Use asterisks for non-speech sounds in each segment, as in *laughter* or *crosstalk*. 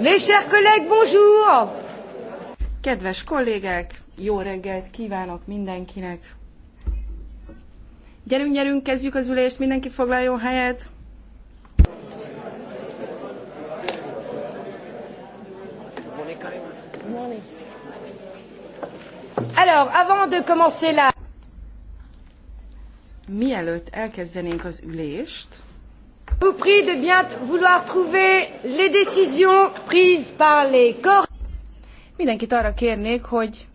Mes chers collègues, bonjour! Kedves kollégák, jó reggelt kívánok mindenkinek! Gyerünk, gyerünk, kezdjük az ülést, mindenki foglaljon helyet! Alors, avant de commencer la mielőtt elkezdenénk az ülést, vous prie de bien vouloir trouver les décisions prises par les corps. Mindenkit arra kérnék, hogy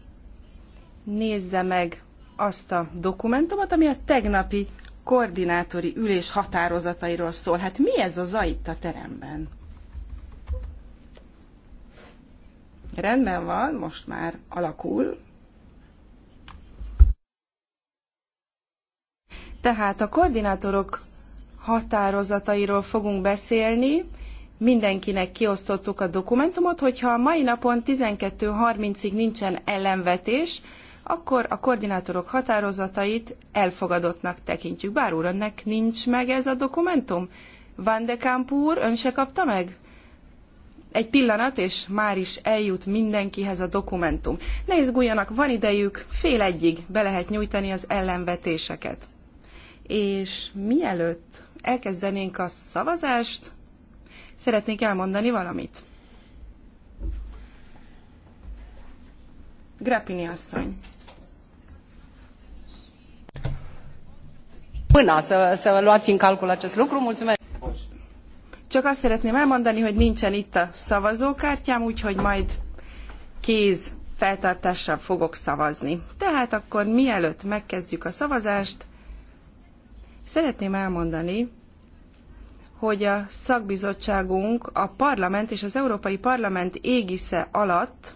nézze meg azt a dokumentumot, ami a tegnapi koordinátori ülés határozatairól szól. Hát mi ez a zaj itt a teremben? Rendben van, most már alakul, Tehát a koordinátorok határozatairól fogunk beszélni, mindenkinek kiosztottuk a dokumentumot, hogyha a mai napon 12.30-ig nincsen ellenvetés, akkor a koordinátorok határozatait elfogadottnak tekintjük. Bár úr, önnek nincs meg ez a dokumentum? Van de Kamp úr, ön se kapta meg? Egy pillanat, és már is eljut mindenkihez a dokumentum. Ne izguljanak, van idejük, fél egyig be lehet nyújtani az ellenvetéseket és mielőtt elkezdenénk a szavazást, szeretnék elmondani valamit. Grappini asszony. Până să, să luați în calcul acest lucru, mulțumesc. Csak azt szeretném elmondani, hogy nincsen itt a szavazókártyám, úgyhogy majd kéz feltartással fogok szavazni. Tehát akkor mielőtt megkezdjük a szavazást, Szeretném elmondani, hogy a szakbizottságunk a parlament és az Európai Parlament égisze alatt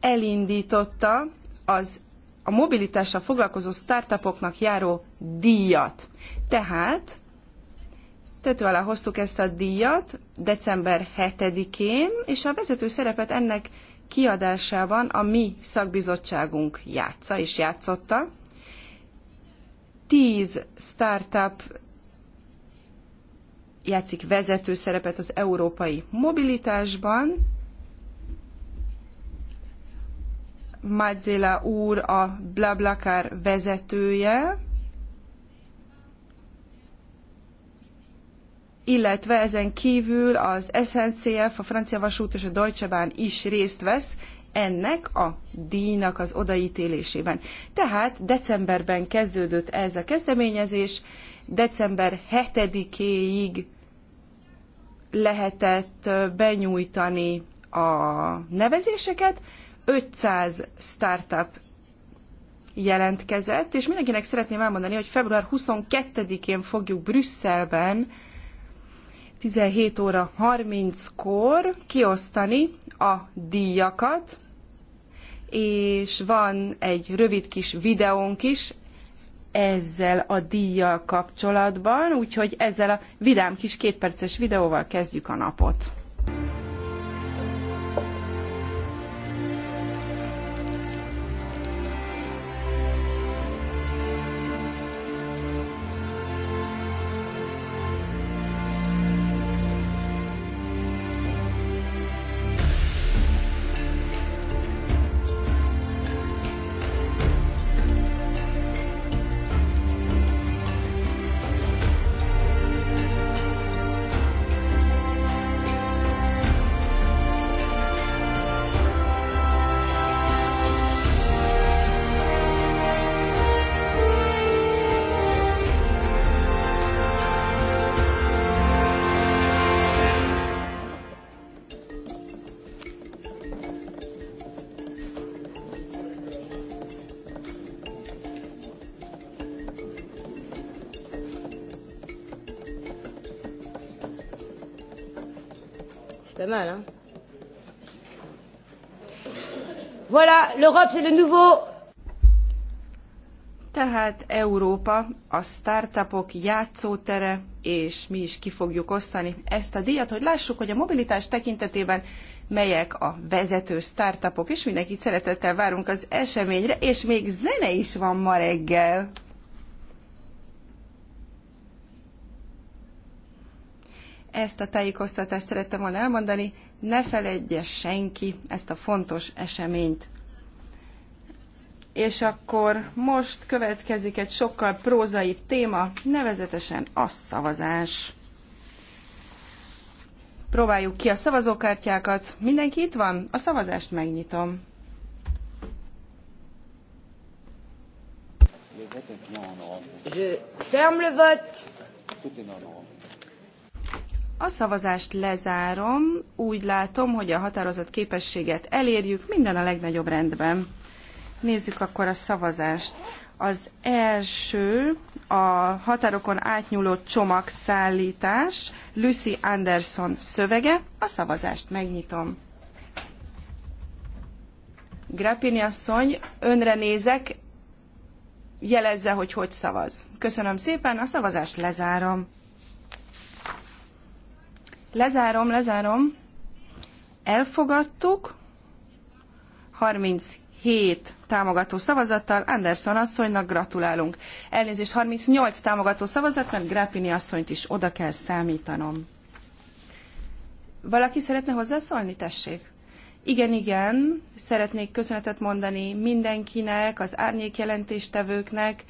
elindította az a mobilitással foglalkozó startupoknak járó díjat. Tehát tető alá hoztuk ezt a díjat december 7-én, és a vezető szerepet ennek kiadásában a mi szakbizottságunk játsza és játszotta. Tíz startup játszik vezető szerepet az európai mobilitásban. Madzilla úr a Blablacar vezetője, illetve ezen kívül az SNCF, a Francia Vasút és a Deutsche Bahn is részt vesz ennek a díjnak az odaítélésében. Tehát decemberben kezdődött ez a kezdeményezés, december 7-éig lehetett benyújtani a nevezéseket, 500 startup jelentkezett, és mindenkinek szeretném elmondani, hogy február 22-én fogjuk Brüsszelben 17 óra 30-kor kiosztani a díjakat, és van egy rövid kis videónk is ezzel a díjjal kapcsolatban, úgyhogy ezzel a vidám kis kétperces videóval kezdjük a napot. mal. Hein. Voilà, l'Europe c'est le nouveau. Tehát Európa a startupok játszótere, és mi is ki fogjuk osztani ezt a díjat, hogy lássuk, hogy a mobilitás tekintetében melyek a vezető startupok, és mindenkit szeretettel várunk az eseményre, és még zene is van ma reggel. Ezt a tájékoztatást szerettem volna elmondani, ne feledje senki ezt a fontos eseményt. És akkor most következik egy sokkal prózaibb téma, nevezetesen a szavazás. Próbáljuk ki a szavazókártyákat. Mindenki itt van? A szavazást megnyitom. Je ferme le vote. A szavazást lezárom, úgy látom, hogy a határozott képességet elérjük, minden a legnagyobb rendben. Nézzük akkor a szavazást. Az első a határokon átnyúló csomagszállítás, Lucy Anderson szövege. A szavazást megnyitom. Grappini asszony, önre nézek, jelezze, hogy hogy szavaz. Köszönöm szépen, a szavazást lezárom. Lezárom, lezárom. Elfogadtuk. 37 támogató szavazattal Anderson asszonynak gratulálunk. Elnézést 38 támogató szavazat, mert Grappini asszonyt is oda kell számítanom. Valaki szeretne hozzászólni, tessék? Igen, igen, szeretnék köszönetet mondani mindenkinek, az árnyék jelentéstevőknek,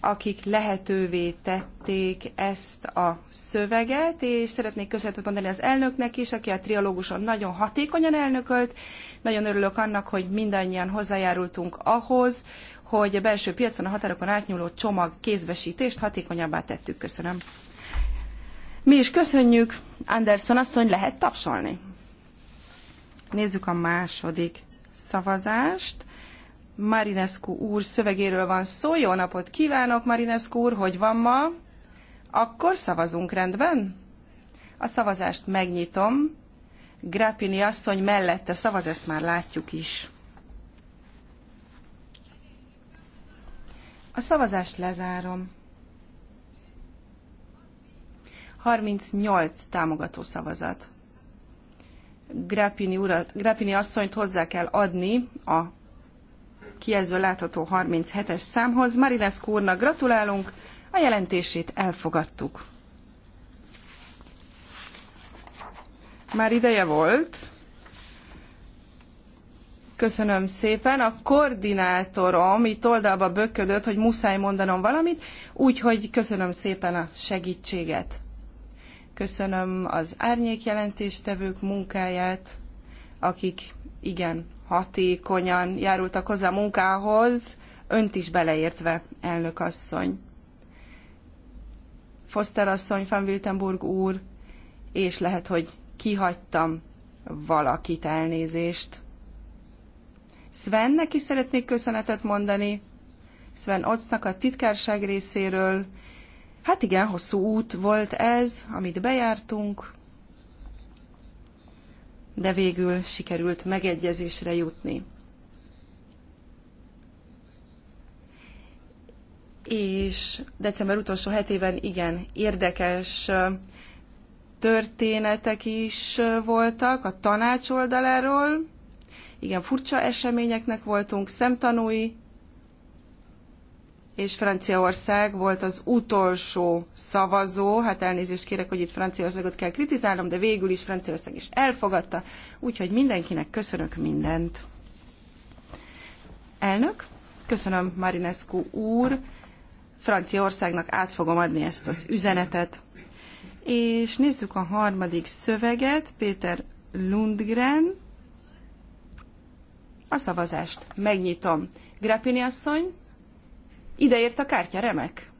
akik lehetővé tették ezt a szöveget, és szeretnék köszönetet mondani az elnöknek is, aki a trialóguson nagyon hatékonyan elnökölt. Nagyon örülök annak, hogy mindannyian hozzájárultunk ahhoz, hogy a belső piacon a határokon átnyúló csomag kézbesítést hatékonyabbá tettük. Köszönöm. Mi is köszönjük, Anderson asszony, lehet tapsolni. Nézzük a második szavazást. Marinescu úr szövegéről van szó. Jó napot kívánok, Marinescu úr, hogy van ma? Akkor szavazunk, rendben? A szavazást megnyitom. Grappini asszony mellette szavaz, ezt már látjuk is. A szavazást lezárom. 38 támogató szavazat. Grappini, urat, Grappini asszonyt hozzá kell adni a kijelző látható 37-es számhoz. Marinescu úrnak gratulálunk, a jelentését elfogadtuk. Már ideje volt. Köszönöm szépen. A koordinátorom itt oldalba böködött, hogy muszáj mondanom valamit, úgyhogy köszönöm szépen a segítséget. Köszönöm az árnyékjelentéstevők munkáját, akik igen hatékonyan járultak hozzá a munkához, önt is beleértve, elnök asszony. Foster asszony, Van Wiltenburg úr, és lehet, hogy kihagytam valakit elnézést. Svennek is szeretnék köszönetet mondani, Sven Ocnak a titkárság részéről. Hát igen, hosszú út volt ez, amit bejártunk de végül sikerült megegyezésre jutni. És december utolsó hetében igen, érdekes történetek is voltak a tanács oldaláról. Igen, furcsa eseményeknek voltunk szemtanúi, és Franciaország volt az utolsó szavazó, hát elnézést kérek, hogy itt Franciaországot kell kritizálnom, de végül is Franciaország is elfogadta, úgyhogy mindenkinek köszönök mindent. Elnök, köszönöm Marinescu úr, Franciaországnak át fogom adni ezt az üzenetet. És nézzük a harmadik szöveget, Péter Lundgren. A szavazást megnyitom. Grappini asszony, Ideért a kártya, remek.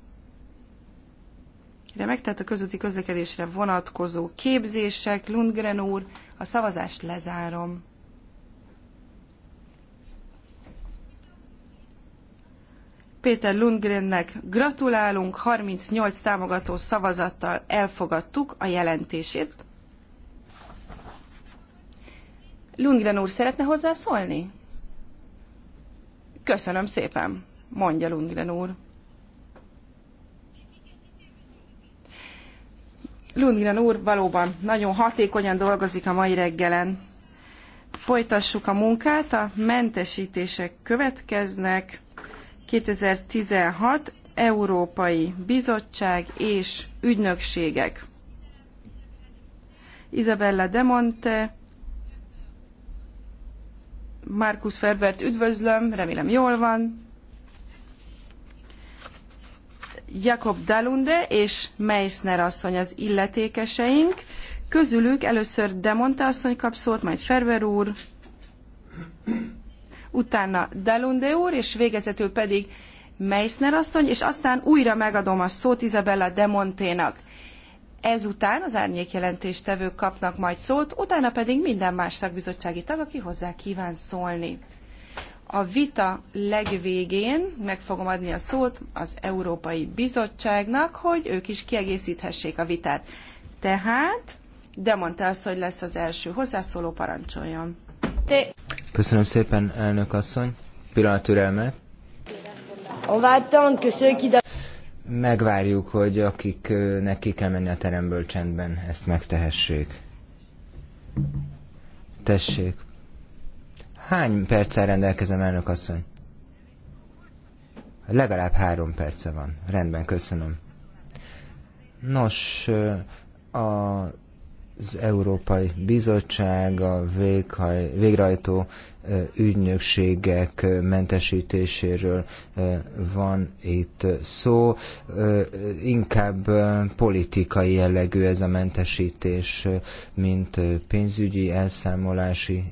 Remek, tehát a közúti közlekedésre vonatkozó képzések, Lundgren úr, a szavazást lezárom. Péter Lundgrennek gratulálunk, 38 támogató szavazattal elfogadtuk a jelentését. Lundgren úr szeretne hozzászólni? Köszönöm szépen! Mondja Lundgren úr. Lundgren úr valóban nagyon hatékonyan dolgozik a mai reggelen. Folytassuk a munkát, a mentesítések következnek. 2016 Európai Bizottság és ügynökségek. Isabella De Monte, Markus Ferbert üdvözlöm, remélem jól van. Jakob Dalunde és Meissner asszony az illetékeseink. Közülük először Demonta asszony kap szót, majd Ferver úr, utána Dalunde úr, és végezetül pedig Meissner asszony, és aztán újra megadom a szót Izabella Demonténak. Ezután az árnyékjelentéstevők kapnak majd szót, utána pedig minden más szakbizottsági tag, aki hozzá kíván szólni. A vita legvégén meg fogom adni a szót az Európai Bizottságnak, hogy ők is kiegészíthessék a vitát. Tehát, de mondta azt, hogy lesz az első hozzászóló, parancsoljon. Köszönöm szépen, elnök asszony. Pillanat türelmet. Megvárjuk, hogy akiknek ki kell menni a teremből csendben, ezt megtehessék. Tessék, Hány perccel rendelkezem, elnök asszony? Legalább három perce van. Rendben, köszönöm. Nos, a az Európai Bizottság, a véghaj, végrajtó ügynökségek mentesítéséről van itt szó. Inkább politikai jellegű ez a mentesítés, mint pénzügyi elszámolási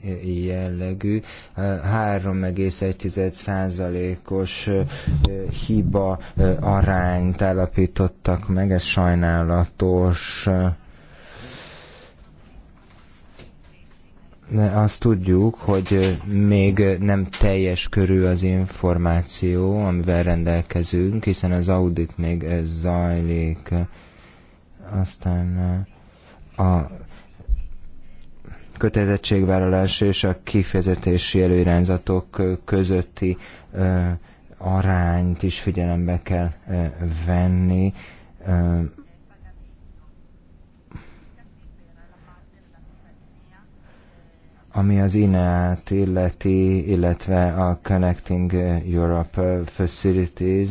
jellegű. 3,1%-os hiba arányt állapítottak meg, ez sajnálatos azt tudjuk, hogy még nem teljes körű az információ, amivel rendelkezünk, hiszen az audit még ez zajlik. Aztán a kötelezettségvállalás és a kifejezetési előirányzatok közötti arányt is figyelembe kell venni Ami az INEAT illeti, illetve a Connecting Europe Facilities,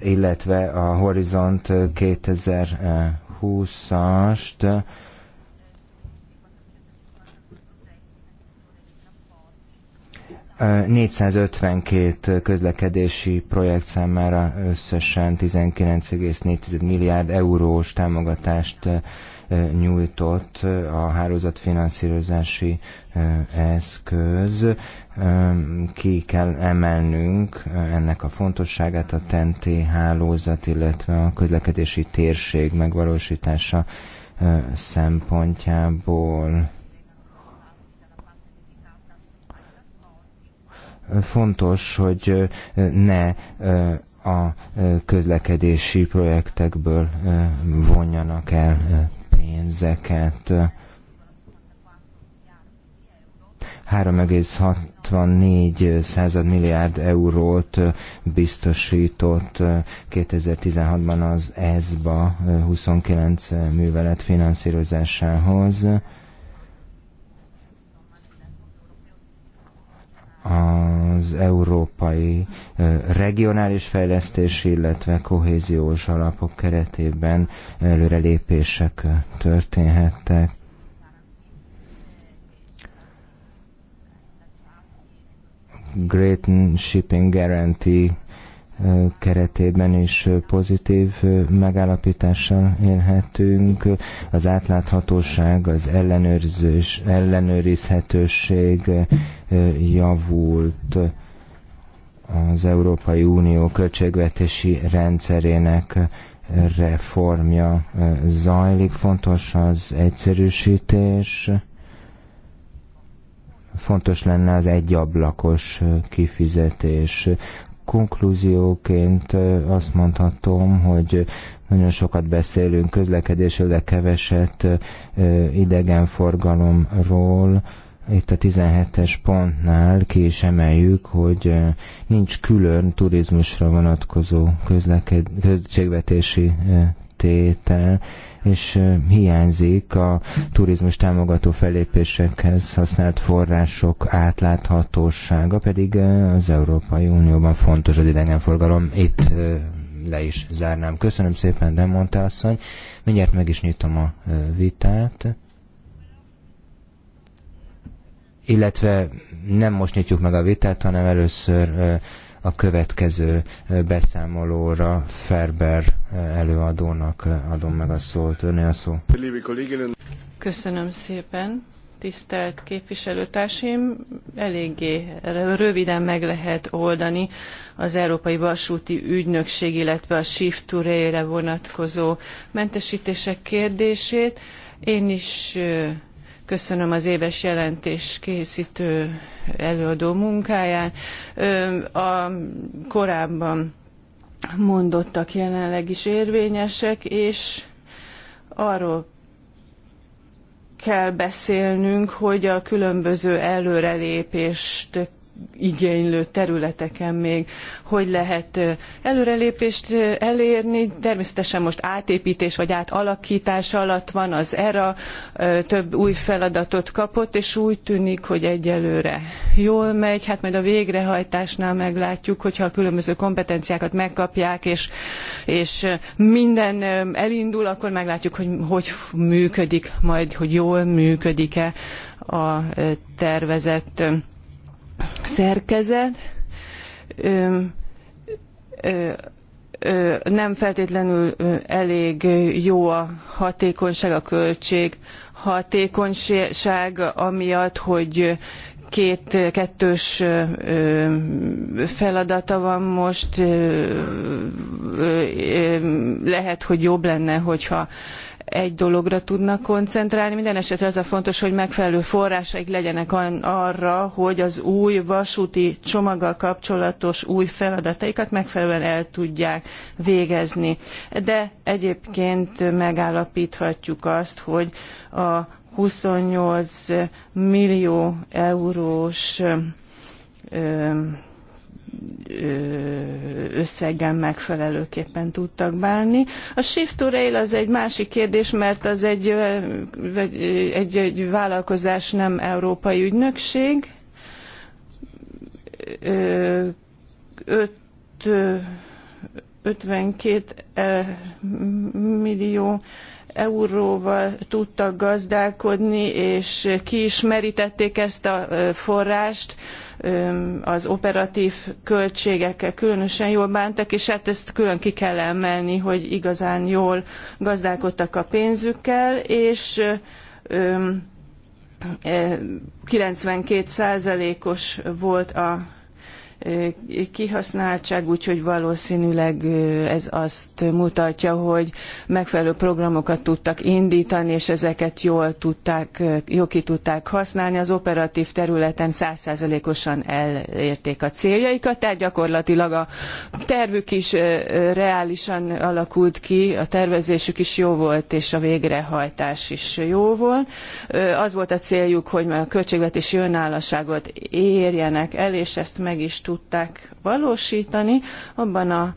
illetve a Horizont 2020-ast, 452 közlekedési projekt számára összesen 19,4 milliárd eurós támogatást nyújtott a hálózatfinanszírozási eszköz. Ki kell emelnünk ennek a fontosságát a TNT hálózat, illetve a közlekedési térség megvalósítása szempontjából fontos, hogy ne a közlekedési projektekből vonjanak el pénzeket. 3,64 század milliárd eurót biztosított 2016-ban az ESBA 29 művelet finanszírozásához. az európai regionális fejlesztés illetve kohéziós alapok keretében előrelépések történhettek. Great Shipping Guarantee keretében is pozitív megállapítással élhetünk. Az átláthatóság, az ellenőrzés, ellenőrizhetőség javult az Európai Unió költségvetési rendszerének reformja zajlik, fontos az egyszerűsítés, fontos lenne az egyablakos kifizetés konklúzióként azt mondhatom, hogy nagyon sokat beszélünk közlekedésről, de keveset idegenforgalomról. Itt a 17-es pontnál ki is emeljük, hogy nincs külön turizmusra vonatkozó közleked, költségvetési tétel, és hiányzik a turizmus támogató felépésekhez használt források átláthatósága, pedig az Európai Unióban fontos az idegenforgalom. Itt le is zárnám. Köszönöm szépen, de mondta asszony. Mindjárt meg is nyitom a vitát. Illetve nem most nyitjuk meg a vitát, hanem először a következő beszámolóra Ferber előadónak adom meg a szót. Öné a szó. Köszönöm szépen. Tisztelt képviselőtársaim, eléggé röviden meg lehet oldani az Európai Vasúti Ügynökség, illetve a Shift Rail-re vonatkozó mentesítések kérdését. Én is köszönöm az éves jelentés készítő előadó munkáján. A korábban mondottak jelenleg is érvényesek, és arról kell beszélnünk, hogy a különböző előrelépést igénylő területeken még hogy lehet előrelépést elérni. Természetesen most átépítés vagy átalakítás alatt van az ERA, több új feladatot kapott, és úgy tűnik, hogy egyelőre jól megy. Hát majd a végrehajtásnál meglátjuk, hogyha a különböző kompetenciákat megkapják, és, és minden elindul, akkor meglátjuk, hogy hogy működik majd, hogy jól működik-e a tervezett szerkezet ö, ö, ö, nem feltétlenül elég jó a hatékonyság, a költség hatékonyság, amiatt, hogy két kettős feladata van most. Lehet, hogy jobb lenne, hogyha egy dologra tudnak koncentrálni. Minden esetre az a fontos, hogy megfelelő forrásaik legyenek arra, hogy az új vasúti csomaggal kapcsolatos új feladataikat megfelelően el tudják végezni. De egyébként megállapíthatjuk azt, hogy a 28 millió eurós összeggel megfelelőképpen tudtak bánni. A shift to rail az egy másik kérdés, mert az egy, egy, egy vállalkozás nem európai ügynökség. Öt, 52 millió euróval tudtak gazdálkodni, és ki is ezt a forrást, az operatív költségekkel különösen jól bántak, és hát ezt külön ki kell emelni, hogy igazán jól gazdálkodtak a pénzükkel, és 92%-os volt a kihasználtság, úgyhogy valószínűleg ez azt mutatja, hogy megfelelő programokat tudtak indítani, és ezeket jól, tudták, jól ki tudták használni. Az operatív területen százszázalékosan elérték a céljaikat, tehát gyakorlatilag a tervük is reálisan alakult ki, a tervezésük is jó volt, és a végrehajtás is jó volt. Az volt a céljuk, hogy a költségvetési önállóságot érjenek el, és ezt meg is tudták valósítani, abban a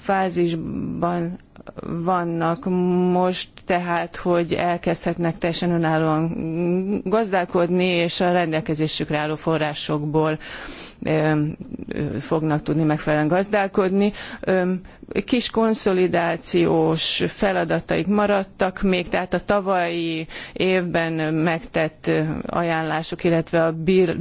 fázisban vannak most, tehát hogy elkezdhetnek teljesen önállóan gazdálkodni, és a rendelkezésükre álló forrásokból fognak tudni megfelelően gazdálkodni. Kis konszolidációs feladataik maradtak még, tehát a tavalyi évben megtett ajánlások, illetve a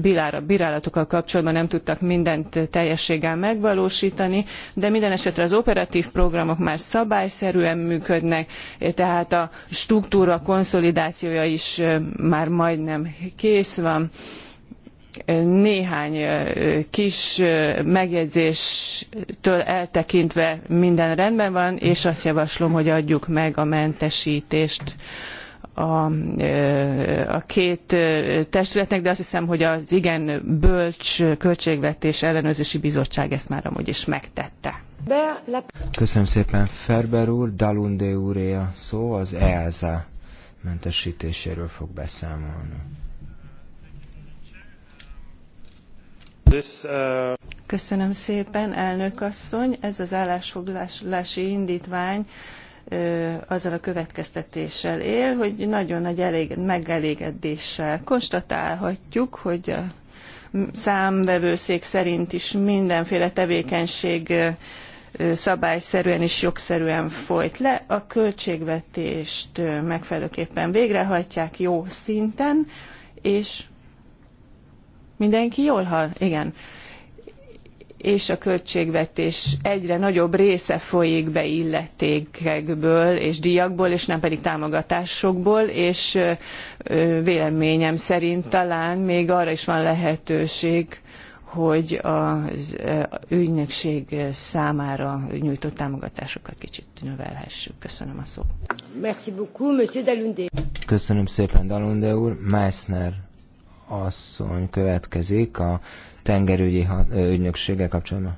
bilára, bírálatokkal kapcsolatban nem tudtak mindent teljességgel megvalósítani, de minden esetre az operatív programok már szabályszerűen működnek, tehát a struktúra konszolidációja is már majdnem kész van néhány kis megjegyzéstől eltekintve minden rendben van, és azt javaslom, hogy adjuk meg a mentesítést a, a két testületnek, de azt hiszem, hogy az igen bölcs költségvetés ellenőrzési bizottság ezt már amúgy is megtette. Köszönöm szépen Ferber úr, Dalunde úré a szó, az EASA mentesítéséről fog beszámolni. Uh, Köszönöm szépen, elnök asszony. Ez az állásfoglalási indítvány azzal a következtetéssel él, hogy nagyon nagy elég, megelégedéssel konstatálhatjuk, hogy a számvevőszék szerint is mindenféle tevékenység szabályszerűen és jogszerűen folyt le, a költségvetést megfelelőképpen végrehajtják jó szinten, és Mindenki jól hall? Igen. És a költségvetés egyre nagyobb része folyik be illetékekből és díjakból, és nem pedig támogatásokból, és véleményem szerint talán még arra is van lehetőség, hogy az ügynökség számára nyújtott támogatásokat kicsit növelhessük. Köszönöm a szót. Merci beaucoup, monsieur Dalunde. Köszönöm szépen, Dalunde úr. Meissner asszony következik a tengerügyi ügynökséggel kapcsolatban.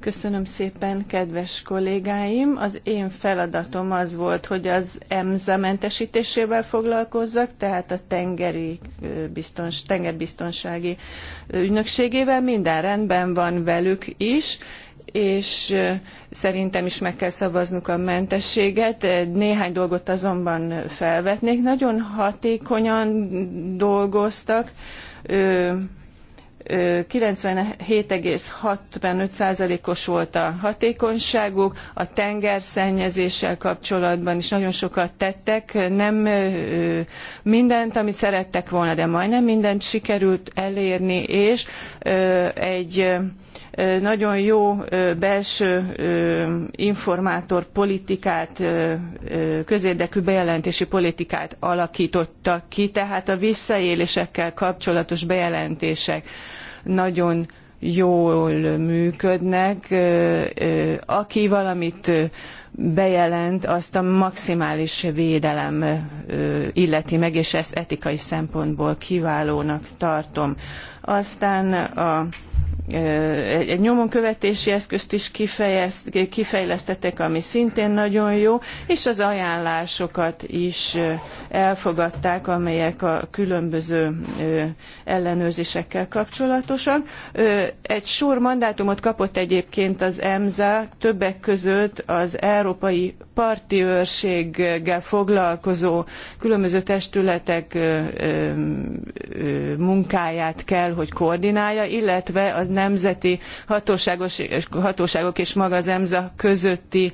Köszönöm szépen, kedves kollégáim! Az én feladatom az volt, hogy az EMSA mentesítésével foglalkozzak, tehát a tengeri biztons, tengerbiztonsági ügynökségével minden rendben van velük is, és szerintem is meg kell szavaznunk a mentességet. Néhány dolgot azonban felvetnék. Nagyon hatékonyan dolgoztak. 97,65%-os volt a hatékonyságuk, a tengerszennyezéssel kapcsolatban is nagyon sokat tettek, nem mindent, amit szerettek volna, de majdnem mindent sikerült elérni, és egy nagyon jó belső informátor politikát, közérdekű bejelentési politikát alakította ki, tehát a visszaélésekkel kapcsolatos bejelentések nagyon jól működnek. Aki valamit bejelent, azt a maximális védelem illeti meg, és ezt etikai szempontból kiválónak tartom. Aztán a egy nyomon követési eszközt is kifejez, kifejlesztettek, ami szintén nagyon jó, és az ajánlásokat is elfogadták, amelyek a különböző ellenőrzésekkel kapcsolatosak. Egy sor mandátumot kapott egyébként az EMSA, többek között az Európai Parti Őrséggel foglalkozó különböző testületek munkáját kell, hogy koordinálja, illetve az nemzeti hatóságok és maga az EMSA közötti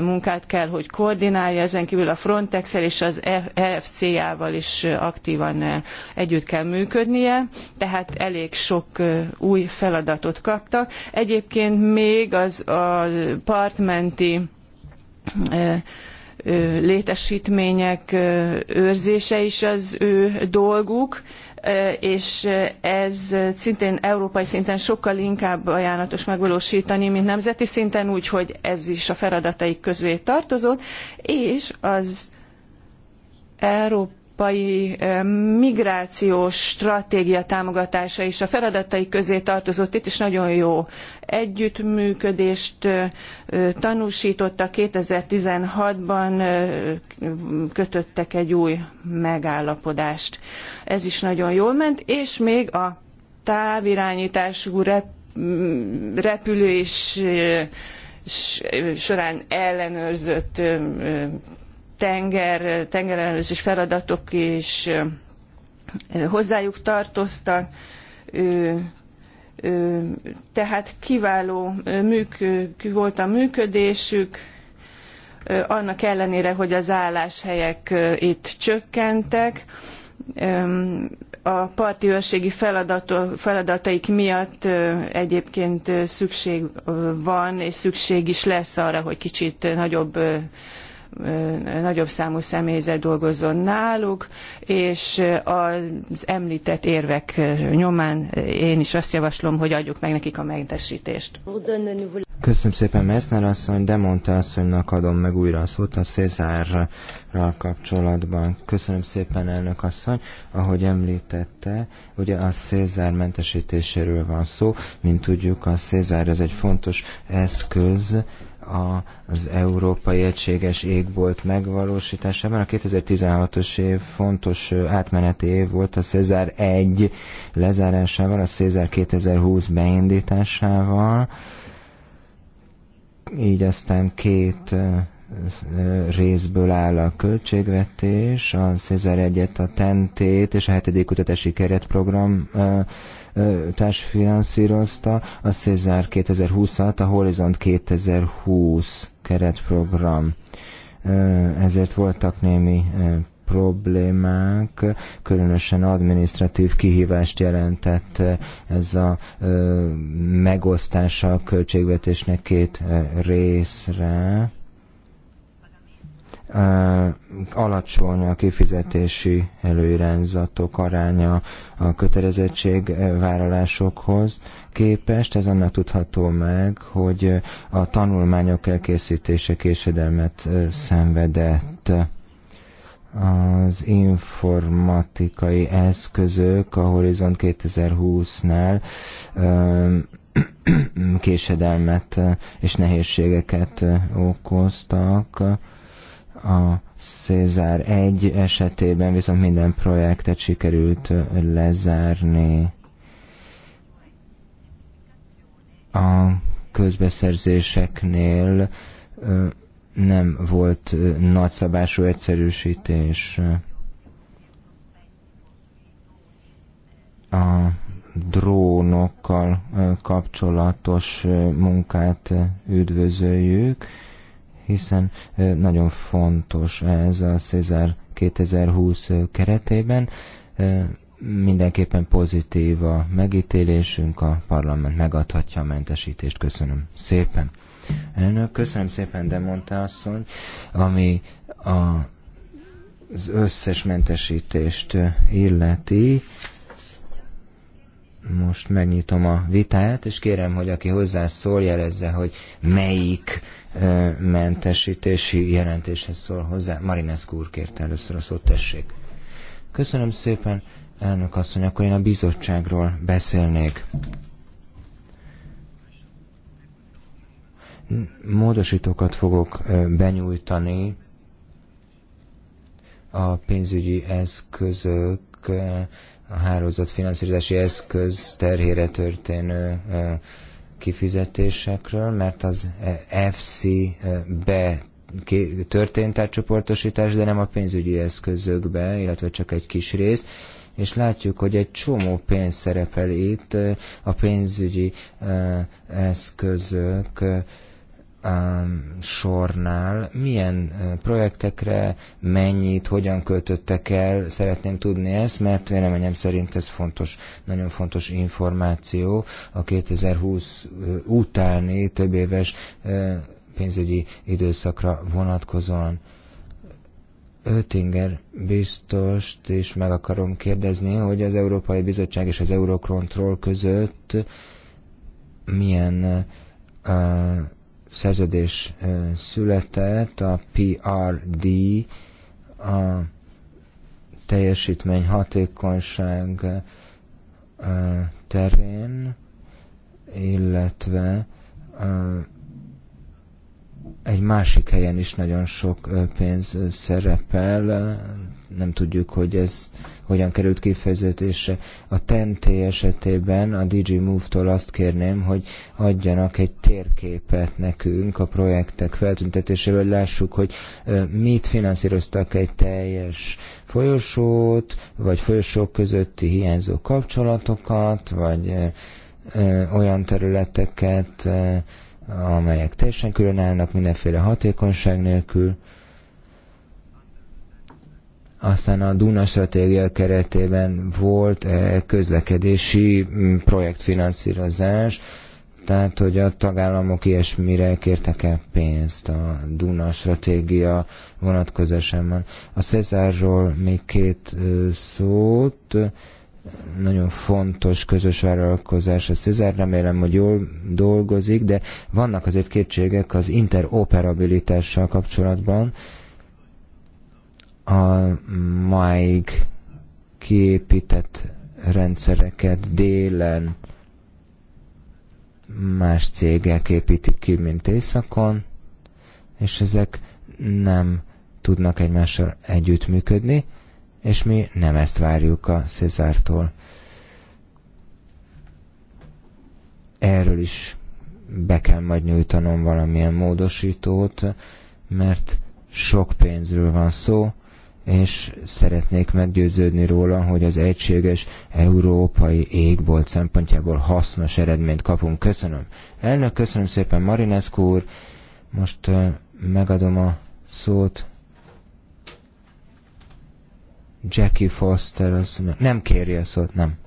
munkát kell, hogy koordinálja, ezen kívül a frontex és az EFCA-val is aktívan együtt kell működnie, tehát elég sok új feladatot kaptak. Egyébként még az a partmenti létesítmények őrzése is az ő dolguk, és ez szintén európai szinten sokkal inkább ajánlatos megvalósítani, mint nemzeti szinten, úgyhogy ez is a feladataik közé tartozott, és az Európa európai migrációs stratégia támogatása és a feladatai közé tartozott. Itt is nagyon jó együttműködést tanúsítottak. 2016-ban kötöttek egy új megállapodást. Ez is nagyon jól ment, és még a távirányítású repülés során ellenőrzött tenger, tengerellenőrzés feladatok is hozzájuk tartoztak. Tehát kiváló műk, volt a működésük, annak ellenére, hogy az álláshelyek itt csökkentek a parti őrségi feladataik miatt egyébként szükség van, és szükség is lesz arra, hogy kicsit nagyobb nagyobb számú személyzet dolgozzon náluk, és az említett érvek nyomán én is azt javaslom, hogy adjuk meg nekik a mentesítést. Köszönöm szépen Messner asszony, de mondta asszonynak adom meg újra a szót a Cézárral kapcsolatban. Köszönöm szépen elnök asszony, ahogy említette, ugye a Cézár mentesítéséről van szó, mint tudjuk a Cézár ez egy fontos eszköz, az Európai Egységes Égbolt megvalósításában. A 2016-os év fontos átmeneti év volt a Cézár 1 lezárásával, a Cézár 2020 beindításával. Így aztán két részből áll a költségvetés, a Cézár 1-et, a Tentét és a hetedik kutatási keretprogram társfinanszírozta a Cézár 2020-at, a Horizont 2020 keretprogram. Ezért voltak némi problémák, különösen administratív kihívást jelentett ez a megosztása a költségvetésnek két részre alacsony a kifizetési előirányzatok aránya a kötelezettség vállalásokhoz képest. Ez annak tudható meg, hogy a tanulmányok elkészítése késedelmet szenvedett az informatikai eszközök a Horizont 2020-nál késedelmet és nehézségeket okoztak a Cézár 1 esetében viszont minden projektet sikerült lezárni. A közbeszerzéseknél nem volt nagyszabású egyszerűsítés. A drónokkal kapcsolatos munkát üdvözöljük hiszen nagyon fontos ez a Cézár 2020 keretében. Mindenképpen pozitív a megítélésünk, a parlament megadhatja a mentesítést. Köszönöm szépen. Elnök, köszönöm szépen, de mondta asszony, ami a, az összes mentesítést illeti. Most megnyitom a vitát, és kérem, hogy aki hozzászól, jelezze, hogy melyik mentesítési jelentéshez szól hozzá. Marinescu úr kérte először a szót, tessék. Köszönöm szépen, elnök asszony, akkor én a bizottságról beszélnék. Módosítókat fogok benyújtani a pénzügyi eszközök a hálózat finanszírozási eszköz terhére történő kifizetésekről, mert az eh, FC-be eh, történt csoportosítás, de nem a pénzügyi eszközökbe, illetve csak egy kis rész, és látjuk, hogy egy csomó pénz szerepel itt, eh, a pénzügyi eszközök Um, sornál milyen uh, projektekre, mennyit, hogyan költöttek el, szeretném tudni ezt, mert véleményem szerint ez fontos, nagyon fontos információ a 2020 uh, utáni több éves uh, pénzügyi időszakra vonatkozóan. Ötinger biztost is meg akarom kérdezni, hogy az Európai Bizottság és az Eurocontrol között milyen uh, szerződés született, a PRD, a teljesítmény hatékonyság terén, illetve egy másik helyen is nagyon sok pénz szerepel, nem tudjuk, hogy ez hogyan került kifejezésre. A TNT esetében a DG Move-tól azt kérném, hogy adjanak egy térképet nekünk a projektek feltüntetéséről, hogy lássuk, hogy mit finanszíroztak egy teljes folyosót, vagy folyosók közötti hiányzó kapcsolatokat, vagy olyan területeket, amelyek teljesen különállnak mindenféle hatékonyság nélkül. Aztán a Duna stratégia keretében volt eh, közlekedési mm, projektfinanszírozás, tehát hogy a tagállamok ilyesmire kértek el pénzt a Duna stratégia vonatkozásában. A Cezárról még két szót, nagyon fontos közös vállalkozás a Cezár, remélem, hogy jól dolgozik, de vannak azért kétségek az interoperabilitással kapcsolatban, a máig kiépített rendszereket délen más cégek építik ki, mint éjszakon, és ezek nem tudnak egymással együttműködni, és mi nem ezt várjuk a Cézártól. Erről is be kell majd nyújtanom valamilyen módosítót, mert sok pénzről van szó, és szeretnék meggyőződni róla, hogy az egységes európai égbolt szempontjából hasznos eredményt kapunk. Köszönöm. Elnök, köszönöm szépen Marinescu úr. Most megadom a szót Jackie Foster az nem kéri a szót, nem.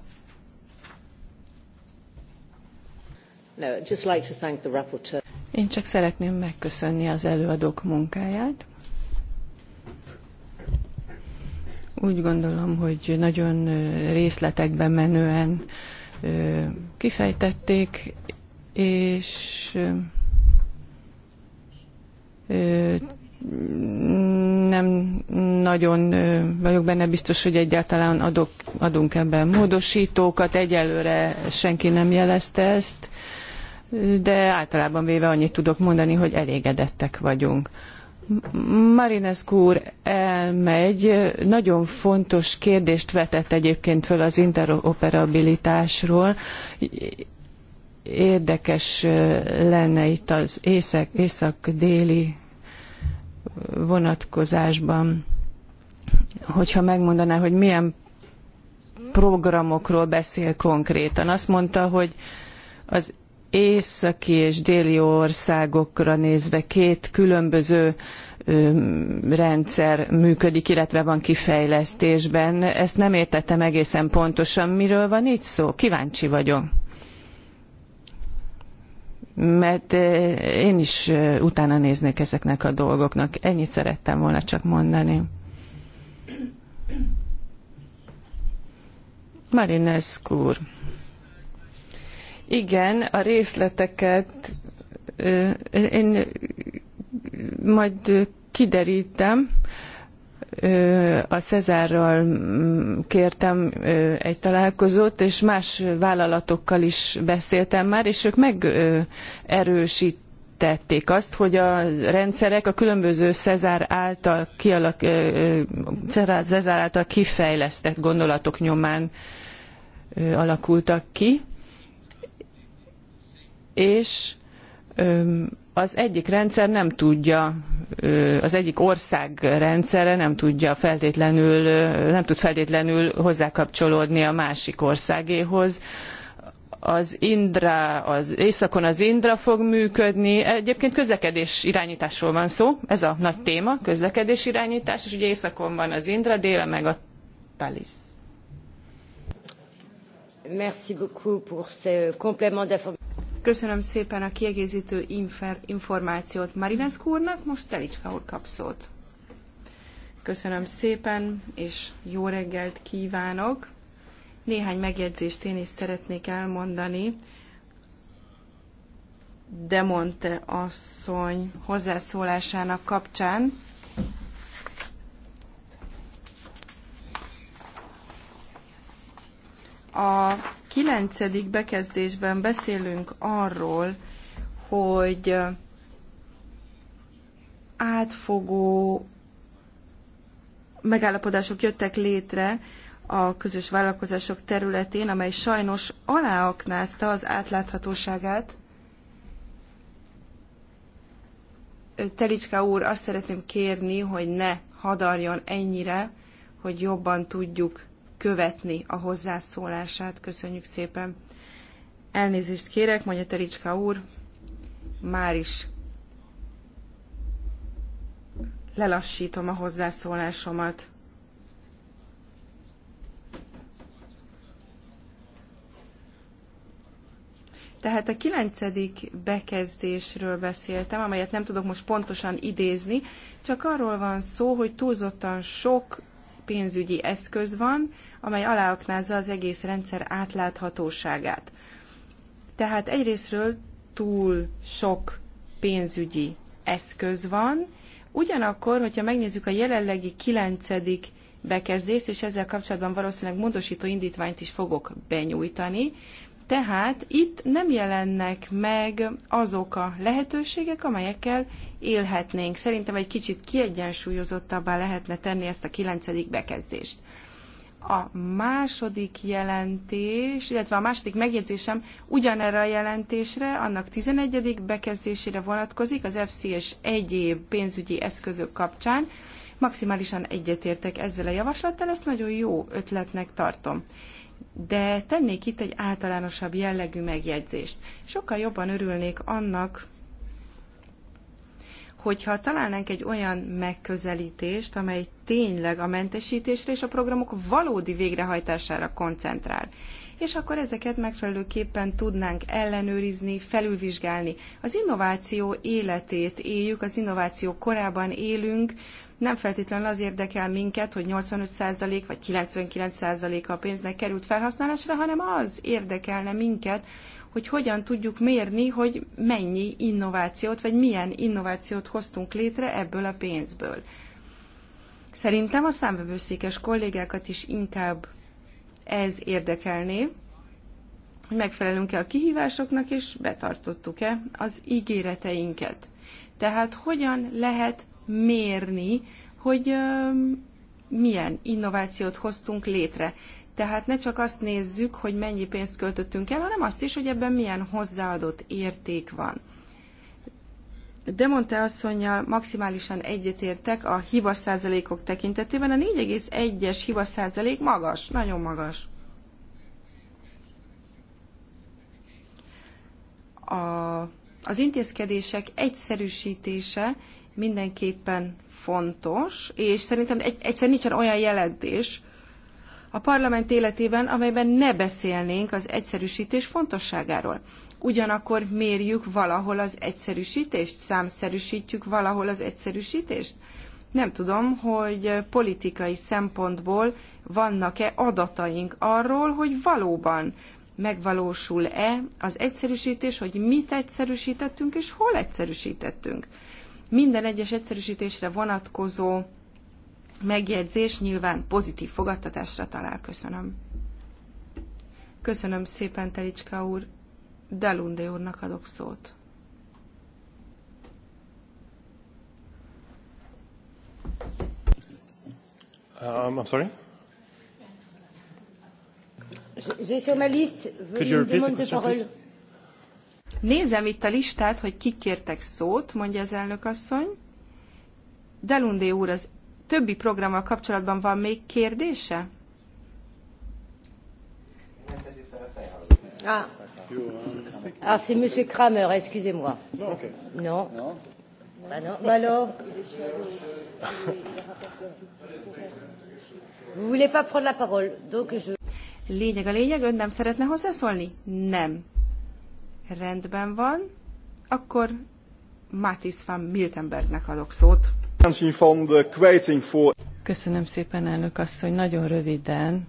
Én csak szeretném megköszönni az előadók munkáját. Úgy gondolom, hogy nagyon részletekben menően kifejtették, és nem nagyon vagyok benne biztos, hogy egyáltalán adok, adunk ebben módosítókat. Egyelőre senki nem jelezte ezt, de általában véve annyit tudok mondani, hogy elégedettek vagyunk. Marinescu úr elmegy, nagyon fontos kérdést vetett egyébként föl az interoperabilitásról. Érdekes lenne itt az észak-déli vonatkozásban, hogyha megmondaná, hogy milyen programokról beszél konkrétan. Azt mondta, hogy az északi és déli országokra nézve két különböző rendszer működik, illetve van kifejlesztésben. Ezt nem értettem egészen pontosan. Miről van itt szó? Kíváncsi vagyok. Mert én is utána néznék ezeknek a dolgoknak. Ennyit szerettem volna csak mondani. Marinescu úr. Igen, a részleteket én majd kiderítem. A Cezárral mm, kértem egy találkozót, és más vállalatokkal is beszéltem már, és ők megerősítették tették azt, hogy a rendszerek a különböző Cezár által, kialak, Cezár által kifejlesztett gondolatok nyomán alakultak ki és az egyik rendszer nem tudja, az egyik ország rendszere nem tudja feltétlenül, nem tud feltétlenül hozzákapcsolódni a másik országéhoz. Az Indra, az északon az Indra fog működni. Egyébként közlekedés irányításról van szó, ez a nagy téma, közlekedés irányítás, és ugye északon van az Indra, déle meg a Thalys. Merci beaucoup pour ce complément d'information. Köszönöm szépen a kiegészítő információt Marinescu úrnak, most Telicska úr kap szót. Köszönöm szépen, és jó reggelt kívánok! Néhány megjegyzést én is szeretnék elmondani. Demonte asszony hozzászólásának kapcsán. A kilencedik bekezdésben beszélünk arról, hogy átfogó megállapodások jöttek létre a közös vállalkozások területén, amely sajnos aláaknázta az átláthatóságát. Telicska úr, azt szeretném kérni, hogy ne hadarjon ennyire, hogy jobban tudjuk követni a hozzászólását. Köszönjük szépen. Elnézést kérek, mondja Tericska úr, már is lelassítom a hozzászólásomat. Tehát a kilencedik bekezdésről beszéltem, amelyet nem tudok most pontosan idézni, csak arról van szó, hogy túlzottan sok pénzügyi eszköz van, amely aláaknázza az egész rendszer átláthatóságát. Tehát egyrésztről túl sok pénzügyi eszköz van, ugyanakkor, hogyha megnézzük a jelenlegi kilencedik bekezdést, és ezzel kapcsolatban valószínűleg módosító indítványt is fogok benyújtani, tehát itt nem jelennek meg azok a lehetőségek, amelyekkel élhetnénk. Szerintem egy kicsit kiegyensúlyozottabbá lehetne tenni ezt a kilencedik bekezdést a második jelentés, illetve a második megjegyzésem ugyanerre a jelentésre, annak 11. bekezdésére vonatkozik az FC és egyéb pénzügyi eszközök kapcsán. Maximálisan egyetértek ezzel a javaslattal, ezt nagyon jó ötletnek tartom. De tennék itt egy általánosabb jellegű megjegyzést. Sokkal jobban örülnék annak, hogyha találnánk egy olyan megközelítést, amely tényleg a mentesítésre és a programok valódi végrehajtására koncentrál. És akkor ezeket megfelelőképpen tudnánk ellenőrizni, felülvizsgálni. Az innováció életét éljük, az innováció korában élünk, nem feltétlenül az érdekel minket, hogy 85% vagy 99% a pénznek került felhasználásra, hanem az érdekelne minket, hogy hogyan tudjuk mérni, hogy mennyi innovációt, vagy milyen innovációt hoztunk létre ebből a pénzből. Szerintem a számvevőszékes kollégákat is inkább ez érdekelné, hogy megfelelünk-e a kihívásoknak, és betartottuk-e az ígéreteinket. Tehát hogyan lehet mérni, hogy milyen innovációt hoztunk létre. Tehát ne csak azt nézzük, hogy mennyi pénzt költöttünk el, hanem azt is, hogy ebben milyen hozzáadott érték van. De mondta asszonyjal maximálisan egyetértek a hiba százalékok tekintetében. A 4,1-es hiba százalék magas, nagyon magas. A, az intézkedések egyszerűsítése mindenképpen fontos, és szerintem egy, egyszer nincsen olyan jelentés, a parlament életében, amelyben ne beszélnénk az egyszerűsítés fontosságáról. Ugyanakkor mérjük valahol az egyszerűsítést, számszerűsítjük valahol az egyszerűsítést. Nem tudom, hogy politikai szempontból vannak-e adataink arról, hogy valóban megvalósul-e az egyszerűsítés, hogy mit egyszerűsítettünk és hol egyszerűsítettünk. Minden egyes egyszerűsítésre vonatkozó megjegyzés nyilván pozitív fogadtatásra talál. Köszönöm. Köszönöm szépen, Telicska úr. Delunde úrnak adok szót. Um, I'm sorry? Nézem itt a listát, hogy kikértek szót, mondja az elnök asszony. Delundé úr az többi programmal kapcsolatban van még kérdése? Ah, ah c'est Monsieur Kramer, excusez-moi. Non. Okay. non. non. Bah non. Bah alors. Vous voulez pas prendre la parole, donc je. Lényeg a lényeg, ön nem szeretne hozzászólni? Nem. Rendben van. Akkor Mátis van Miltenbergnek adok szót. Uh, Köszönöm szépen, elnök asszony. Nagyon röviden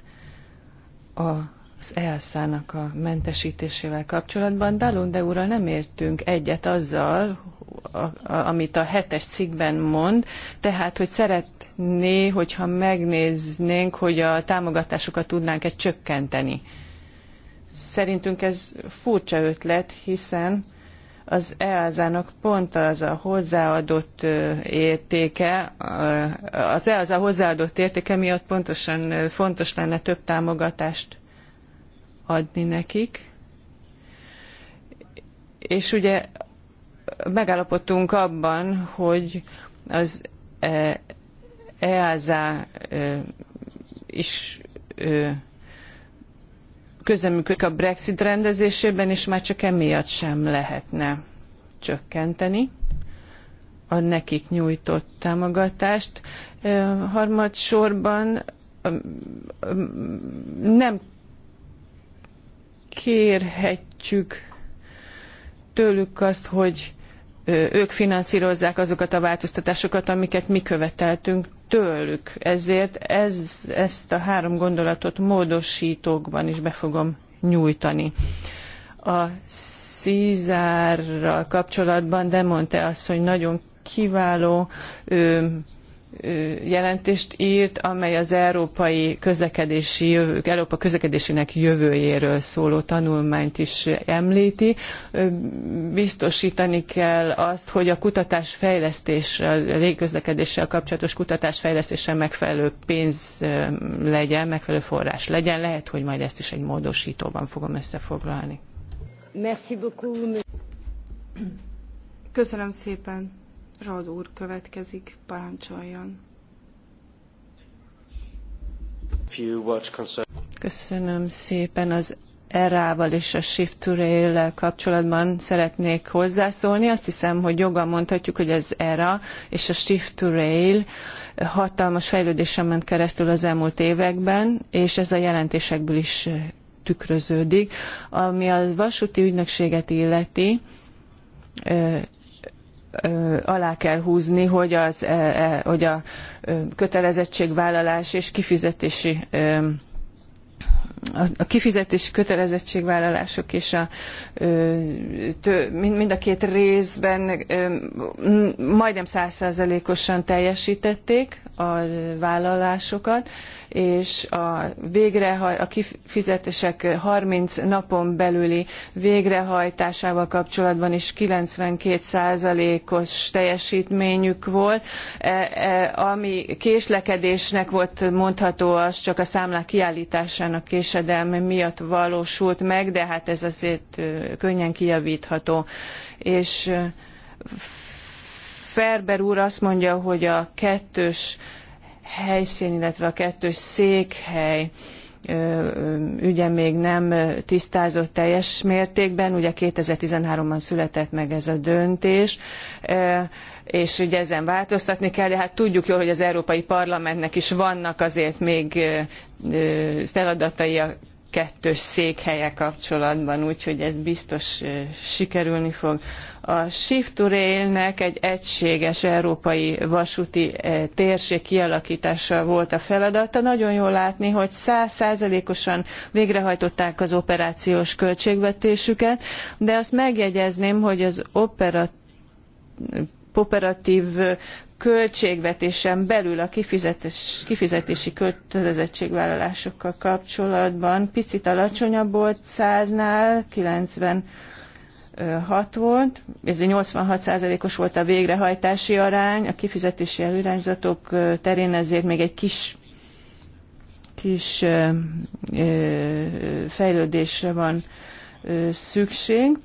az ELSZ-nak a mentesítésével kapcsolatban. de úrral nem értünk egyet azzal, amit a hetes cikkben mond, tehát, hogy szeretné, hogyha megnéznénk, hogy a támogatásokat tudnánk-e csökkenteni. Szerintünk ez furcsa ötlet, hiszen az EASA-nak pont az a hozzáadott értéke, az EASA hozzáadott értéke miatt pontosan fontos lenne több támogatást adni nekik. És ugye megállapodtunk abban, hogy az EASA e is közeműködik a Brexit rendezésében, és már csak emiatt sem lehetne csökkenteni a nekik nyújtott támogatást. Harmadsorban nem kérhetjük tőlük azt, hogy ők finanszírozzák azokat a változtatásokat, amiket mi követeltünk tőlük. Ezért ez, ezt a három gondolatot módosítókban is be fogom nyújtani. A Szízárral kapcsolatban Demonte asszony nagyon kiváló ő, jelentést írt, amely az európai közlekedési jövő, Európa közlekedésének jövőjéről szóló tanulmányt is említi. Biztosítani kell azt, hogy a kutatás fejlesztéssel, légközlekedéssel kapcsolatos kutatás fejlesztéssel megfelelő pénz legyen, megfelelő forrás legyen. Lehet, hogy majd ezt is egy módosítóban fogom összefoglalni. Merci beaucoup. Köszönöm szépen. Rad úr következik, parancsoljon. Köszönöm szépen az erával és a shift to rail kapcsolatban szeretnék hozzászólni. Azt hiszem, hogy joggal mondhatjuk, hogy az ERA és a shift to rail hatalmas fejlődésen ment keresztül az elmúlt években, és ez a jelentésekből is tükröződik. Ami a vasúti ügynökséget illeti, alá kell húzni, hogy, az, e, e, hogy a kötelezettségvállalás és kifizetési a kifizetési kötelezettségvállalások és a, mind a két részben majdnem osan teljesítették a vállalásokat, és a, végrehaj, a kifizetések 30 napon belüli végrehajtásával kapcsolatban is 92%-os teljesítményük volt. E, e, ami késlekedésnek volt mondható, az csak a számlák kiállításának késedelme miatt valósult meg, de hát ez azért könnyen kijavítható. És Ferber úr azt mondja, hogy a kettős helyszín, illetve a kettős székhely ügye még nem tisztázott teljes mértékben. Ugye 2013-ban született meg ez a döntés, és ugye ezen változtatni kell, de hát tudjuk jól, hogy az Európai Parlamentnek is vannak azért még feladatai a kettős székhelye kapcsolatban, úgyhogy ez biztos sikerülni fog. A Shift to Rail-nek egy egységes európai vasúti térség kialakítása volt a feladata. Nagyon jól látni, hogy százszázalékosan végrehajtották az operációs költségvetésüket, de azt megjegyezném, hogy az operatív költségvetésen belül a kifizetés, kifizetési kötelezettségvállalásokkal kapcsolatban picit alacsonyabb volt 100-nál, 96 volt, ez 86 os volt a végrehajtási arány, a kifizetési előirányzatok terén ezért még egy kis kis fejlődésre van szükség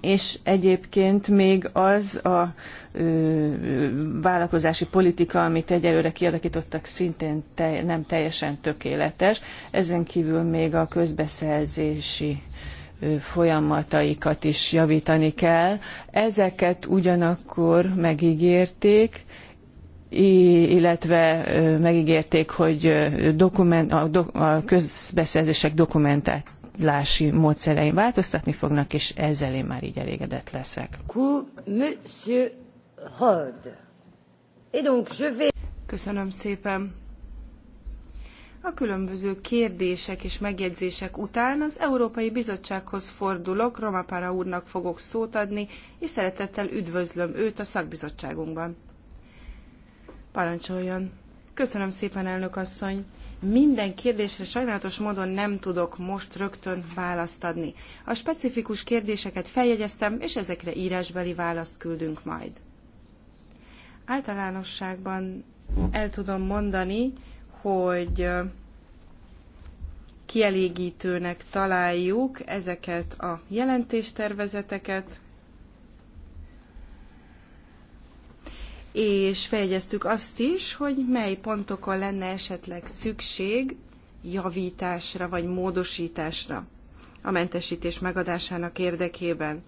és egyébként még az a ö, vállalkozási politika, amit egyelőre kialakítottak, szintén te, nem teljesen tökéletes. Ezen kívül még a közbeszerzési ö, folyamataikat is javítani kell. Ezeket ugyanakkor megígérték, illetve megígérték, hogy dokument, a, do, a közbeszerzések dokumentációját tárgyalási módszerein változtatni fognak, és ezzel én már így elégedett leszek. Köszönöm szépen. A különböző kérdések és megjegyzések után az Európai Bizottsághoz fordulok, Pára úrnak fogok szót adni, és szeretettel üdvözlöm őt a szakbizottságunkban. Parancsoljon! Köszönöm szépen, elnök asszony! Minden kérdésre sajnálatos módon nem tudok most rögtön választ adni. A specifikus kérdéseket feljegyeztem, és ezekre írásbeli választ küldünk majd. Általánosságban el tudom mondani, hogy kielégítőnek találjuk ezeket a jelentéstervezeteket, és fejegyeztük azt is, hogy mely pontokon lenne esetleg szükség javításra vagy módosításra a mentesítés megadásának érdekében.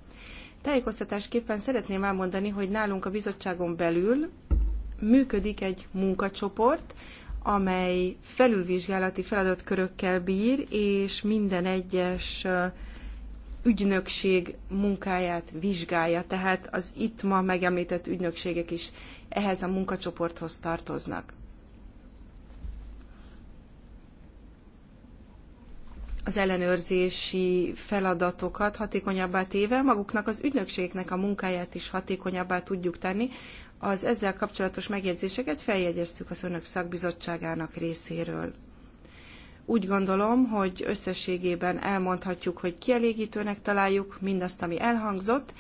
Tájékoztatásképpen szeretném elmondani, hogy nálunk a bizottságon belül működik egy munkacsoport, amely felülvizsgálati feladatkörökkel bír, és minden egyes ügynökség munkáját vizsgálja. Tehát az itt ma megemlített ügynökségek is ehhez a munkacsoporthoz tartoznak. az ellenőrzési feladatokat hatékonyabbá téve, maguknak az ügynökségnek a munkáját is hatékonyabbá tudjuk tenni. Az ezzel kapcsolatos megjegyzéseket feljegyeztük az önök szakbizottságának részéről. Úgy gondolom, hogy összességében elmondhatjuk, hogy kielégítőnek találjuk mindazt, ami elhangzott,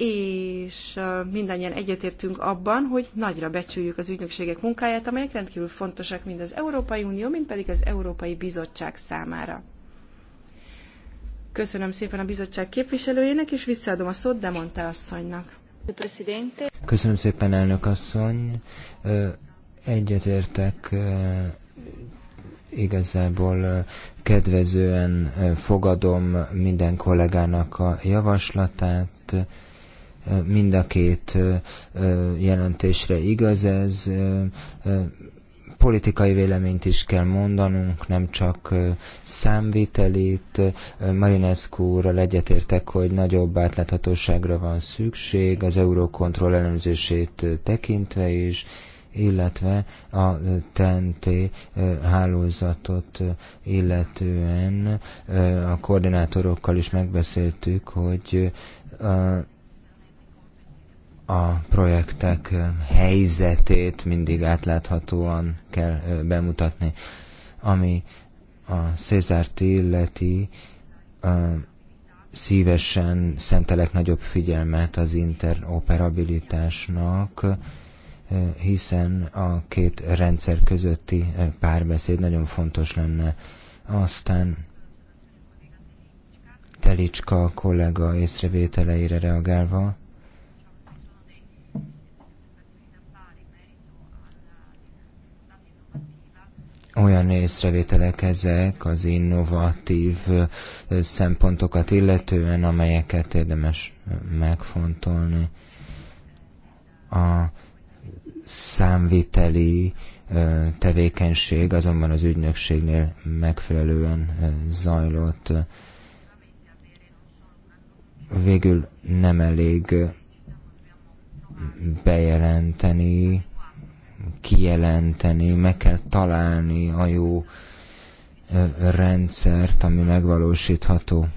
és mindannyian egyetértünk abban, hogy nagyra becsüljük az ügynökségek munkáját, amelyek rendkívül fontosak mind az Európai Unió, mind pedig az Európai Bizottság számára. Köszönöm szépen a bizottság képviselőjének, és visszaadom a szót Demonte asszonynak. Köszönöm szépen, elnök asszony. Egyetértek igazából kedvezően fogadom minden kollégának a javaslatát, Mind a két jelentésre igaz ez, politikai véleményt is kell mondanunk, nem csak számvitelit. Marinescu úrral egyetértek, hogy nagyobb átláthatóságra van szükség, az eurókontroll ellenőrzését tekintve is, illetve a TNT hálózatot illetően a koordinátorokkal is megbeszéltük, hogy a projektek helyzetét mindig átláthatóan kell bemutatni. Ami a Cézárt illeti, szívesen szentelek nagyobb figyelmet az interoperabilitásnak, hiszen a két rendszer közötti párbeszéd nagyon fontos lenne. Aztán Telicska kollega észrevételeire reagálva, olyan észrevételek ezek az innovatív szempontokat illetően, amelyeket érdemes megfontolni. A számviteli tevékenység azonban az ügynökségnél megfelelően zajlott. Végül nem elég bejelenteni, kijelenteni, meg kell találni a jó rendszert, ami megvalósítható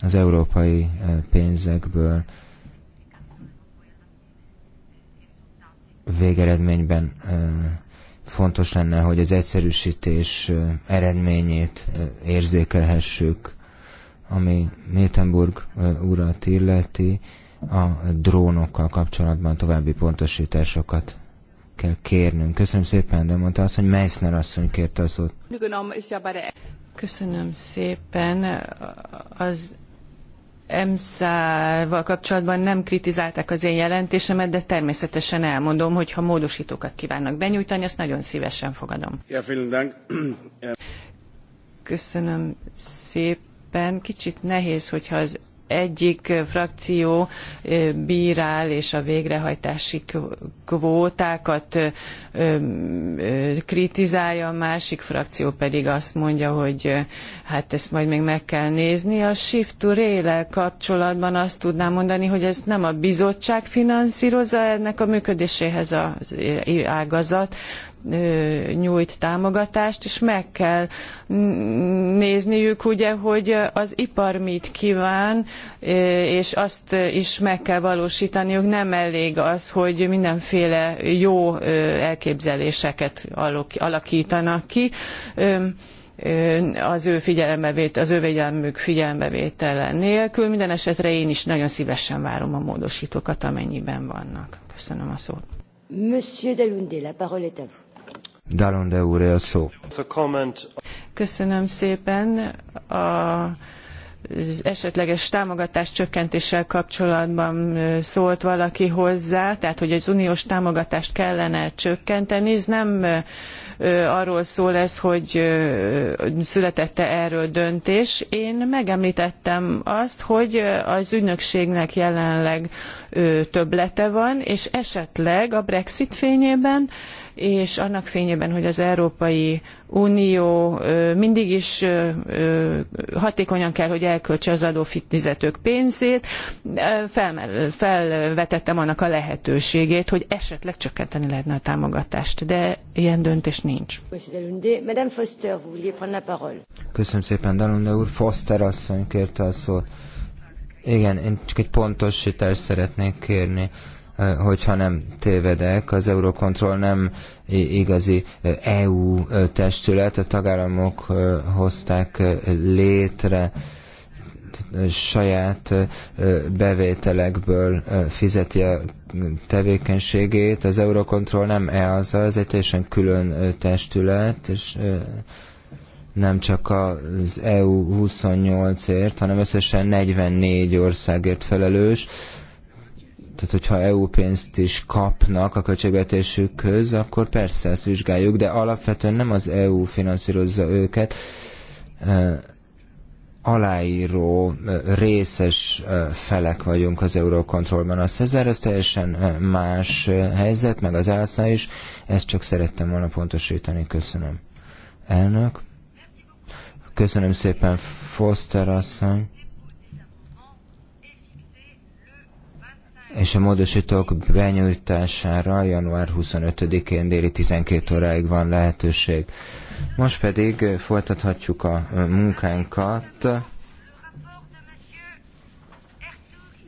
az európai pénzekből. Végeredményben fontos lenne, hogy az egyszerűsítés eredményét érzékelhessük, ami Miltenburg urat illeti a drónokkal kapcsolatban további pontosításokat kell kérnünk. Köszönöm szépen, de mondta azt, hogy Meissner asszony kérte az ott. Köszönöm szépen. Az EMSZ-val kapcsolatban nem kritizálták az én jelentésemet, de természetesen elmondom, hogy ha módosítókat kívánnak benyújtani, azt nagyon szívesen fogadom. Ja, Köszönöm szépen. Kicsit nehéz, hogyha az egyik frakció bírál és a végrehajtási kvótákat kritizálja, a másik frakció pedig azt mondja, hogy hát ezt majd még meg kell nézni. A Shift to rail kapcsolatban azt tudnám mondani, hogy ezt nem a bizottság finanszírozza ennek a működéséhez az ágazat, nyújt támogatást, és meg kell nézniük ugye, hogy az ipar mit kíván, és azt is meg kell valósítaniuk. Nem elég az, hogy mindenféle jó elképzeléseket alakítanak ki az ő figyelembevét, az ő védelmük figyelembevétele nélkül. Minden esetre én is nagyon szívesen várom a módosítókat, amennyiben vannak. Köszönöm a szót. Monsieur Delundé, la parole est à vous a szó. Köszönöm szépen. A az esetleges támogatás csökkentéssel kapcsolatban szólt valaki hozzá, tehát hogy az uniós támogatást kellene csökkenteni. Ez nem arról szól ez, hogy születette erről döntés. Én megemlítettem azt, hogy az ügynökségnek jelenleg többlete van, és esetleg a Brexit fényében és annak fényében, hogy az Európai Unió mindig is hatékonyan kell, hogy elköltse az adófizetők pénzét, fel, felvetettem annak a lehetőségét, hogy esetleg csökkenteni lehetne a támogatást, de ilyen döntés nincs. Köszönöm szépen, Dalunde úr. Foster asszony kérte a szót. Igen, én csak egy pontosítást szeretnék kérni Eh, hogyha nem tévedek, az Eurocontrol nem igazi EU eh, e eh, testület, a tagállamok hozták létre saját bevételekből fizeti a tevékenységét. Az Eurocontrol nem e az, ez egy teljesen külön testület, és nem csak az EU 28-ért, hanem összesen 44 országért felelős tehát, hogyha EU pénzt is kapnak a költségvetésükhöz, akkor persze ezt vizsgáljuk, de alapvetően nem az EU finanszírozza őket, aláíró részes felek vagyunk az Eurocontrolban. A Cezár az teljesen más helyzet, meg az ÁSZA is. Ezt csak szerettem volna pontosítani. Köszönöm. Elnök. Köszönöm szépen, Foster asszony. és a módosítók benyújtására január 25-én déli 12 óráig van lehetőség. Most pedig folytathatjuk a munkánkat,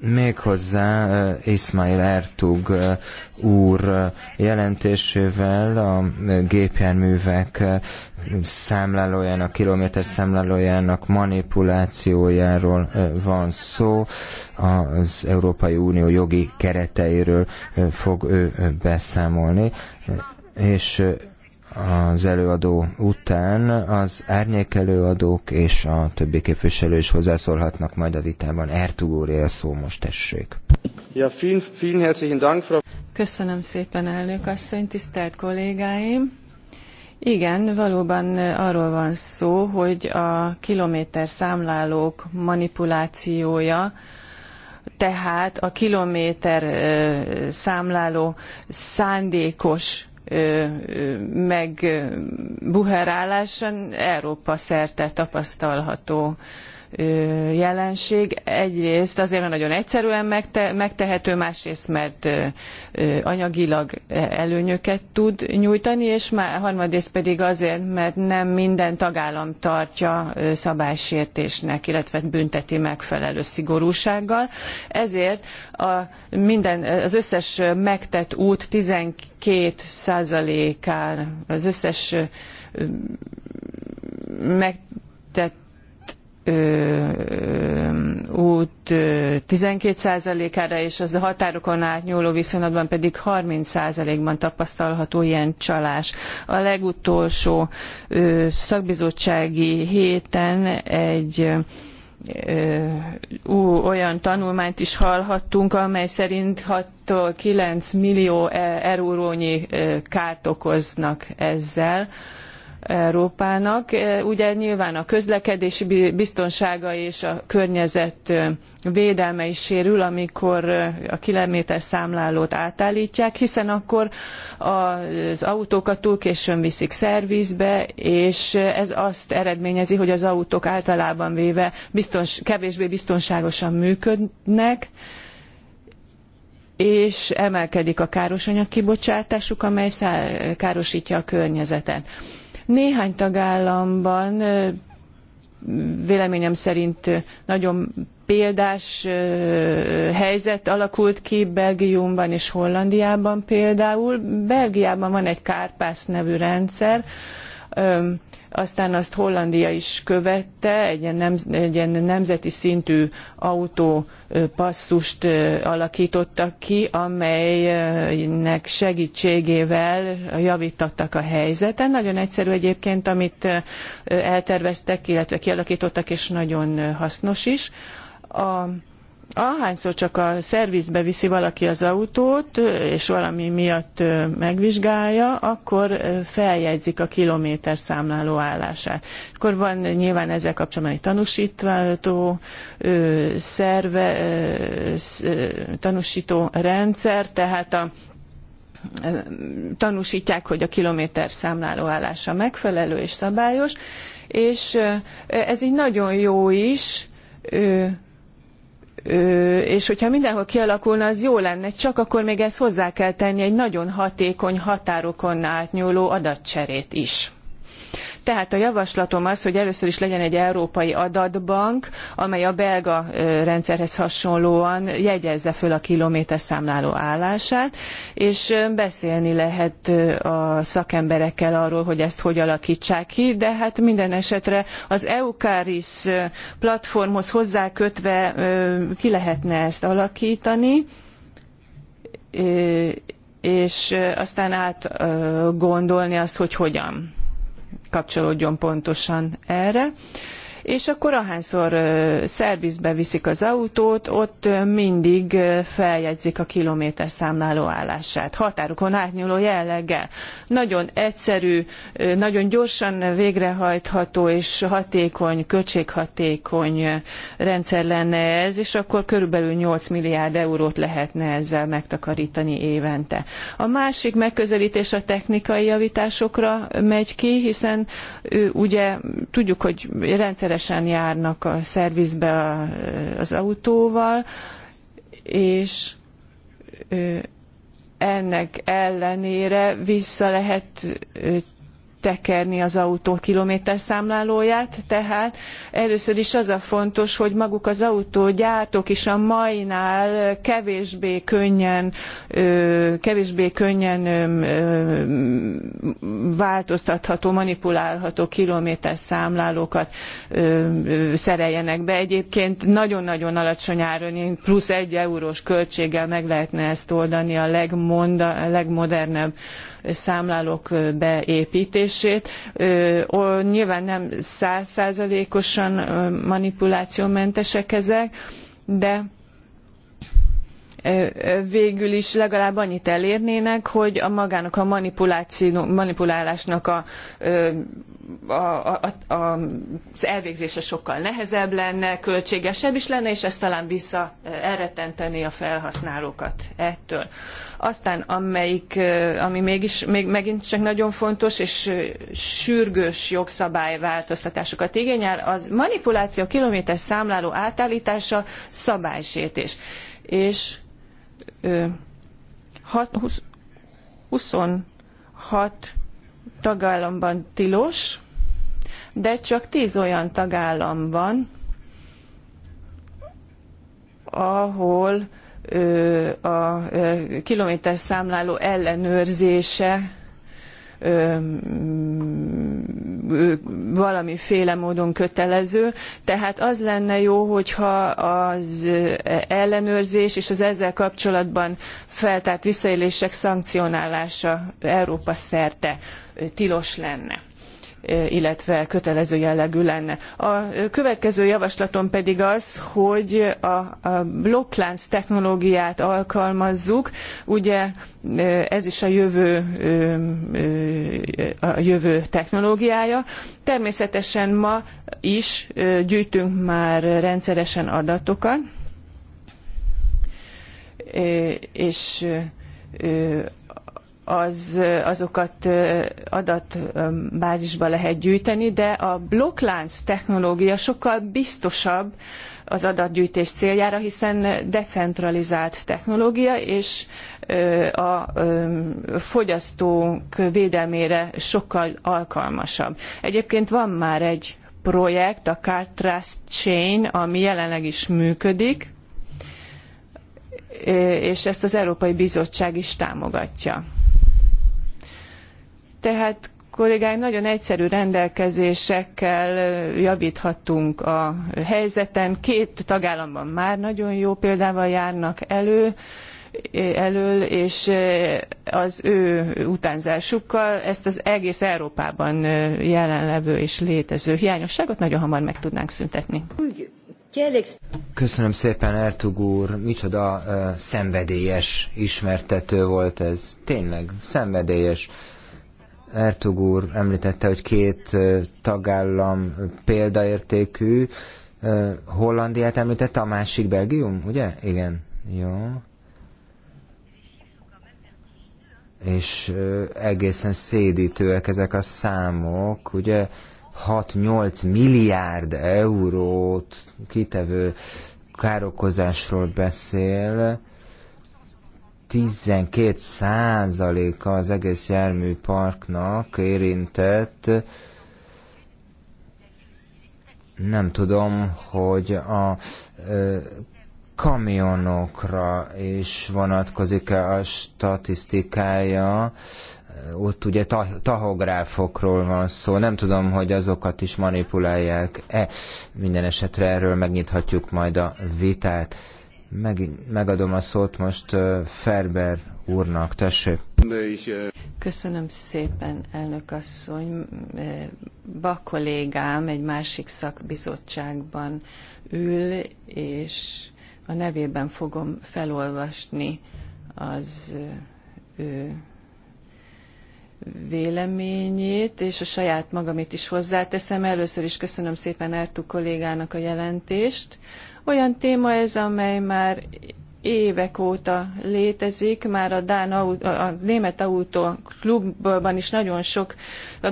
méghozzá Ismail Ertug úr jelentésével a gépjárművek számlálójának, kilométer számlálójának manipulációjáról van szó, az Európai Unió jogi kereteiről fog ő beszámolni, és az előadó után az árnyék előadók és a többi képviselő is hozzászólhatnak majd a vitában. Ertugóri a szó most tessék. Ja, vielen, vielen herzlichen Dank, Frau... Köszönöm szépen, elnök asszony, tisztelt kollégáim! Igen, valóban arról van szó, hogy a kilométer számlálók manipulációja, tehát a kilométer számláló szándékos megbuherálása Európa szerte tapasztalható jelenség. Egyrészt azért, mert nagyon egyszerűen megte megtehető, másrészt, mert anyagilag előnyöket tud nyújtani, és már harmadrészt pedig azért, mert nem minden tagállam tartja szabálysértésnek, illetve bünteti megfelelő szigorúsággal. Ezért a minden, az összes megtett út 12 százalékán, az összes megtett út 12%-ára, és az a határokon átnyúló viszonylatban pedig 30%-ban tapasztalható ilyen csalás. A legutolsó ö, szakbizottsági héten egy ö, olyan tanulmányt is hallhattunk, amely szerint 6-tól 9 millió eurónyi kárt okoznak ezzel. Ö, Európának. E, ugye nyilván a közlekedés biztonsága és a környezet e, védelme is sérül, amikor e, a kilométer számlálót átállítják, hiszen akkor az autókat túl későn viszik szervizbe, és ez azt eredményezi, hogy az autók általában véve biztons, kevésbé biztonságosan működnek, és emelkedik a károsanyag kibocsátásuk, amely szá- károsítja a környezetet néhány tagállamban véleményem szerint nagyon példás helyzet alakult ki Belgiumban és Hollandiában például. Belgiában van egy Kárpász nevű rendszer, aztán azt Hollandia is követte, egy ilyen, nem, egy ilyen nemzeti szintű autópasszust alakítottak ki, amelynek segítségével javítattak a helyzeten. Nagyon egyszerű egyébként, amit elterveztek, illetve kialakítottak, és nagyon hasznos is. A ahányszor csak a szervizbe viszi valaki az autót, és valami miatt megvizsgálja, akkor feljegyzik a kilométer számláló állását. Akkor van nyilván ezzel kapcsolatban egy tanúsító szerve, tanúsító rendszer, tehát a tanúsítják, hogy a kilométer számláló állása megfelelő és szabályos, és ez így nagyon jó is, és hogyha mindenhol kialakulna, az jó lenne, csak akkor még ezt hozzá kell tenni egy nagyon hatékony határokon átnyúló adatcserét is. Tehát a javaslatom az, hogy először is legyen egy európai adatbank, amely a belga rendszerhez hasonlóan jegyezze föl a kilométerszámláló állását, és beszélni lehet a szakemberekkel arról, hogy ezt hogy alakítsák ki, de hát minden esetre az Eukaris platformhoz hozzákötve ki lehetne ezt alakítani, és aztán átgondolni azt, hogy hogyan kapcsolódjon pontosan erre és akkor ahányszor szervizbe viszik az autót, ott mindig feljegyzik a kilométer számláló állását. Határokon átnyúló jelleggel. Nagyon egyszerű, nagyon gyorsan végrehajtható és hatékony, költséghatékony rendszer lenne ez, és akkor körülbelül 8 milliárd eurót lehetne ezzel megtakarítani évente. A másik megközelítés a technikai javításokra megy ki, hiszen ugye tudjuk, hogy rendszer rendszeresen járnak a szervizbe az autóval, és ennek ellenére vissza lehet tekerni az autó kilométerszámlálóját, tehát először is az a fontos, hogy maguk az autógyártók is a mainál kevésbé könnyen, kevésbé könnyen változtatható, manipulálható kilométerszámlálókat szereljenek be. Egyébként nagyon-nagyon alacsony áron, plusz egy eurós költséggel meg lehetne ezt oldani a legmonda, legmodernebb számlálók beépítését. Nyilván nem százszázalékosan manipulációmentesek ezek, de végül is legalább annyit elérnének, hogy a magának a manipuláció, manipulálásnak a a, a, a, az elvégzése sokkal nehezebb lenne, költségesebb is lenne, és ez talán vissza eh, elrettenteni a felhasználókat ettől. Aztán amelyik, eh, ami mégis még megint csak nagyon fontos, és eh, sürgős jogszabály változtatásokat igényel, az manipuláció kilométer számláló átállítása szabálysértés. És ö, hat, husz, 26 tagállamban tilos, de csak tíz olyan tagállam van, ahol ö, a kilométerszámláló ellenőrzése valamiféle módon kötelező. Tehát az lenne jó, hogyha az ellenőrzés és az ezzel kapcsolatban feltárt visszaélések szankcionálása Európa szerte tilos lenne illetve kötelező jellegű lenne. A következő javaslatom pedig az, hogy a blokklánc technológiát alkalmazzuk, ugye ez is a jövő, a jövő technológiája. Természetesen ma is gyűjtünk már rendszeresen adatokat, és az, azokat adatbázisba lehet gyűjteni, de a blokklánc technológia sokkal biztosabb az adatgyűjtés céljára, hiszen decentralizált technológia, és a fogyasztók védelmére sokkal alkalmasabb. Egyébként van már egy projekt, a Card Trust Chain, ami jelenleg is működik, és ezt az Európai Bizottság is támogatja tehát kollégáim, nagyon egyszerű rendelkezésekkel javíthatunk a helyzeten. Két tagállamban már nagyon jó példával járnak elő, elől, és az ő utánzásukkal ezt az egész Európában jelenlevő és létező hiányosságot nagyon hamar meg tudnánk szüntetni. Köszönöm szépen, Ertug úr. Micsoda uh, szenvedélyes ismertető volt ez. Tényleg, szenvedélyes. Ertug úr említette, hogy két tagállam példaértékű, Hollandiát említette, a másik Belgium, ugye? Igen. Jó. És egészen szédítőek ezek a számok, ugye 6-8 milliárd eurót kitevő károkozásról beszél, 12 százaléka az egész járműparknak érintett. Nem tudom, hogy a ö, kamionokra is vonatkozik-e a statisztikája. Ott ugye tahográfokról van szó, nem tudom, hogy azokat is manipulálják-e. Minden esetre erről megnyithatjuk majd a vitát. Megint megadom a szót most Ferber úrnak, tessék. Köszönöm szépen, elnök asszony. Ba kollégám egy másik szakbizottságban ül, és a nevében fogom felolvasni az ő véleményét, és a saját magamit is hozzáteszem. Először is köszönöm szépen Ertu kollégának a jelentést. Olyan téma ez, amely már évek óta létezik, már a, Dán, a német autó klubban is nagyon sok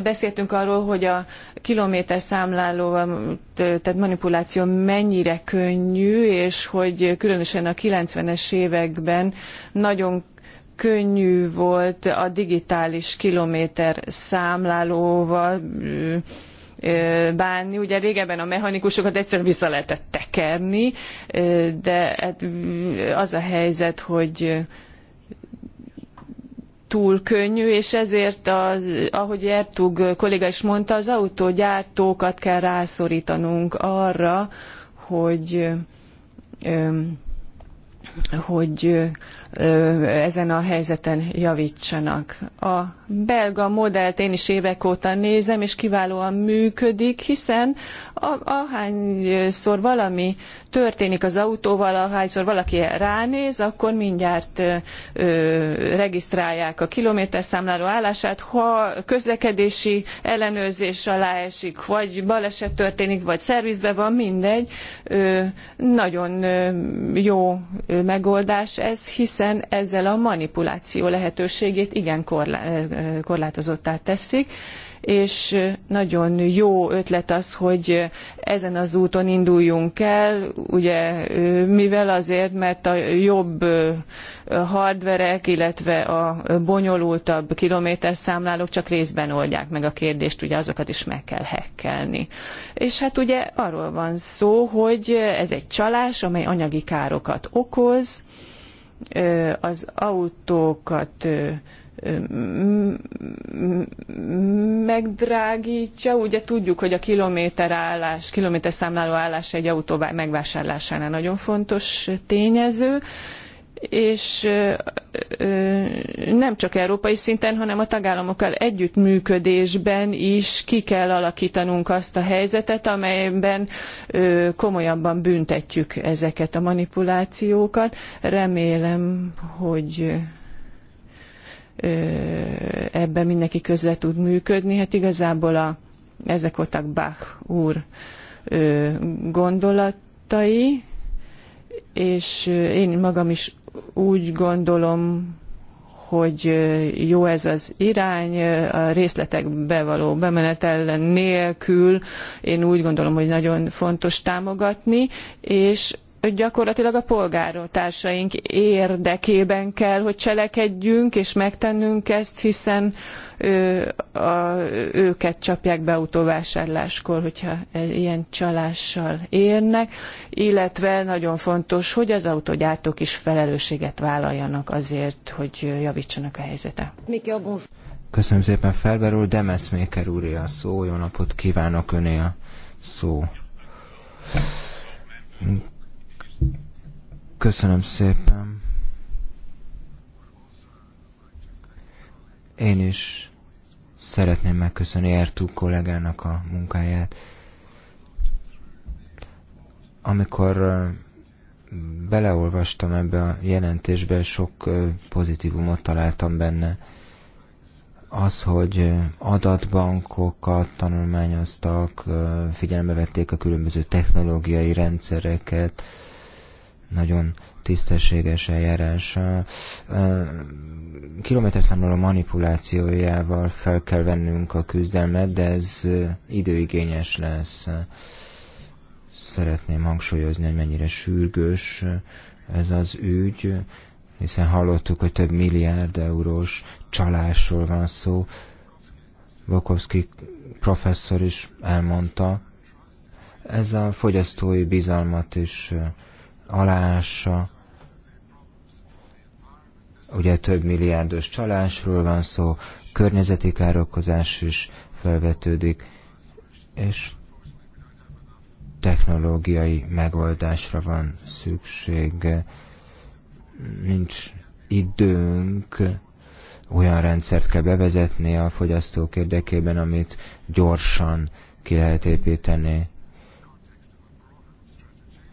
beszéltünk arról, hogy a kilométer számlálóval, tehát manipuláció mennyire könnyű, és hogy különösen a 90-es években nagyon könnyű volt a digitális kilométer számlálóval bánni. Ugye régebben a mechanikusokat egyszerűen vissza lehetett tekerni, de hát az a helyzet, hogy túl könnyű, és ezért, az, ahogy Ertug kolléga is mondta, az autógyártókat kell rászorítanunk arra, hogy hogy ezen a helyzeten javítsanak. A belga modellt én is évek óta nézem, és kiválóan működik, hiszen ahányszor valami történik az autóval, ahányszor valaki ránéz, akkor mindjárt regisztrálják a kilométerszámláló állását. Ha közlekedési ellenőrzés alá esik, vagy baleset történik, vagy szervizbe van, mindegy, nagyon jó megoldás ez, hiszen ezzel a manipuláció lehetőségét igen korlátozza korlátozottá teszik, és nagyon jó ötlet az, hogy ezen az úton induljunk el, ugye mivel azért, mert a jobb hardverek, illetve a bonyolultabb kilométerszámlálók csak részben oldják meg a kérdést, ugye azokat is meg kell hekkelni. És hát ugye arról van szó, hogy ez egy csalás, amely anyagi károkat okoz, az autókat megdrágítja. Ugye tudjuk, hogy a kilométer állás, kilométer számláló állás egy autó megvásárlásánál nagyon fontos tényező, és nem csak európai szinten, hanem a tagállamokkal együttműködésben is ki kell alakítanunk azt a helyzetet, amelyben komolyabban büntetjük ezeket a manipulációkat. Remélem, hogy ebben mindenki közre tud működni. Hát igazából a, ezek voltak Bach úr gondolatai, és én magam is úgy gondolom, hogy jó ez az irány, a részletek bevaló bemenetel nélkül én úgy gondolom, hogy nagyon fontos támogatni, és gyakorlatilag a polgártársaink érdekében kell, hogy cselekedjünk és megtennünk ezt, hiszen ő, a, őket csapják be autóvásárláskor, hogyha ilyen csalással érnek, illetve nagyon fontos, hogy az autógyártók is felelősséget vállaljanak azért, hogy javítsanak a helyzete. Köszönöm szépen, Ferber úr, Demeszméker a szó, jó napot kívánok öné a szó. Köszönöm szépen. Én is szeretném megköszönni Ertu kollégának a munkáját. Amikor beleolvastam ebbe a jelentésbe, sok pozitívumot találtam benne. Az, hogy adatbankokat tanulmányoztak, figyelembe vették a különböző technológiai rendszereket, nagyon tisztességes eljárás. A, a kilométerszámláló manipulációjával fel kell vennünk a küzdelmet, de ez időigényes lesz. Szeretném hangsúlyozni, hogy mennyire sürgős ez az ügy, hiszen hallottuk, hogy több milliárd eurós csalásról van szó. Vokovszki professzor is elmondta. Ez a fogyasztói bizalmat is aláássa. Ugye több milliárdos csalásról van szó, környezeti károkozás is felvetődik, és technológiai megoldásra van szükség. Nincs időnk, olyan rendszert kell bevezetni a fogyasztók érdekében, amit gyorsan ki lehet építeni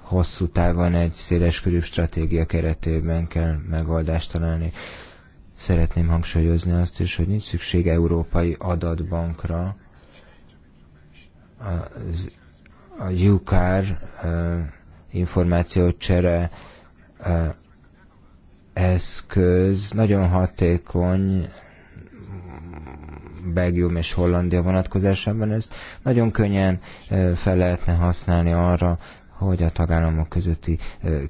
hosszú távon egy körű stratégia keretében kell megoldást találni. Szeretném hangsúlyozni azt is, hogy nincs szükség európai adatbankra. A, a UCAR információcsere eszköz nagyon hatékony Belgium és Hollandia vonatkozásában ezt nagyon könnyen fel lehetne használni arra, hogy a tagállamok közötti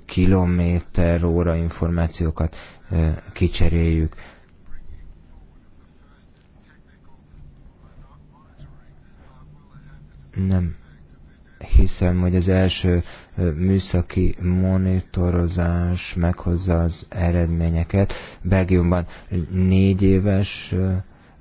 kilométer óra információkat kicseréljük. Nem hiszem, hogy az első műszaki monitorozás meghozza az eredményeket. Belgiumban négy éves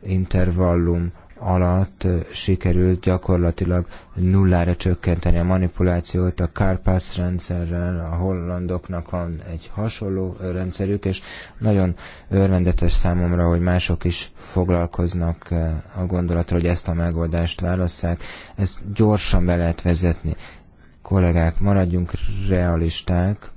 intervallum alatt sikerült gyakorlatilag nullára csökkenteni a manipulációt. A Carpass rendszerrel a hollandoknak van egy hasonló rendszerük, és nagyon örvendetes számomra, hogy mások is foglalkoznak a gondolatra, hogy ezt a megoldást válasszák. Ezt gyorsan be lehet vezetni. Kollégák, maradjunk realisták,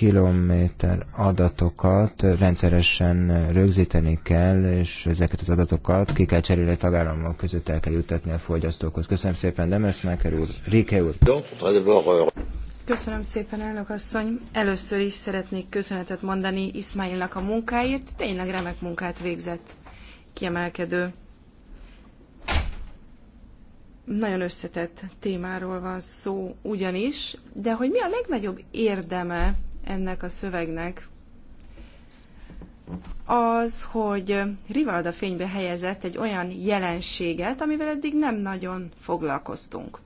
kilométer adatokat rendszeresen rögzíteni kell, és ezeket az adatokat ki kell cserélni a tagállamok között, el kell juttatni a fogyasztókhoz. Köszönöm szépen, Máker úr, Rike úr. Köszönöm szépen, elnök asszony. Először is szeretnék köszönetet mondani Ismailnak a munkáért. Tényleg remek munkát végzett. Kiemelkedő. Nagyon összetett témáról van szó ugyanis, de hogy mi a legnagyobb érdeme ennek a szövegnek az, hogy Rivalda fénybe helyezett egy olyan jelenséget, amivel eddig nem nagyon foglalkoztunk.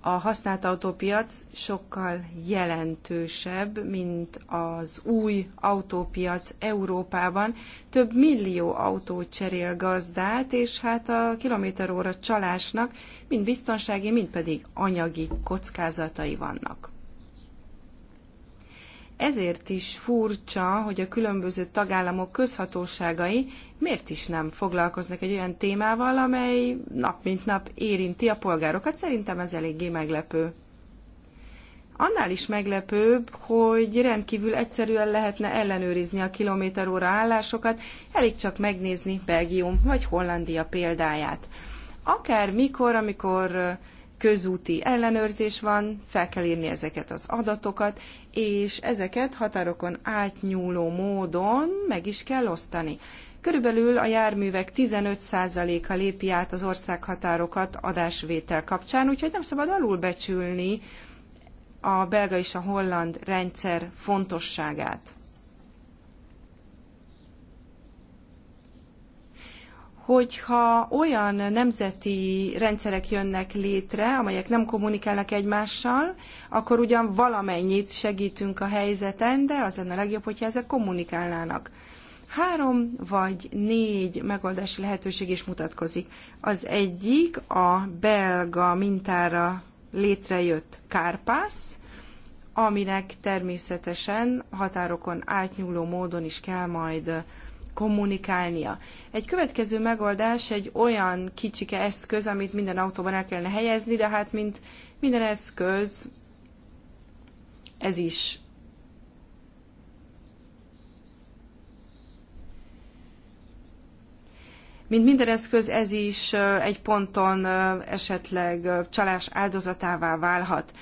A használt autópiac sokkal jelentősebb, mint az új autópiac Európában. Több millió autó cserél gazdát, és hát a kilométeróra csalásnak mind biztonsági, mind pedig anyagi kockázatai vannak. Ezért is furcsa, hogy a különböző tagállamok közhatóságai miért is nem foglalkoznak egy olyan témával, amely nap mint nap érinti a polgárokat. Szerintem ez eléggé meglepő. Annál is meglepőbb, hogy rendkívül egyszerűen lehetne ellenőrizni a kilométer óra állásokat, elég csak megnézni Belgium vagy Hollandia példáját. Akár mikor, amikor közúti ellenőrzés van, fel kell írni ezeket az adatokat, és ezeket határokon átnyúló módon meg is kell osztani. Körülbelül a járművek 15%-a lépi át az országhatárokat adásvétel kapcsán, úgyhogy nem szabad alulbecsülni a belga és a holland rendszer fontosságát. hogyha olyan nemzeti rendszerek jönnek létre, amelyek nem kommunikálnak egymással, akkor ugyan valamennyit segítünk a helyzeten, de az lenne a legjobb, hogyha ezek kommunikálnának. Három vagy négy megoldási lehetőség is mutatkozik. Az egyik a belga mintára létrejött Kárpász, aminek természetesen határokon átnyúló módon is kell majd kommunikálnia. Egy következő megoldás egy olyan kicsike eszköz, amit minden autóban el kellene helyezni, de hát mint minden eszköz, ez is Mint minden eszköz, ez is egy ponton esetleg csalás áldozatává válhat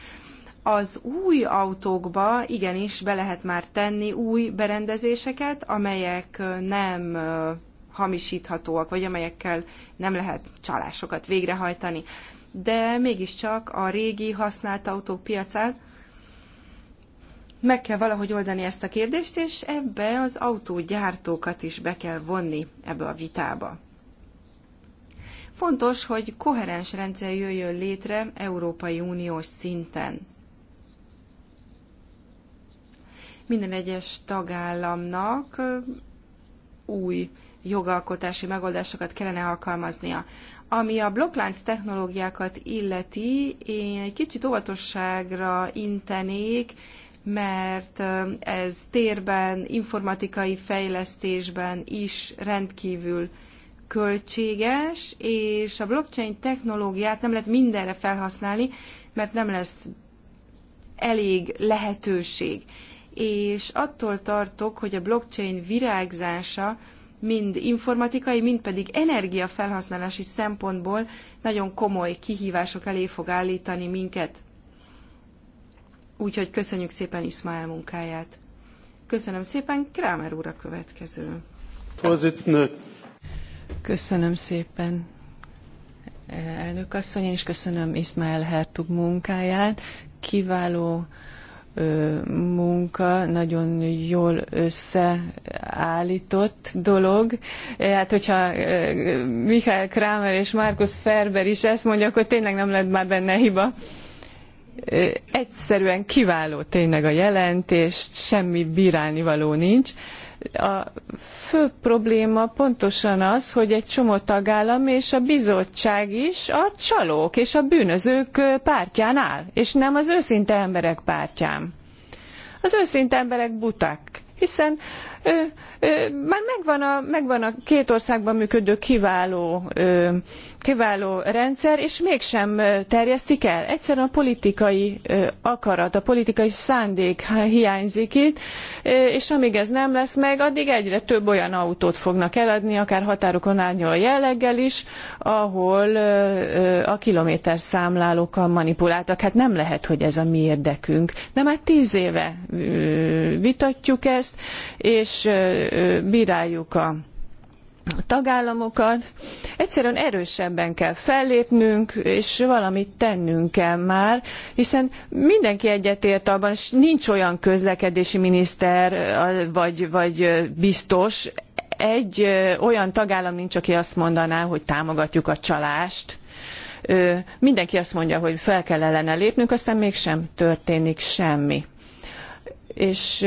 az új autókba igenis be lehet már tenni új berendezéseket, amelyek nem hamisíthatóak, vagy amelyekkel nem lehet csalásokat végrehajtani. De mégiscsak a régi használt autók piacán meg kell valahogy oldani ezt a kérdést, és ebbe az autógyártókat is be kell vonni ebbe a vitába. Fontos, hogy koherens rendszer jöjjön létre Európai Uniós szinten. Minden egyes tagállamnak új jogalkotási megoldásokat kellene alkalmaznia. Ami a blokklánc technológiákat illeti, én egy kicsit óvatosságra intenék, mert ez térben, informatikai fejlesztésben is rendkívül költséges, és a blockchain technológiát nem lehet mindenre felhasználni, mert nem lesz elég lehetőség és attól tartok, hogy a blockchain virágzása mind informatikai, mind pedig energiafelhasználási szempontból nagyon komoly kihívások elé fog állítani minket. Úgyhogy köszönjük szépen Ismael munkáját. Köszönöm szépen, Krámer úr a következő. Köszönöm szépen, elnök asszony, és is köszönöm Ismael Hertug munkáját. Kiváló munka nagyon jól összeállított dolog. E, hát, hogyha Michael Kramer és Markus Ferber is ezt mondja, akkor tényleg nem lett már benne hiba. Egyszerűen kiváló tényleg a jelentést, semmi bírálnivaló nincs a fő probléma pontosan az, hogy egy csomó tagállam és a bizottság is a csalók és a bűnözők pártján áll, és nem az őszinte emberek pártján. Az őszinte emberek buták, hiszen már megvan a, megvan a két országban működő kiváló, kiváló rendszer, és mégsem terjesztik el. Egyszerűen a politikai akarat, a politikai szándék hiányzik itt, és amíg ez nem lesz meg, addig egyre több olyan autót fognak eladni, akár határokon átnyúló jelleggel is, ahol a kilométer számlálókkal manipuláltak. Hát nem lehet, hogy ez a mi érdekünk. De már tíz éve vitatjuk ezt, és és bíráljuk a tagállamokat. Egyszerűen erősebben kell fellépnünk, és valamit tennünk kell már, hiszen mindenki egyetért abban, és nincs olyan közlekedési miniszter vagy, vagy biztos, egy olyan tagállam nincs, aki azt mondaná, hogy támogatjuk a csalást. Mindenki azt mondja, hogy fel kell ellene lépnünk, aztán mégsem történik semmi. És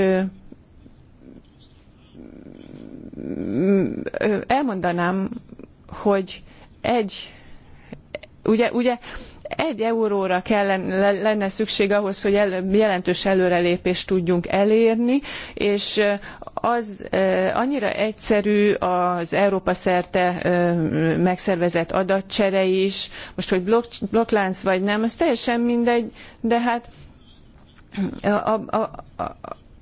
elmondanám, hogy egy, ugye, ugye egy euróra kellene, lenne szükség ahhoz, hogy el, jelentős előrelépést tudjunk elérni, és az annyira egyszerű az Európa szerte megszervezett adatcsere is, most hogy blok, blokklánc vagy nem, az teljesen mindegy, de hát a, a, a,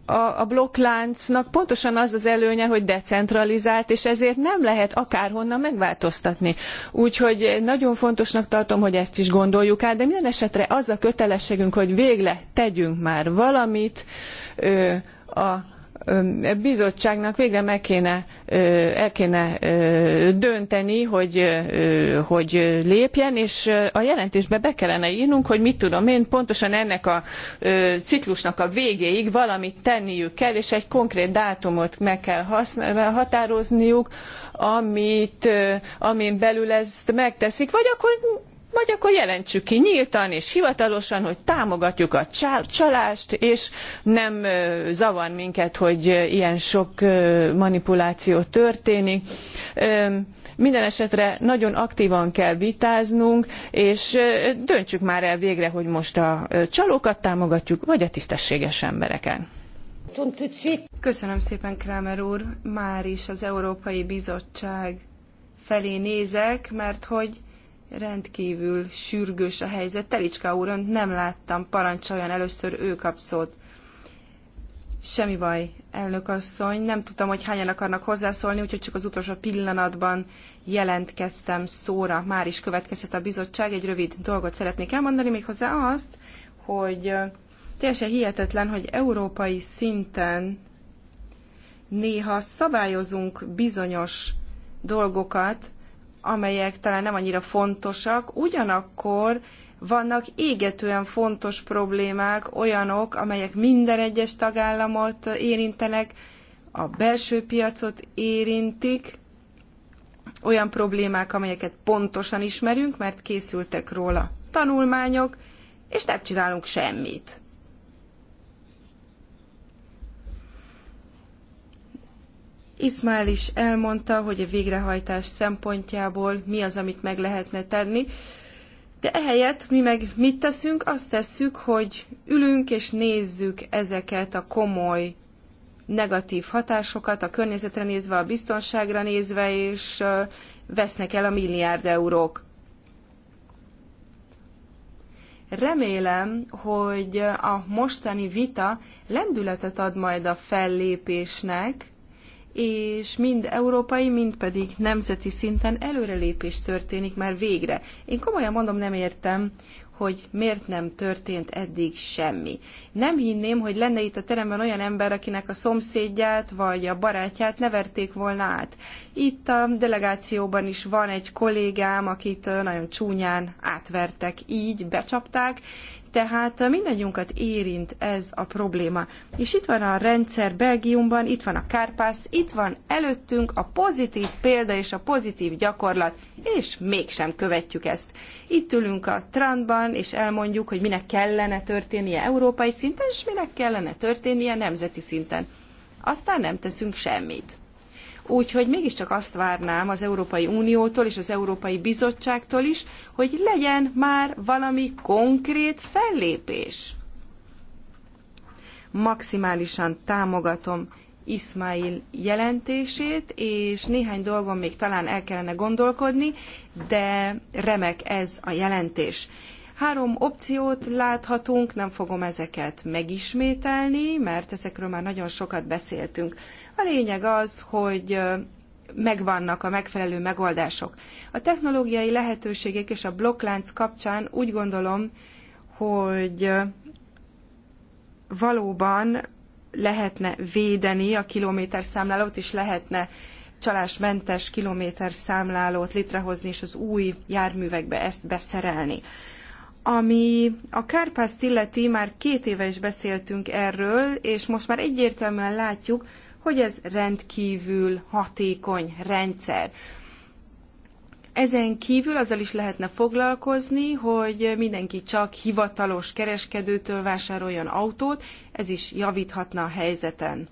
a, a blokkláncnak pontosan az az előnye, hogy decentralizált, és ezért nem lehet akárhonnan megváltoztatni. Úgyhogy nagyon fontosnak tartom, hogy ezt is gondoljuk át, de minden esetre az a kötelességünk, hogy végre tegyünk már valamit ö, a bizottságnak végre meg kéne, el kéne dönteni, hogy, hogy lépjen, és a jelentésbe be kellene írnunk, hogy mit tudom én, pontosan ennek a ciklusnak a végéig valamit tenniük kell, és egy konkrét dátumot meg kell határozniuk, amit, amin belül ezt megteszik, vagy akkor vagy akkor jelentsük ki nyíltan és hivatalosan, hogy támogatjuk a csalást, és nem zavar minket, hogy ilyen sok manipuláció történik. Minden esetre nagyon aktívan kell vitáznunk, és döntsük már el végre, hogy most a csalókat támogatjuk, vagy a tisztességes embereket. Köszönöm szépen, Kramer úr. Már is az Európai Bizottság felé nézek, mert hogy rendkívül sürgős a helyzet. Telicska önt nem láttam, parancsoljon, először ő kap szót. Semmi baj, elnök asszony. Nem tudtam, hogy hányan akarnak hozzászólni, úgyhogy csak az utolsó pillanatban jelentkeztem szóra. Már is következett a bizottság. Egy rövid dolgot szeretnék elmondani, méghozzá azt, hogy teljesen hihetetlen, hogy európai szinten néha szabályozunk bizonyos dolgokat, amelyek talán nem annyira fontosak, ugyanakkor vannak égetően fontos problémák, olyanok, amelyek minden egyes tagállamot érintenek, a belső piacot érintik, olyan problémák, amelyeket pontosan ismerünk, mert készültek róla tanulmányok, és nem csinálunk semmit. Ismail is elmondta, hogy a végrehajtás szempontjából mi az, amit meg lehetne tenni. De ehelyett mi meg mit teszünk? Azt tesszük, hogy ülünk és nézzük ezeket a komoly negatív hatásokat, a környezetre nézve, a biztonságra nézve, és vesznek el a milliárd eurók. Remélem, hogy a mostani vita lendületet ad majd a fellépésnek, és mind európai, mind pedig nemzeti szinten előrelépés történik már végre. Én komolyan mondom, nem értem, hogy miért nem történt eddig semmi. Nem hinném, hogy lenne itt a teremben olyan ember, akinek a szomszédját vagy a barátját ne verték volna át. Itt a delegációban is van egy kollégám, akit nagyon csúnyán átvertek, így becsapták, tehát mindannyiunkat érint ez a probléma. És itt van a rendszer Belgiumban, itt van a Kárpász, itt van előttünk a pozitív példa és a pozitív gyakorlat, és mégsem követjük ezt. Itt ülünk a Trantban, és elmondjuk, hogy minek kellene történnie európai szinten, és minek kellene történnie nemzeti szinten. Aztán nem teszünk semmit. Úgyhogy mégiscsak azt várnám az Európai Uniótól és az Európai Bizottságtól is, hogy legyen már valami konkrét fellépés. Maximálisan támogatom Ismail jelentését, és néhány dolgon még talán el kellene gondolkodni, de remek ez a jelentés. Három opciót láthatunk, nem fogom ezeket megismételni, mert ezekről már nagyon sokat beszéltünk. A lényeg az, hogy megvannak a megfelelő megoldások. A technológiai lehetőségek és a blokklánc kapcsán úgy gondolom, hogy valóban lehetne védeni a kilométerszámlálót, és lehetne csalásmentes kilométerszámlálót létrehozni, és az új járművekbe ezt beszerelni. Ami a Kárpászt illeti, már két éve is beszéltünk erről, és most már egyértelműen látjuk, hogy ez rendkívül hatékony rendszer. Ezen kívül azzal is lehetne foglalkozni, hogy mindenki csak hivatalos kereskedőtől vásároljon autót, ez is javíthatna a helyzeten.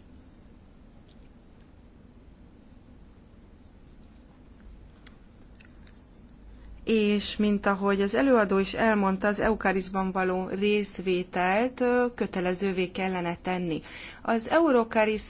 és mint ahogy az előadó is elmondta, az eukarizban való részvételt kötelezővé kellene tenni. Az Eurokaris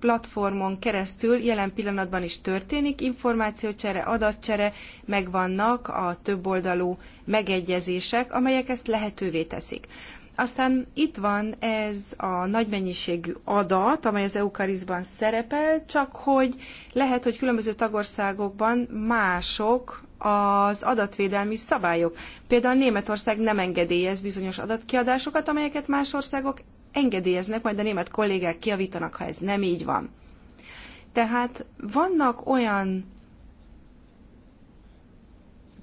platformon keresztül jelen pillanatban is történik információcsere, adatcsere, megvannak a többoldalú megegyezések, amelyek ezt lehetővé teszik. Aztán itt van ez a nagy mennyiségű adat, amely az Eukarizban szerepel, csak hogy lehet, hogy különböző tagországokban mások az adatvédelmi szabályok. Például Németország nem engedélyez bizonyos adatkiadásokat, amelyeket más országok engedélyeznek, majd a német kollégák kiavítanak, ha ez nem így van. Tehát vannak olyan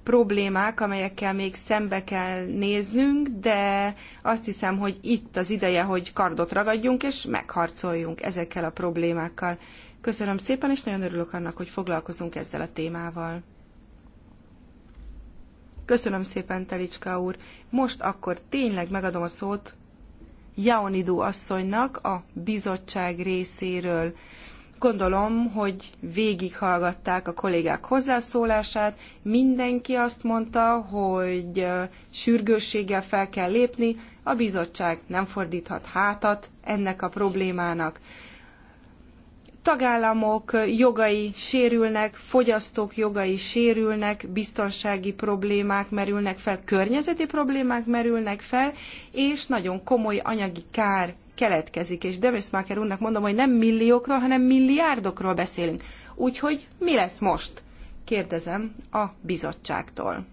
problémák, amelyekkel még szembe kell néznünk, de azt hiszem, hogy itt az ideje, hogy kardot ragadjunk és megharcoljunk ezekkel a problémákkal. Köszönöm szépen, és nagyon örülök annak, hogy foglalkozunk ezzel a témával. Köszönöm szépen, Telicska úr. Most akkor tényleg megadom a szót Jaonidú asszonynak a bizottság részéről. Gondolom, hogy végighallgatták a kollégák hozzászólását. Mindenki azt mondta, hogy sürgősséggel fel kell lépni, a bizottság nem fordíthat hátat ennek a problémának tagállamok jogai sérülnek, fogyasztók jogai sérülnek, biztonsági problémák merülnek fel, környezeti problémák merülnek fel, és nagyon komoly anyagi kár keletkezik. És Demismaker úrnak mondom, hogy nem milliókról, hanem milliárdokról beszélünk. Úgyhogy mi lesz most? Kérdezem a bizottságtól.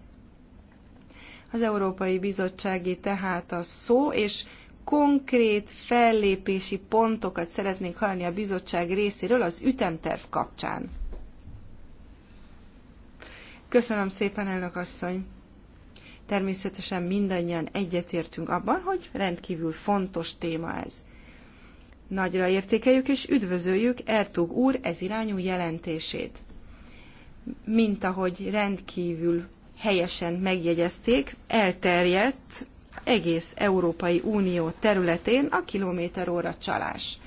Az Európai Bizottsági tehát a szó, és konkrét fellépési pontokat szeretnénk hallani a bizottság részéről az ütemterv kapcsán. Köszönöm szépen, elnök asszony! Természetesen mindannyian egyetértünk abban, hogy rendkívül fontos téma ez. Nagyra értékeljük és üdvözöljük Ertug úr ez irányú jelentését. Mint ahogy rendkívül helyesen megjegyezték, elterjedt egész Európai Unió területén a kilométeróra csalás.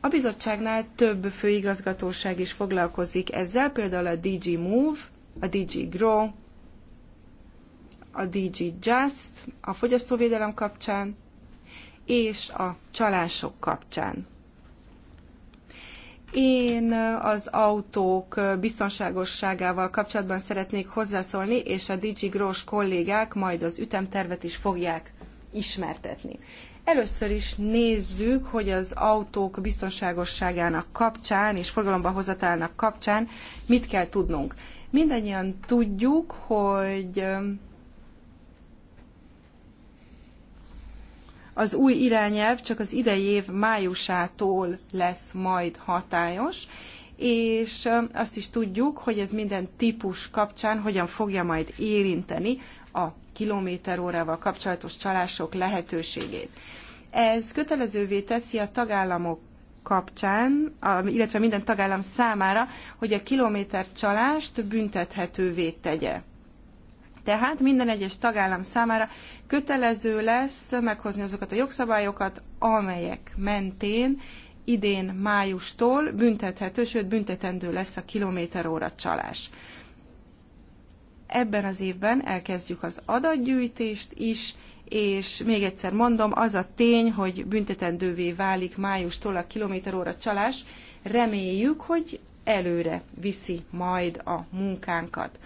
A bizottságnál több főigazgatóság is foglalkozik ezzel, például a DG Move, a DG Grow, a DG Just, a fogyasztóvédelem kapcsán és a csalások kapcsán. Én az autók biztonságosságával kapcsolatban szeretnék hozzászólni, és a DG Grós kollégák majd az ütemtervet is fogják ismertetni. Először is nézzük, hogy az autók biztonságosságának kapcsán és forgalomba hozatának kapcsán mit kell tudnunk. Mindannyian tudjuk, hogy Az új irányelv csak az idei év májusától lesz majd hatályos, és azt is tudjuk, hogy ez minden típus kapcsán hogyan fogja majd érinteni a kilométerórával kapcsolatos csalások lehetőségét. Ez kötelezővé teszi a tagállamok kapcsán, illetve minden tagállam számára, hogy a kilométer csalást büntethetővé tegye. Tehát minden egyes tagállam számára kötelező lesz meghozni azokat a jogszabályokat, amelyek mentén idén májustól büntethető, sőt büntetendő lesz a kilométeróra csalás. Ebben az évben elkezdjük az adatgyűjtést is, és még egyszer mondom, az a tény, hogy büntetendővé válik májustól a kilométeróra csalás, reméljük, hogy előre viszi majd a munkánkat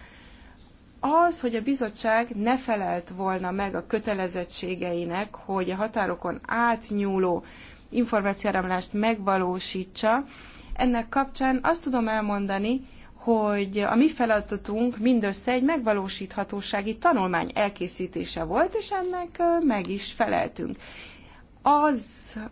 az, hogy a bizottság ne felelt volna meg a kötelezettségeinek, hogy a határokon átnyúló információáramlást megvalósítsa, ennek kapcsán azt tudom elmondani, hogy a mi feladatunk mindössze egy megvalósíthatósági tanulmány elkészítése volt, és ennek meg is feleltünk. Az,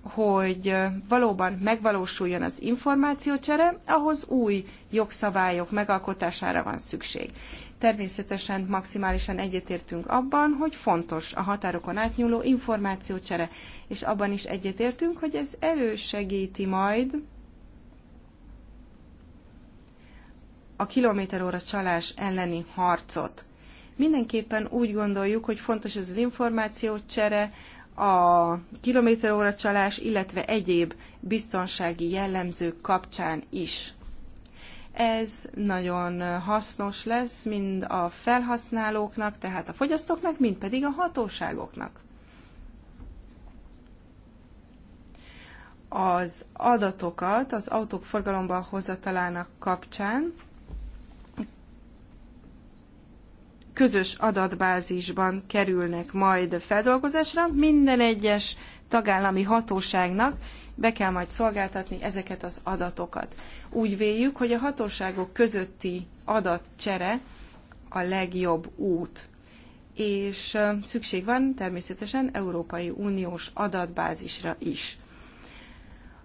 hogy valóban megvalósuljon az információcsere, ahhoz új jogszabályok megalkotására van szükség. Természetesen maximálisan egyetértünk abban, hogy fontos a határokon átnyúló információcsere, és abban is egyetértünk, hogy ez elősegíti majd a kilométeróra csalás elleni harcot. Mindenképpen úgy gondoljuk, hogy fontos ez az információcsere, a kilométeróra csalás, illetve egyéb biztonsági jellemzők kapcsán is. Ez nagyon hasznos lesz mind a felhasználóknak, tehát a fogyasztóknak, mind pedig a hatóságoknak. Az adatokat az autók forgalomba hozatalának kapcsán közös adatbázisban kerülnek majd feldolgozásra minden egyes tagállami hatóságnak be kell majd szolgáltatni ezeket az adatokat. Úgy véljük, hogy a hatóságok közötti adatcsere a legjobb út és szükség van természetesen Európai Uniós adatbázisra is.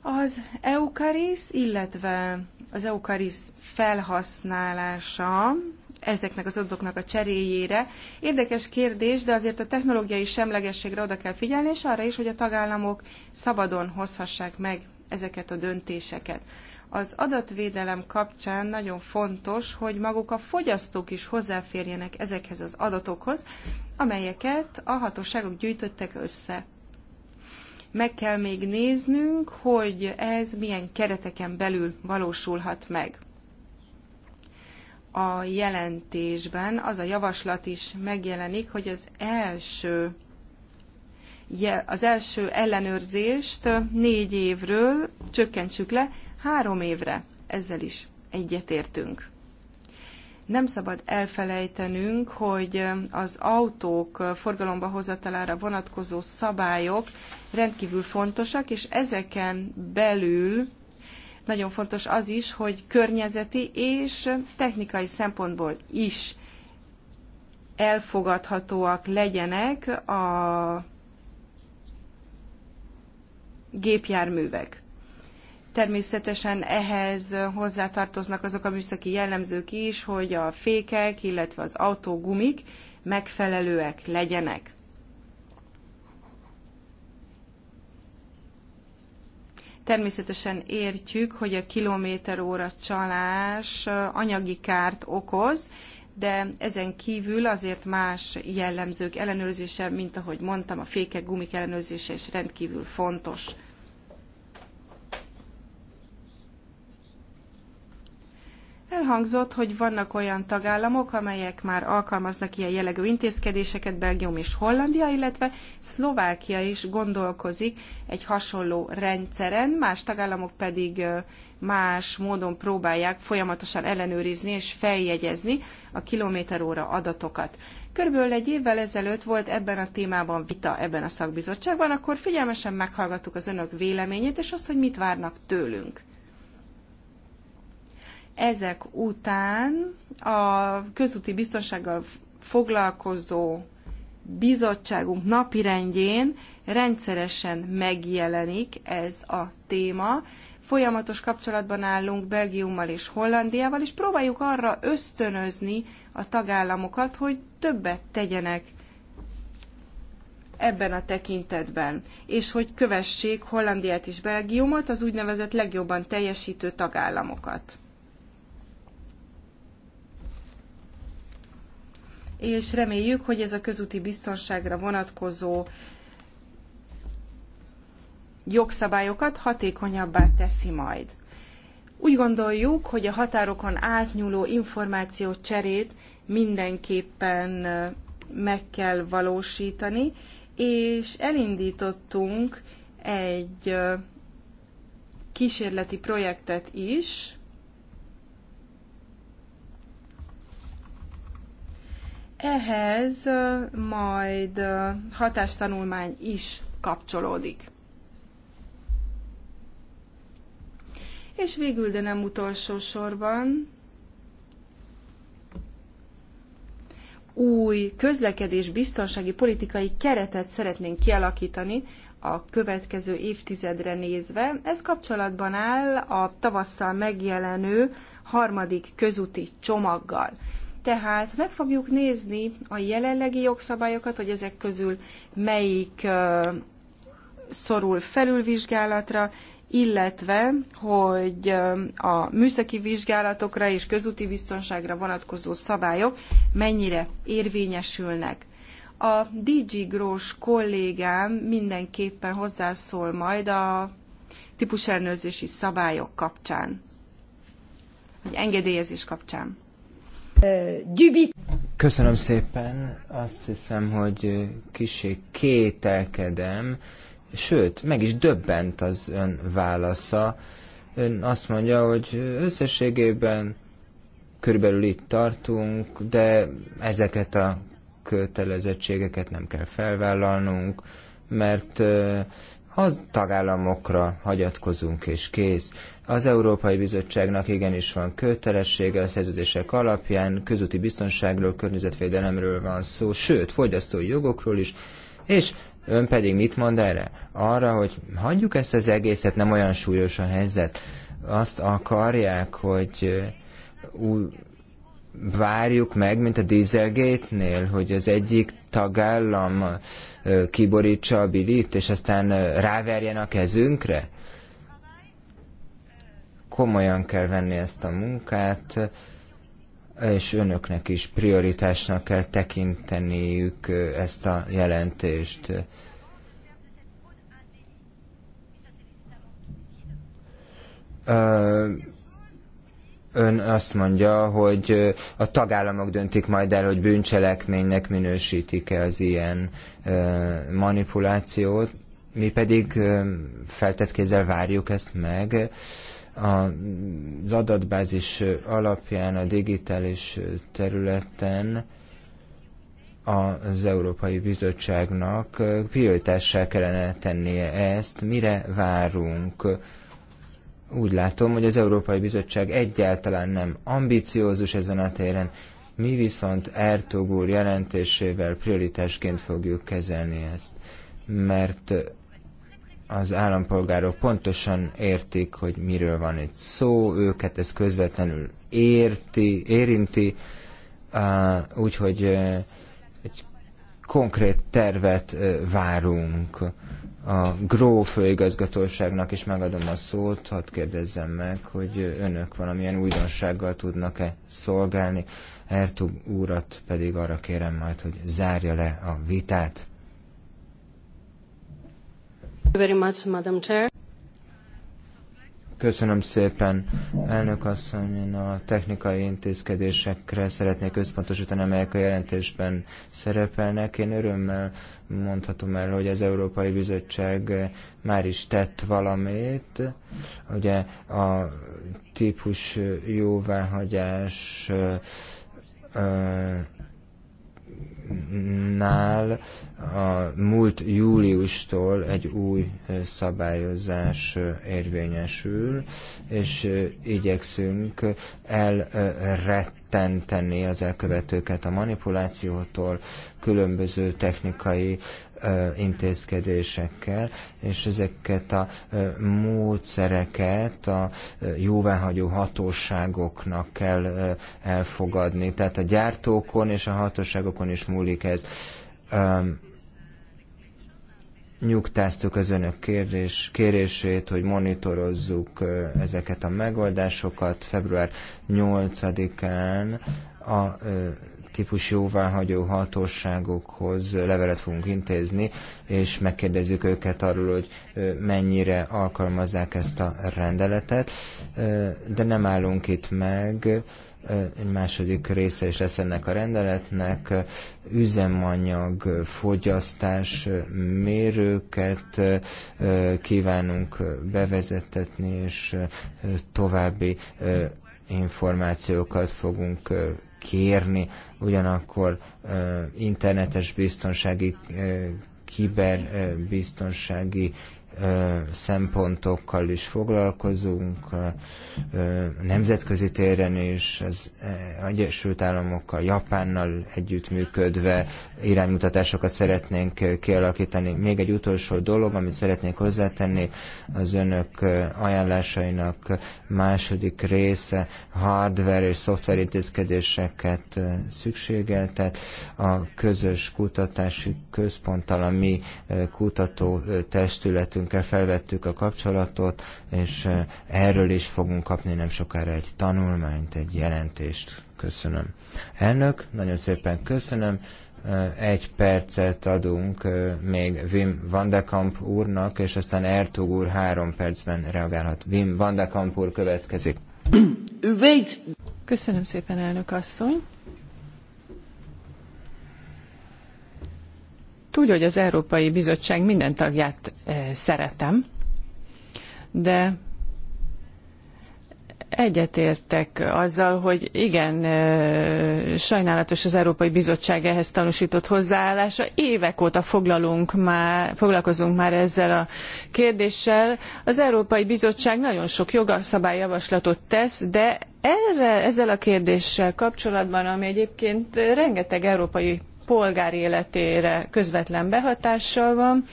Az Eukarisz, illetve az Eukarisz felhasználása ezeknek az adatoknak a cseréjére. Érdekes kérdés, de azért a technológiai semlegességre oda kell figyelni, és arra is, hogy a tagállamok szabadon hozhassák meg ezeket a döntéseket. Az adatvédelem kapcsán nagyon fontos, hogy maguk a fogyasztók is hozzáférjenek ezekhez az adatokhoz, amelyeket a hatóságok gyűjtöttek össze. Meg kell még néznünk, hogy ez milyen kereteken belül valósulhat meg a jelentésben az a javaslat is megjelenik, hogy az első az első ellenőrzést négy évről csökkentsük le három évre. Ezzel is egyetértünk. Nem szabad elfelejtenünk, hogy az autók forgalomba hozatalára vonatkozó szabályok rendkívül fontosak, és ezeken belül nagyon fontos az is, hogy környezeti és technikai szempontból is elfogadhatóak legyenek a gépjárművek. Természetesen ehhez hozzátartoznak azok a műszaki jellemzők is, hogy a fékek, illetve az autógumik megfelelőek legyenek. Természetesen értjük, hogy a kilométeróra csalás anyagi kárt okoz, de ezen kívül azért más jellemzők ellenőrzése, mint ahogy mondtam, a fékek, gumik ellenőrzése is rendkívül fontos. Elhangzott, hogy vannak olyan tagállamok, amelyek már alkalmaznak ilyen jellegű intézkedéseket, Belgium és Hollandia, illetve Szlovákia is gondolkozik egy hasonló rendszeren, más tagállamok pedig más módon próbálják folyamatosan ellenőrizni és feljegyezni a kilométeróra adatokat. Körülbelül egy évvel ezelőtt volt ebben a témában vita ebben a szakbizottságban, akkor figyelmesen meghallgattuk az önök véleményét és azt, hogy mit várnak tőlünk. Ezek után a közúti biztonsággal foglalkozó bizottságunk napirendjén rendszeresen megjelenik ez a téma. Folyamatos kapcsolatban állunk Belgiummal és Hollandiával, és próbáljuk arra ösztönözni a tagállamokat, hogy többet tegyenek ebben a tekintetben, és hogy kövessék Hollandiát és Belgiumot, az úgynevezett legjobban teljesítő tagállamokat. és reméljük, hogy ez a közúti biztonságra vonatkozó jogszabályokat hatékonyabbá teszi majd. Úgy gondoljuk, hogy a határokon átnyúló információ cserét mindenképpen meg kell valósítani, és elindítottunk egy kísérleti projektet is, Ehhez majd hatástanulmány is kapcsolódik. És végül, de nem utolsó sorban, új közlekedés biztonsági politikai keretet szeretnénk kialakítani a következő évtizedre nézve. Ez kapcsolatban áll a tavasszal megjelenő harmadik közúti csomaggal. Tehát meg fogjuk nézni a jelenlegi jogszabályokat, hogy ezek közül melyik szorul felülvizsgálatra, illetve hogy a műszaki vizsgálatokra és közúti biztonságra vonatkozó szabályok mennyire érvényesülnek. A DG Grós kollégám mindenképpen hozzászól majd a típusellenőrzési szabályok kapcsán, vagy engedélyezés kapcsán. Köszönöm szépen. Azt hiszem, hogy kicsi kételkedem, sőt, meg is döbbent az ön válasza. Ön azt mondja, hogy összességében körülbelül itt tartunk, de ezeket a kötelezettségeket nem kell felvállalnunk, mert az tagállamokra hagyatkozunk és kész. Az Európai Bizottságnak igenis van kötelessége a szerződések alapján, közúti biztonságról, környezetvédelemről van szó, sőt, fogyasztói jogokról is, és ön pedig mit mond erre? Arra, hogy hagyjuk ezt az egészet, nem olyan súlyos a helyzet. Azt akarják, hogy várjuk meg, mint a Dieselgate-nél, hogy az egyik tagállam kiborítsa a bilit, és aztán ráverjen a kezünkre? komolyan kell venni ezt a munkát, és önöknek is prioritásnak kell tekinteniük ezt a jelentést. Ön azt mondja, hogy a tagállamok döntik majd el, hogy bűncselekménynek minősítik-e az ilyen manipulációt, mi pedig feltett kézzel várjuk ezt meg az adatbázis alapján a digitális területen az Európai Bizottságnak prioritássá kellene tennie ezt, mire várunk. Úgy látom, hogy az Európai Bizottság egyáltalán nem ambiciózus ezen a téren, mi viszont Ertug úr jelentésével prioritásként fogjuk kezelni ezt, mert az állampolgárok pontosan értik, hogy miről van itt szó, őket ez közvetlenül érti, érinti, úgyhogy egy konkrét tervet várunk. A GRÓ főigazgatóságnak és megadom a szót, hadd kérdezzem meg, hogy önök valamilyen újdonsággal tudnak-e szolgálni. Ertug úrat pedig arra kérem majd, hogy zárja le a vitát. Köszönöm szépen, elnök asszony, én a technikai intézkedésekre szeretnék összpontosítani, amelyek a jelentésben szerepelnek. Én örömmel mondhatom el, hogy az Európai Bizottság már is tett valamit. Ugye a típus jóváhagyás nál a múlt júliustól egy új szabályozás érvényesül, és igyekszünk elrettenteni az elkövetőket a manipulációtól, különböző technikai intézkedésekkel, és ezeket a módszereket a jóváhagyó hatóságoknak kell elfogadni. Tehát a gyártókon és a hatóságokon is múlik ez nyugtáztuk az önök kérés, kérését, hogy monitorozzuk ezeket a megoldásokat. Február 8-án a típus jóváhagyó hatóságokhoz levelet fogunk intézni, és megkérdezzük őket arról, hogy mennyire alkalmazzák ezt a rendeletet, de nem állunk itt meg, egy második része is lesz ennek a rendeletnek, üzemanyag, fogyasztás mérőket kívánunk bevezetetni, és további információkat fogunk kérni ugyanakkor internetes biztonsági, kiberbiztonsági szempontokkal is foglalkozunk, nemzetközi téren is, az Egyesült Államokkal, Japánnal együttműködve iránymutatásokat szeretnénk kialakítani. Még egy utolsó dolog, amit szeretnék hozzátenni, az önök ajánlásainak második része hardware és szoftver intézkedéseket szükségel, tehát a közös kutatási központtal a mi kutató testületünk szakértőnkkel felvettük a kapcsolatot, és eh, erről is fogunk kapni nem sokára egy tanulmányt, egy jelentést. Köszönöm. Elnök, nagyon szépen köszönöm. Eh, egy percet adunk eh, még Wim Vandekamp Kamp úrnak, és aztán Ertug úr három percben reagálhat. Wim Vandekamp Kamp úr következik. Köszönöm szépen, elnök asszony. Tudja, hogy az Európai Bizottság minden tagját eh, szeretem, de egyetértek azzal, hogy igen, eh, sajnálatos az Európai Bizottság ehhez tanúsított hozzáállása. Évek óta foglalunk már, foglalkozunk már ezzel a kérdéssel. Az Európai Bizottság nagyon sok jogszabályjavaslatot tesz, de erre, ezzel a kérdéssel kapcsolatban, ami egyébként rengeteg európai polgár életére közvetlen behatással van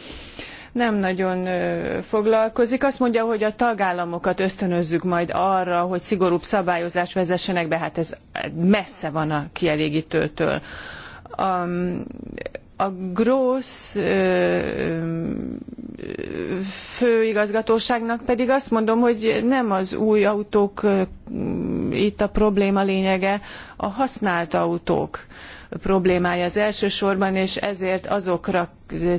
nem nagyon foglalkozik. Azt mondja, hogy a tagállamokat ösztönözzük majd arra, hogy szigorúbb szabályozást vezessenek be, hát ez messze van a kielégítőtől. A, a Gross főigazgatóságnak pedig azt mondom, hogy nem az új autók itt a probléma lényege, a használt autók. Ö, problémája az elsősorban, és ezért azokra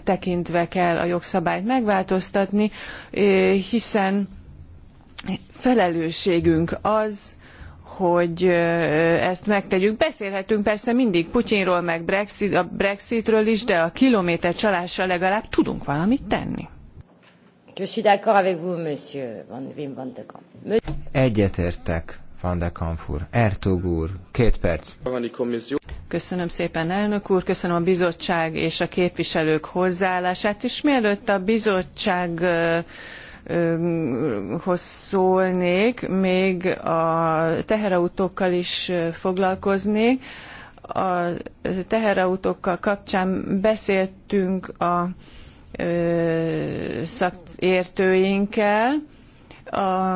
tekintve kell a jogszabályt megváltoztatni, eh, hiszen felelősségünk az, hogy eh, ezt megtegyük. Beszélhetünk persze mindig Putyinról, meg Brexit, a Brexitről is, de a kilométer csalásra legalább tudunk valamit tenni. Egyetértek. Van de Kampf úr, Ertug úr, két perc. Köszönöm szépen, elnök úr, köszönöm a bizottság és a képviselők hozzáállását, is. mielőtt a bizottság hoz szólnék, még a teherautókkal is foglalkoznék. A teherautókkal kapcsán beszéltünk a szakértőinkkel, a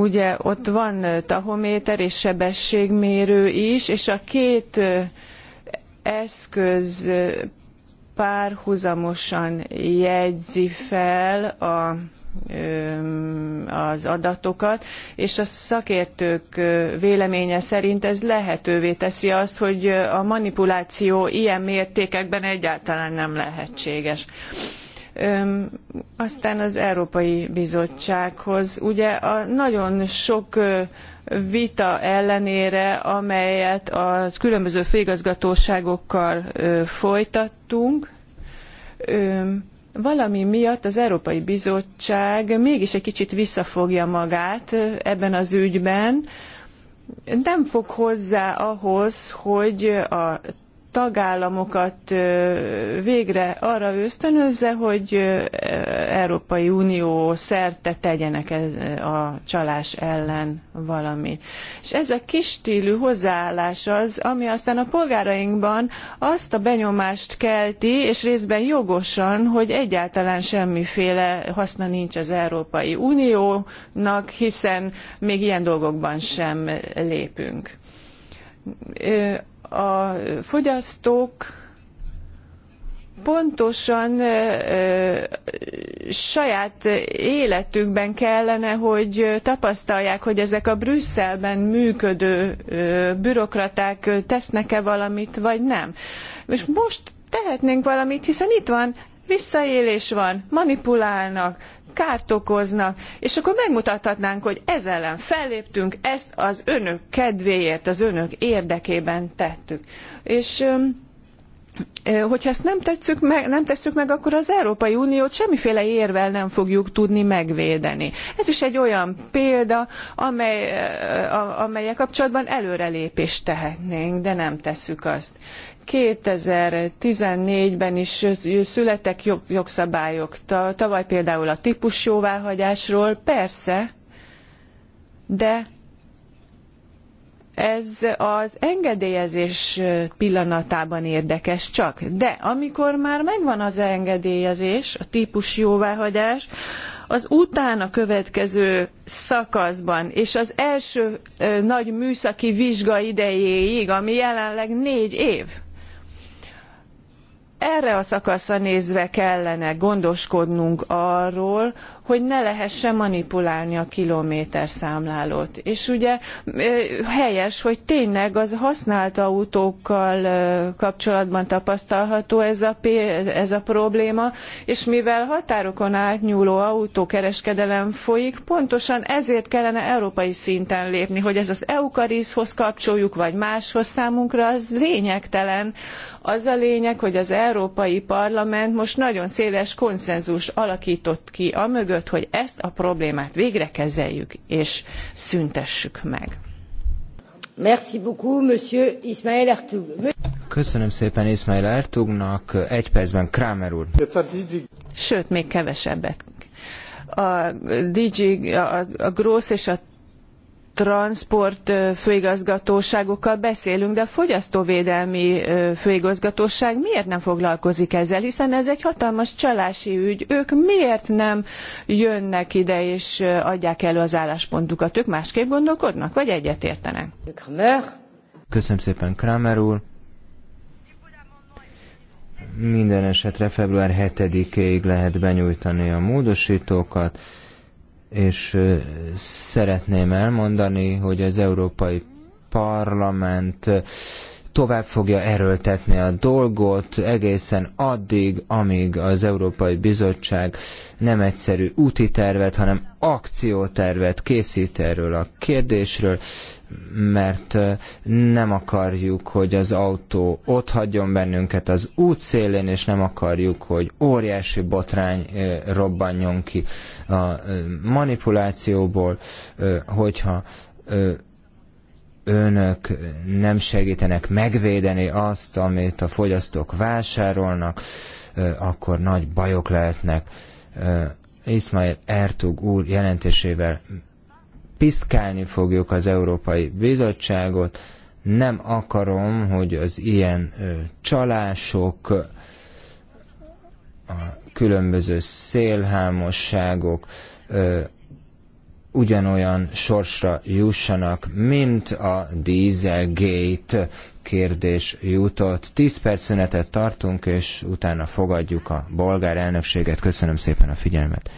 ugye ott van tahométer és sebességmérő is, és a két eszköz párhuzamosan jegyzi fel a az adatokat, és a szakértők véleménye szerint ez lehetővé teszi azt, hogy a manipuláció ilyen mértékekben egyáltalán nem lehetséges. Aztán az Európai Bizottsághoz. Ugye a nagyon sok vita ellenére, amelyet a különböző főigazgatóságokkal folytattunk, valami miatt az Európai Bizottság mégis egy kicsit visszafogja magát ebben az ügyben, nem fog hozzá ahhoz, hogy a tagállamokat végre arra ösztönözze, hogy Európai Unió szerte tegyenek ez a csalás ellen valamit. És ez a kis stílű hozzáállás az, ami aztán a polgárainkban azt a benyomást kelti, és részben jogosan, hogy egyáltalán semmiféle haszna nincs az Európai Uniónak, hiszen még ilyen dolgokban sem lépünk a fogyasztók pontosan saját életükben kellene, hogy tapasztalják, hogy ezek a Brüsszelben működő bürokraták tesznek-e valamit, vagy nem. És most tehetnénk valamit, hiszen itt van visszaélés van, manipulálnak, kárt okoznak, és akkor megmutathatnánk, hogy ez ellen felléptünk, ezt az önök kedvéért, az önök érdekében tettük. És hogyha ezt nem, tetszük meg, nem tesszük meg, akkor az Európai Uniót semmiféle érvel nem fogjuk tudni megvédeni. Ez is egy olyan példa, amely, a, amelyek kapcsolatban előrelépést tehetnénk, de nem tesszük azt. 2014-ben is születtek jogszabályok, tavaly például a típusjóváhagyásról, persze, de ez az engedélyezés pillanatában érdekes csak. De amikor már megvan az engedélyezés, a típus jóváhagyás, az utána következő szakaszban és az első ö, nagy műszaki vizsga idejéig, ami jelenleg négy év, erre a szakaszra nézve kellene gondoskodnunk arról, hogy ne lehessen manipulálni a kilométerszámlálót. És ugye helyes, hogy tényleg az használt autókkal kapcsolatban tapasztalható ez a, ez a probléma, és mivel határokon átnyúló autókereskedelem folyik, pontosan ezért kellene európai szinten lépni, hogy ez az Eukarizhoz kapcsoljuk, vagy máshoz számunkra, az lényegtelen. Az a lényeg, hogy az Európai Parlament most nagyon széles konszenzus alakított ki amögött, között, hogy ezt a problémát végre kezeljük és szüntessük meg. Merci beaucoup, Monsieur Ismail Köszönöm szépen Ismail Ertugnak. Egy percben Kramer úr. Sőt, még kevesebbet. A, DG, a, a Gross és a transport főigazgatóságokkal beszélünk, de a fogyasztóvédelmi főigazgatóság miért nem foglalkozik ezzel, hiszen ez egy hatalmas csalási ügy. Ők miért nem jönnek ide és adják elő az álláspontukat? Ők másképp gondolkodnak, vagy egyetértenek? Köszönöm szépen, Kramer úr. Minden esetre február 7-ig lehet benyújtani a módosítókat és szeretném elmondani, hogy az Európai Parlament tovább fogja erőltetni a dolgot egészen addig, amíg az Európai Bizottság nem egyszerű úti tervet, hanem akciótervet készít erről a kérdésről, mert nem akarjuk, hogy az autó ott hagyjon bennünket az út szélén, és nem akarjuk, hogy óriási botrány robbanjon ki a manipulációból, hogyha önök nem segítenek megvédeni azt, amit a fogyasztók vásárolnak, akkor nagy bajok lehetnek. Ismail Ertug úr jelentésével piszkálni fogjuk az Európai Bizottságot. Nem akarom, hogy az ilyen csalások, a különböző szélhámosságok ugyanolyan sorsra jussanak, mint a Dieselgate kérdés jutott. Tíz perc szünetet tartunk, és utána fogadjuk a bolgár elnökséget. Köszönöm szépen a figyelmet.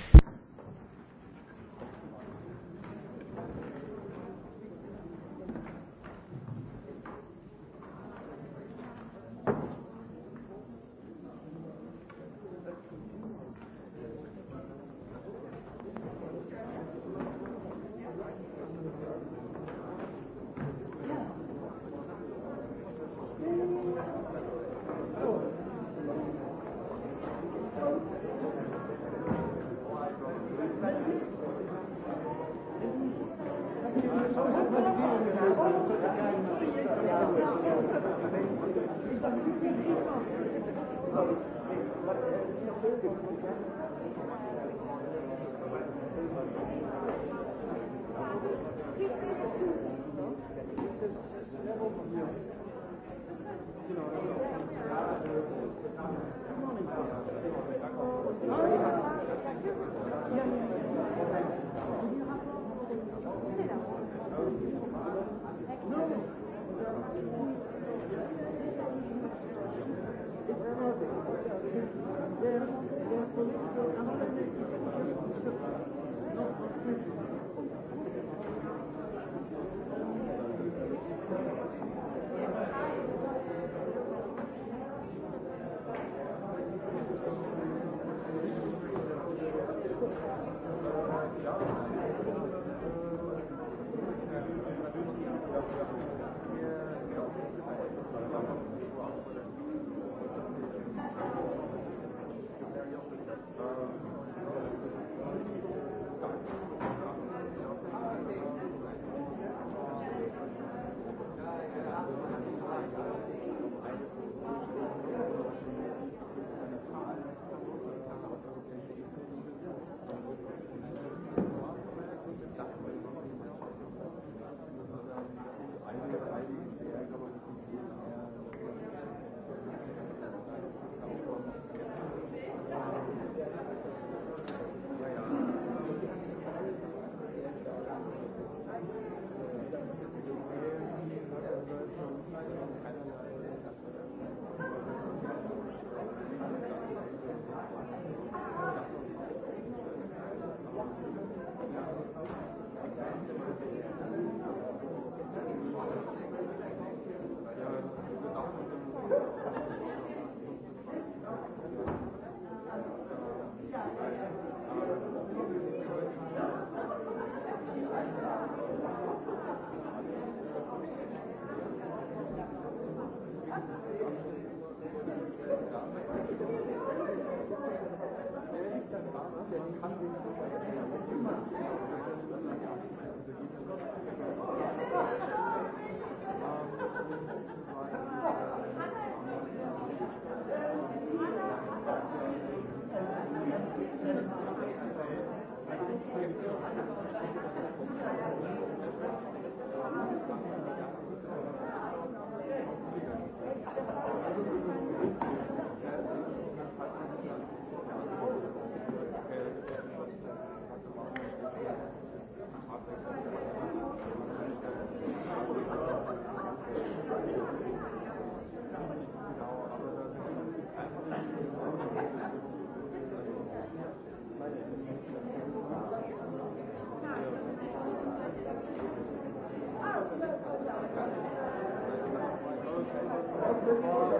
Köszönöm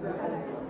szépen!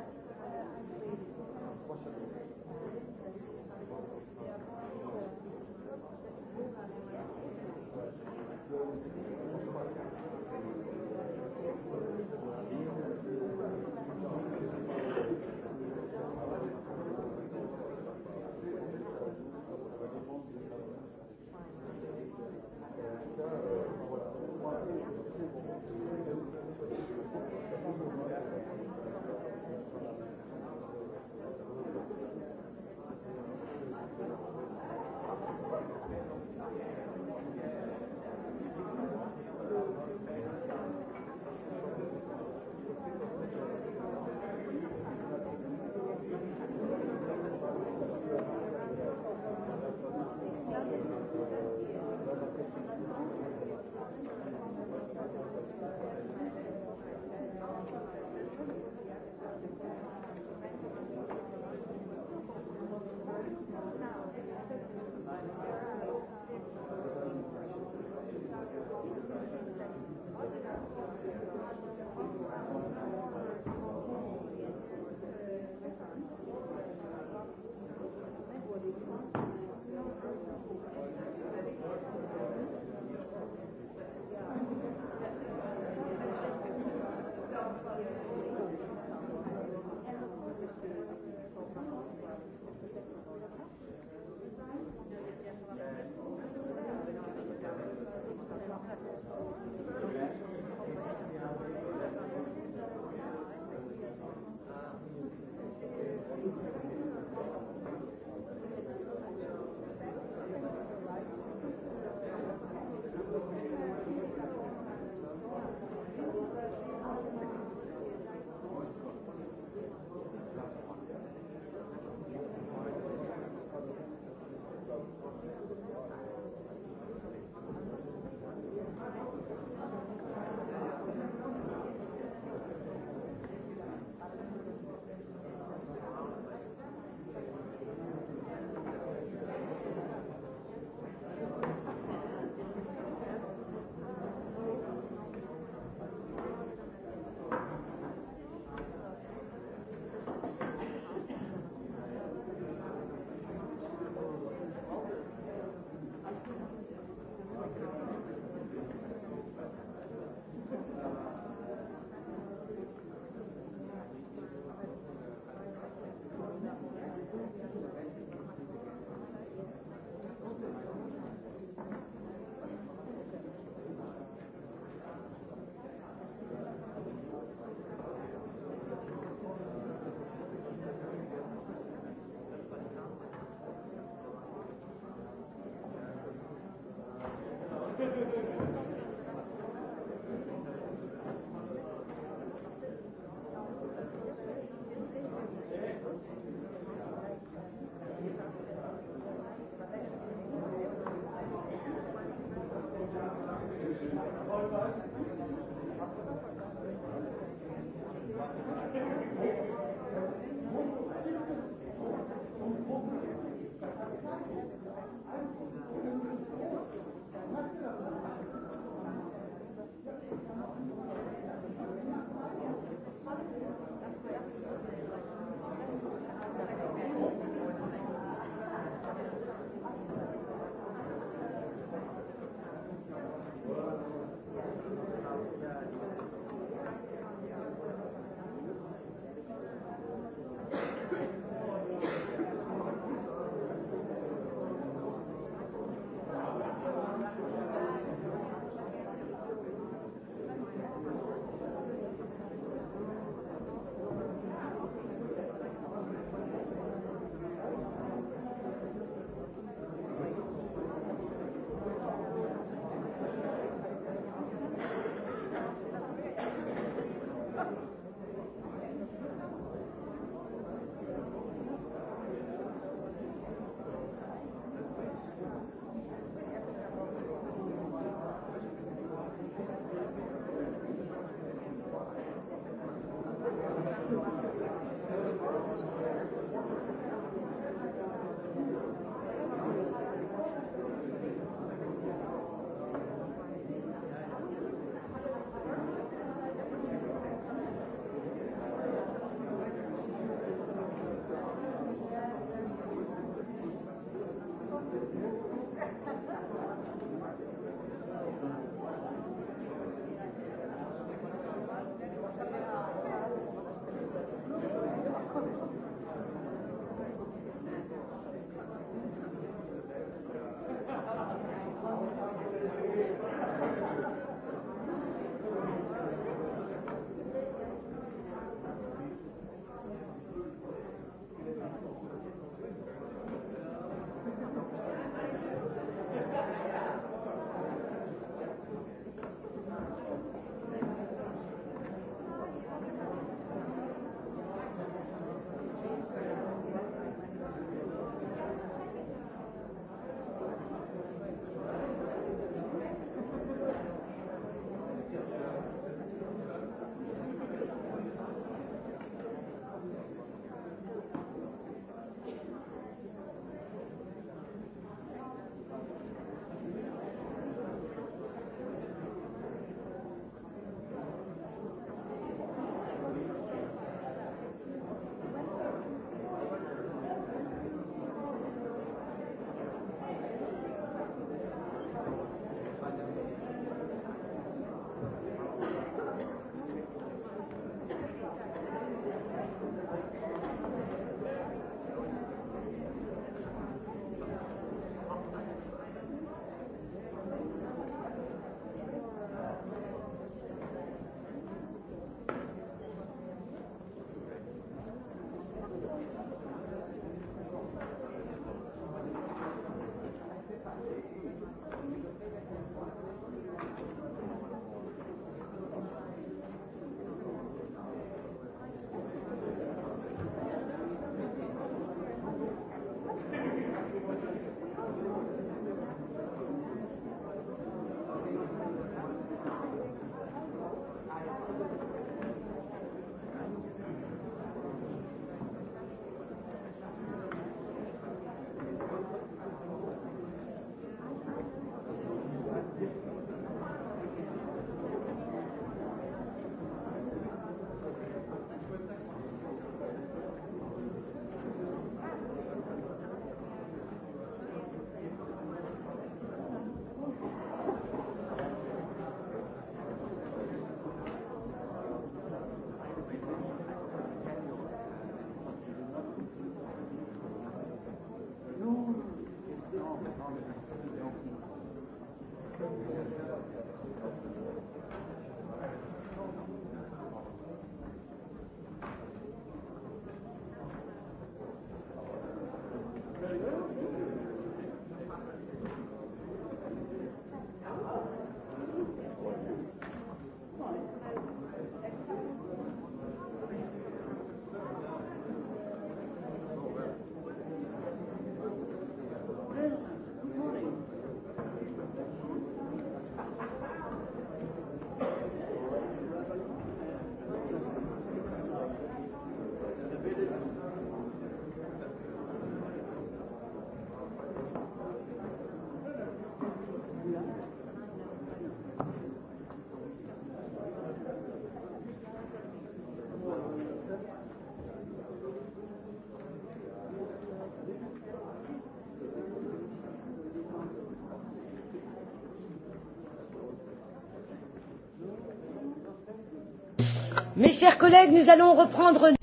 Mes chers collègues, nous allons reprendre...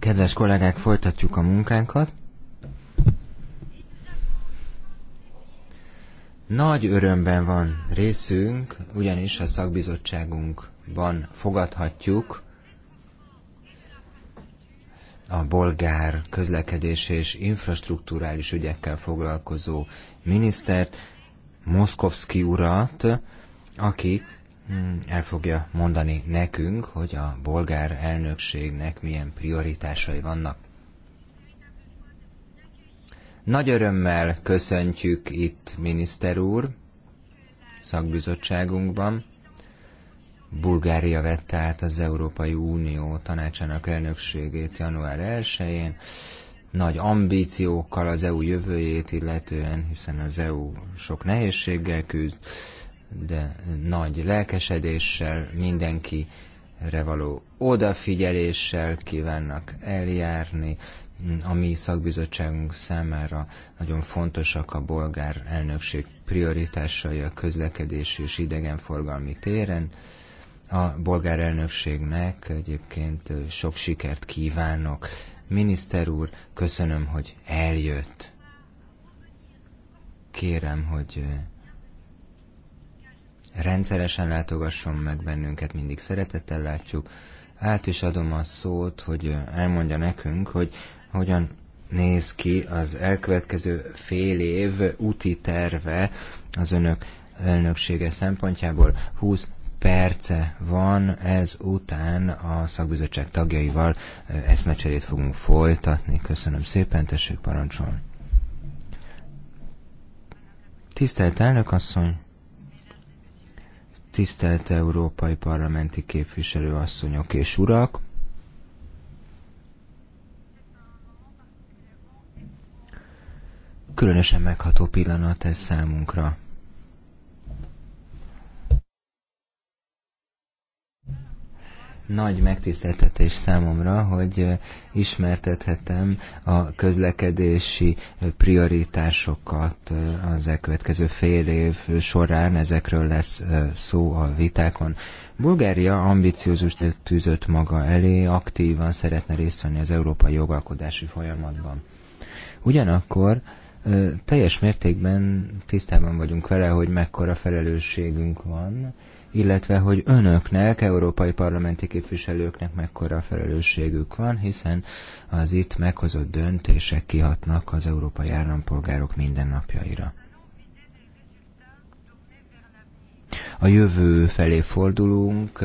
Kedves kollégák, folytatjuk a munkánkat. Nagy örömben van részünk, ugyanis a szakbizottságunkban fogadhatjuk a bolgár közlekedés és infrastruktúrális ügyekkel foglalkozó minisztert, Moszkovszki urat, aki Hmm, el fogja mondani nekünk, hogy a bolgár elnökségnek milyen prioritásai vannak. Nagy örömmel köszöntjük itt miniszter úr szakbizottságunkban. Bulgária vette át az Európai Unió tanácsának elnökségét január 1-én, nagy ambíciókkal az EU jövőjét illetően, hiszen az EU sok nehézséggel küzd, de nagy lelkesedéssel, mindenkire való odafigyeléssel kívánnak eljárni. A mi szakbizottságunk számára nagyon fontosak a bolgár elnökség prioritásai a közlekedés és idegenforgalmi téren. A bolgár elnökségnek egyébként sok sikert kívánok. Miniszter úr, köszönöm, hogy eljött. Kérem, hogy rendszeresen látogasson meg bennünket, mindig szeretettel látjuk. Át is adom a szót, hogy elmondja nekünk, hogy hogyan néz ki az elkövetkező fél év úti terve az önök elnöksége szempontjából. 20 perce van, ez után a szakbizottság tagjaival eh, eszmecserét fogunk folytatni. Köszönöm szépen, tessék parancsolni. Tisztelt elnök asszony, Tisztelt Európai Parlamenti képviselő asszonyok és urak! Különösen megható pillanat ez számunkra. Nagy megtiszteltetés számomra, hogy ismertethetem a közlekedési prioritásokat az elkövetkező fél év során. Ezekről lesz szó a vitákon. Bulgária ambiciózus tűzött maga elé, aktívan szeretne részt venni az európai jogalkodási folyamatban. Ugyanakkor teljes mértékben tisztában vagyunk vele, hogy mekkora felelősségünk van, illetve hogy önöknek, európai parlamenti képviselőknek mekkora felelősségük van, hiszen az itt meghozott döntések kihatnak az európai állampolgárok mindennapjaira. A jövő felé fordulunk,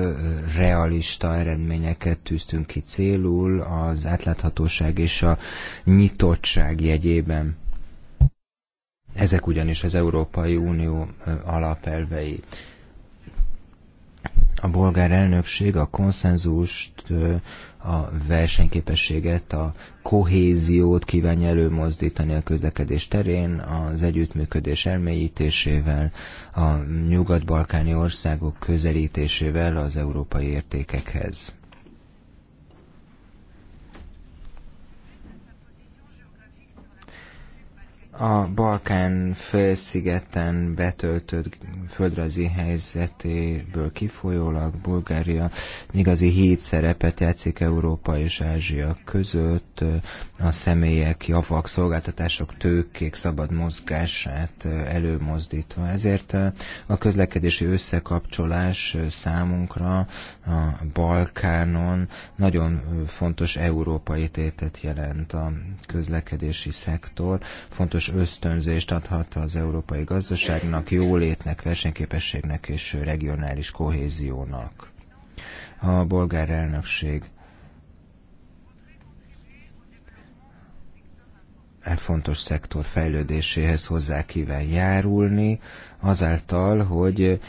realista eredményeket tűztünk ki célul az átláthatóság és a nyitottság jegyében. Ezek ugyanis az Európai Unió alapelvei a bolgár elnökség a konszenzust, a versenyképességet, a kohéziót kívánja előmozdítani a közlekedés terén, az együttműködés elmélyítésével, a nyugat-balkáni országok közelítésével az európai értékekhez. a Balkán félszigeten betöltött földrajzi helyzetéből kifolyólag Bulgária igazi híd szerepet játszik Európa és Ázsia között, a személyek, javak, szolgáltatások, tőkék szabad mozgását előmozdítva. Ezért a közlekedési összekapcsolás számunkra a Balkánon nagyon fontos európai tétet jelent a közlekedési szektor, fontos ösztönzést adhat az európai gazdaságnak, jólétnek, versenyképességnek és regionális kohéziónak. A bolgár elnökség e fontos szektor fejlődéséhez hozzá kíván járulni, azáltal, hogy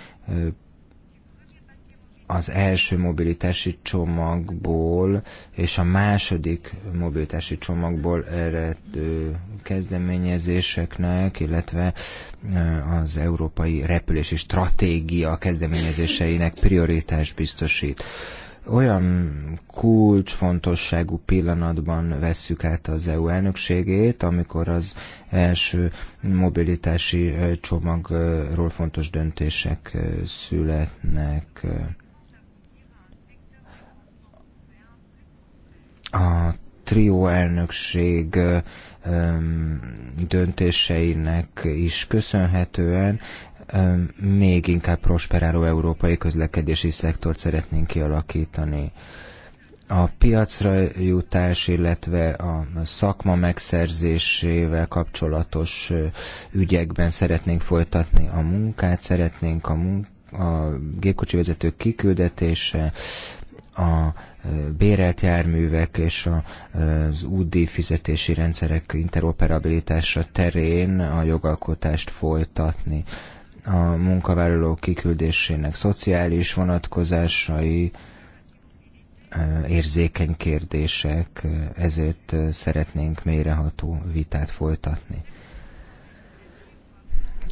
az első mobilitási csomagból és a második mobilitási csomagból eredő kezdeményezéseknek, illetve eh, az európai repülési stratégia kezdeményezéseinek prioritás biztosít olyan kulcsfontosságú pillanatban vesszük át az EU elnökségét, amikor az első mobilitási eh, csomagról fontos döntések eh, születnek. a trió elnökség döntéseinek is köszönhetően még inkább prosperáló európai közlekedési szektort szeretnénk kialakítani. A piacra jutás, illetve a szakma megszerzésével kapcsolatos ügyekben szeretnénk folytatni a munkát, szeretnénk a, munk- a gépkocsi vezetők kiküldetése, a bérelt járművek és az útdíj fizetési rendszerek interoperabilitása terén a jogalkotást folytatni. A munkavállalók kiküldésének szociális vonatkozásai, érzékeny kérdések, ezért szeretnénk mélyreható vitát folytatni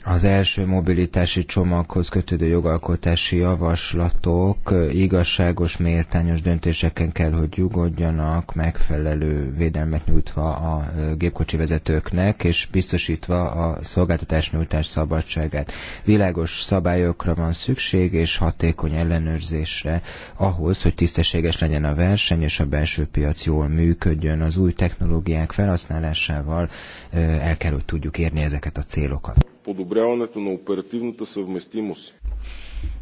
az első mobilitási csomaghoz kötődő jogalkotási javaslatok igazságos, méltányos döntéseken kell, hogy nyugodjanak, megfelelő védelmet nyújtva a gépkocsi vezetőknek, és biztosítva a szolgáltatásnyújtás szabadságát. Világos szabályokra van szükség, és hatékony ellenőrzésre ahhoz, hogy tisztességes legyen a verseny, és a belső piac jól működjön. Az új technológiák felhasználásával el kell, hogy tudjuk érni ezeket a célokat подобряването на оперативната съвместимост.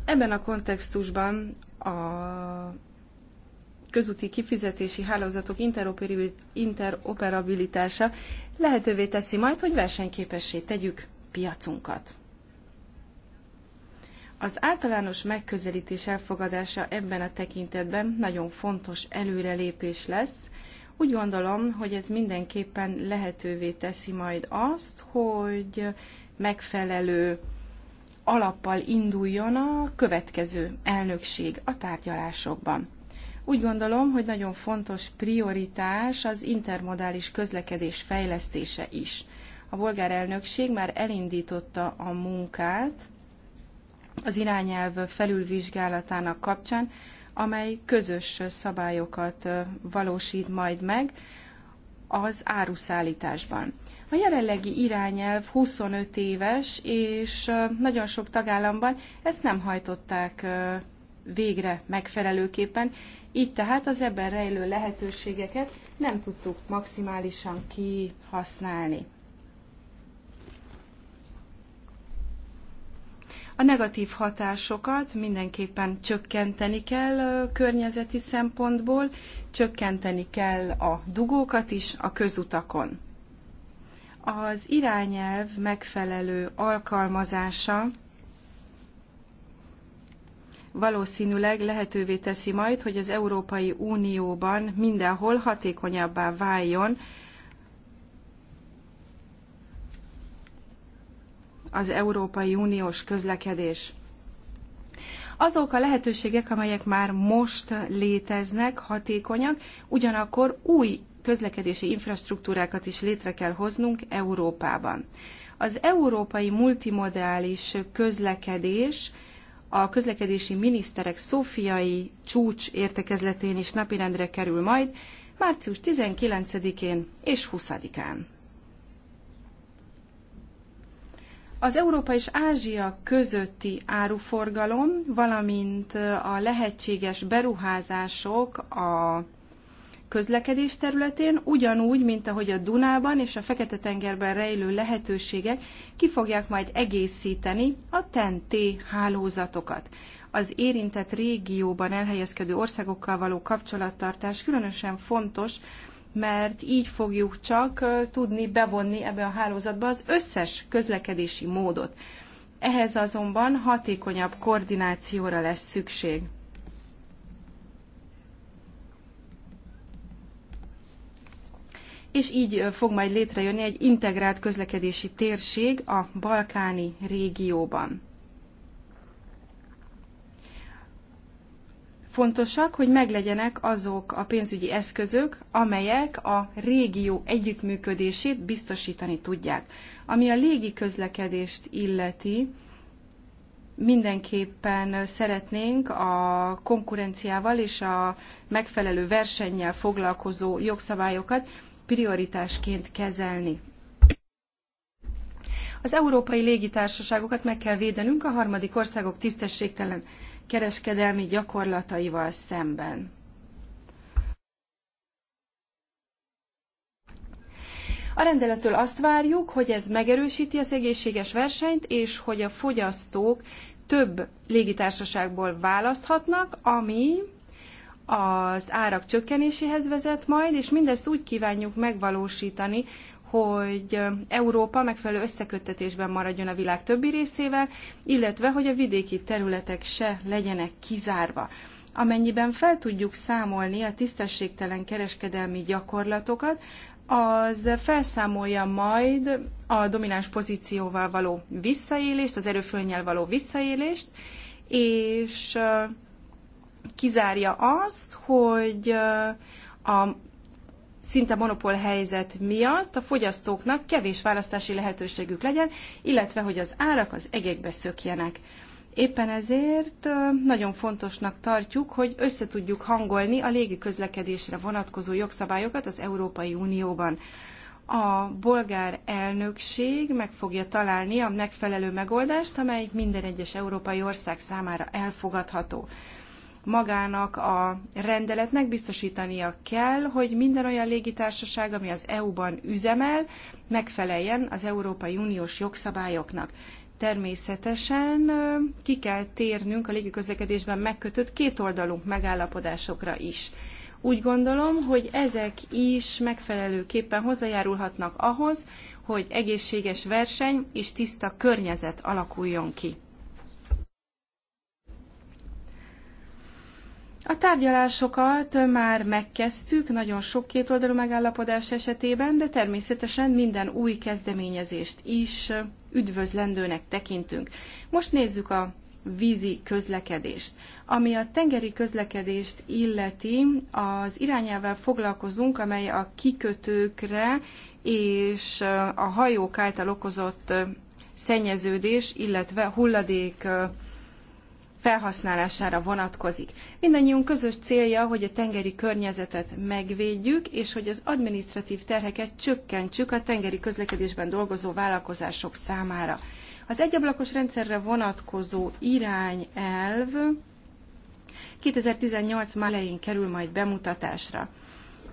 Ebben a kontextusban a közúti kifizetési hálózatok interoperabilitása lehetővé teszi majd, hogy versenyképessé tegyük piacunkat. Az általános megközelítés elfogadása ebben a tekintetben nagyon fontos előrelépés lesz. Úgy gondolom, hogy ez mindenképpen lehetővé teszi majd azt, hogy megfelelő alappal induljon a következő elnökség a tárgyalásokban. Úgy gondolom, hogy nagyon fontos prioritás az intermodális közlekedés fejlesztése is. A bolgár elnökség már elindította a munkát az irányelv felülvizsgálatának kapcsán, amely közös szabályokat valósít majd meg az áruszállításban. A jelenlegi irányelv 25 éves, és nagyon sok tagállamban ezt nem hajtották végre megfelelőképpen, így tehát az ebben rejlő lehetőségeket nem tudtuk maximálisan kihasználni. A negatív hatásokat mindenképpen csökkenteni kell környezeti szempontból, csökkenteni kell a dugókat is a közutakon az irányelv megfelelő alkalmazása valószínűleg lehetővé teszi majd, hogy az Európai Unióban mindenhol hatékonyabbá váljon az Európai Uniós közlekedés. Azok a lehetőségek, amelyek már most léteznek, hatékonyak, ugyanakkor új közlekedési infrastruktúrákat is létre kell hoznunk Európában. Az európai multimodális közlekedés a közlekedési miniszterek szófiai csúcs értekezletén is napirendre kerül majd, március 19-én és 20-án. Az Európa és Ázsia közötti áruforgalom, valamint a lehetséges beruházások a közlekedés területén, ugyanúgy, mint ahogy a Dunában és a Fekete-tengerben rejlő lehetőségek ki fogják majd egészíteni a TEN-T hálózatokat. Az érintett régióban elhelyezkedő országokkal való kapcsolattartás különösen fontos, mert így fogjuk csak tudni bevonni ebbe a hálózatba az összes közlekedési módot. Ehhez azonban hatékonyabb koordinációra lesz szükség. és így fog majd létrejönni egy integrált közlekedési térség a balkáni régióban. Fontosak, hogy meglegyenek azok a pénzügyi eszközök, amelyek a régió együttműködését biztosítani tudják. Ami a légi közlekedést illeti, mindenképpen szeretnénk a konkurenciával és a megfelelő versennyel foglalkozó jogszabályokat prioritásként kezelni. Az európai légitársaságokat meg kell védenünk a harmadik országok tisztességtelen kereskedelmi gyakorlataival szemben. A rendelettől azt várjuk, hogy ez megerősíti az egészséges versenyt, és hogy a fogyasztók több légitársaságból választhatnak, ami az árak csökkenéséhez vezet majd, és mindezt úgy kívánjuk megvalósítani, hogy Európa megfelelő összeköttetésben maradjon a világ többi részével, illetve hogy a vidéki területek se legyenek kizárva. Amennyiben fel tudjuk számolni a tisztességtelen kereskedelmi gyakorlatokat, az felszámolja majd a domináns pozícióval való visszaélést, az erőfölnyel való visszaélést, és kizárja azt, hogy a szinte monopól helyzet miatt a fogyasztóknak kevés választási lehetőségük legyen, illetve hogy az árak az egekbe szökjenek. Éppen ezért nagyon fontosnak tartjuk, hogy összetudjuk hangolni a légiközlekedésre vonatkozó jogszabályokat az Európai Unióban. A bolgár elnökség meg fogja találni a megfelelő megoldást, amely minden egyes európai ország számára elfogadható magának a rendeletnek biztosítania kell, hogy minden olyan légitársaság, ami az EU-ban üzemel, megfeleljen az Európai Uniós jogszabályoknak. Természetesen ki kell térnünk a légiközlekedésben megkötött kétoldalú megállapodásokra is. Úgy gondolom, hogy ezek is megfelelőképpen hozzájárulhatnak ahhoz, hogy egészséges verseny és tiszta környezet alakuljon ki. A tárgyalásokat már megkezdtük, nagyon sok kétoldalú megállapodás esetében, de természetesen minden új kezdeményezést is üdvözlendőnek tekintünk. Most nézzük a vízi közlekedést. Ami a tengeri közlekedést illeti, az irányával foglalkozunk, amely a kikötőkre és a hajók által okozott szennyeződés, illetve hulladék felhasználására vonatkozik. Mindannyiunk közös célja, hogy a tengeri környezetet megvédjük, és hogy az administratív terheket csökkentsük a tengeri közlekedésben dolgozó vállalkozások számára. Az egyablakos rendszerre vonatkozó irányelv 2018 elején kerül majd bemutatásra.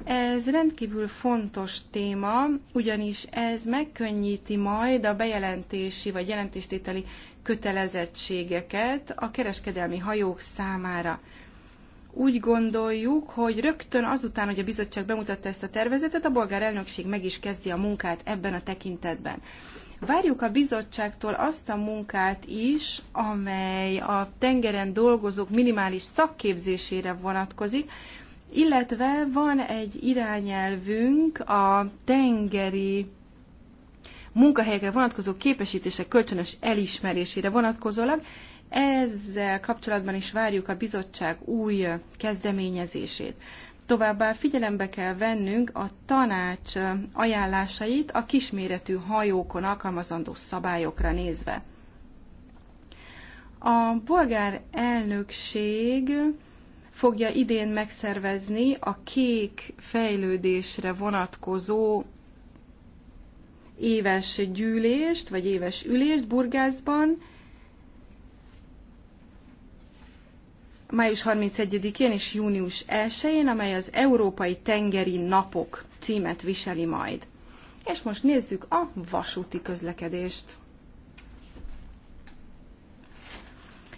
Ez rendkívül fontos téma, ugyanis ez megkönnyíti majd a bejelentési vagy jelentéstételi kötelezettségeket a kereskedelmi hajók számára. Úgy gondoljuk, hogy rögtön azután, hogy a bizottság bemutatta ezt a tervezetet, a bolgár elnökség meg is kezdi a munkát ebben a tekintetben. Várjuk a bizottságtól azt a munkát is, amely a tengeren dolgozók minimális szakképzésére vonatkozik, illetve van egy irányelvünk a tengeri munkahelyekre vonatkozó képesítések kölcsönös elismerésére vonatkozólag. Ezzel kapcsolatban is várjuk a bizottság új kezdeményezését. Továbbá figyelembe kell vennünk a tanács ajánlásait a kisméretű hajókon alkalmazandó szabályokra nézve. A bolgár elnökség fogja idén megszervezni a kék fejlődésre vonatkozó éves gyűlést, vagy éves ülést Burgászban, május 31-én és június 1-én, amely az Európai Tengeri Napok címet viseli majd. És most nézzük a vasúti közlekedést.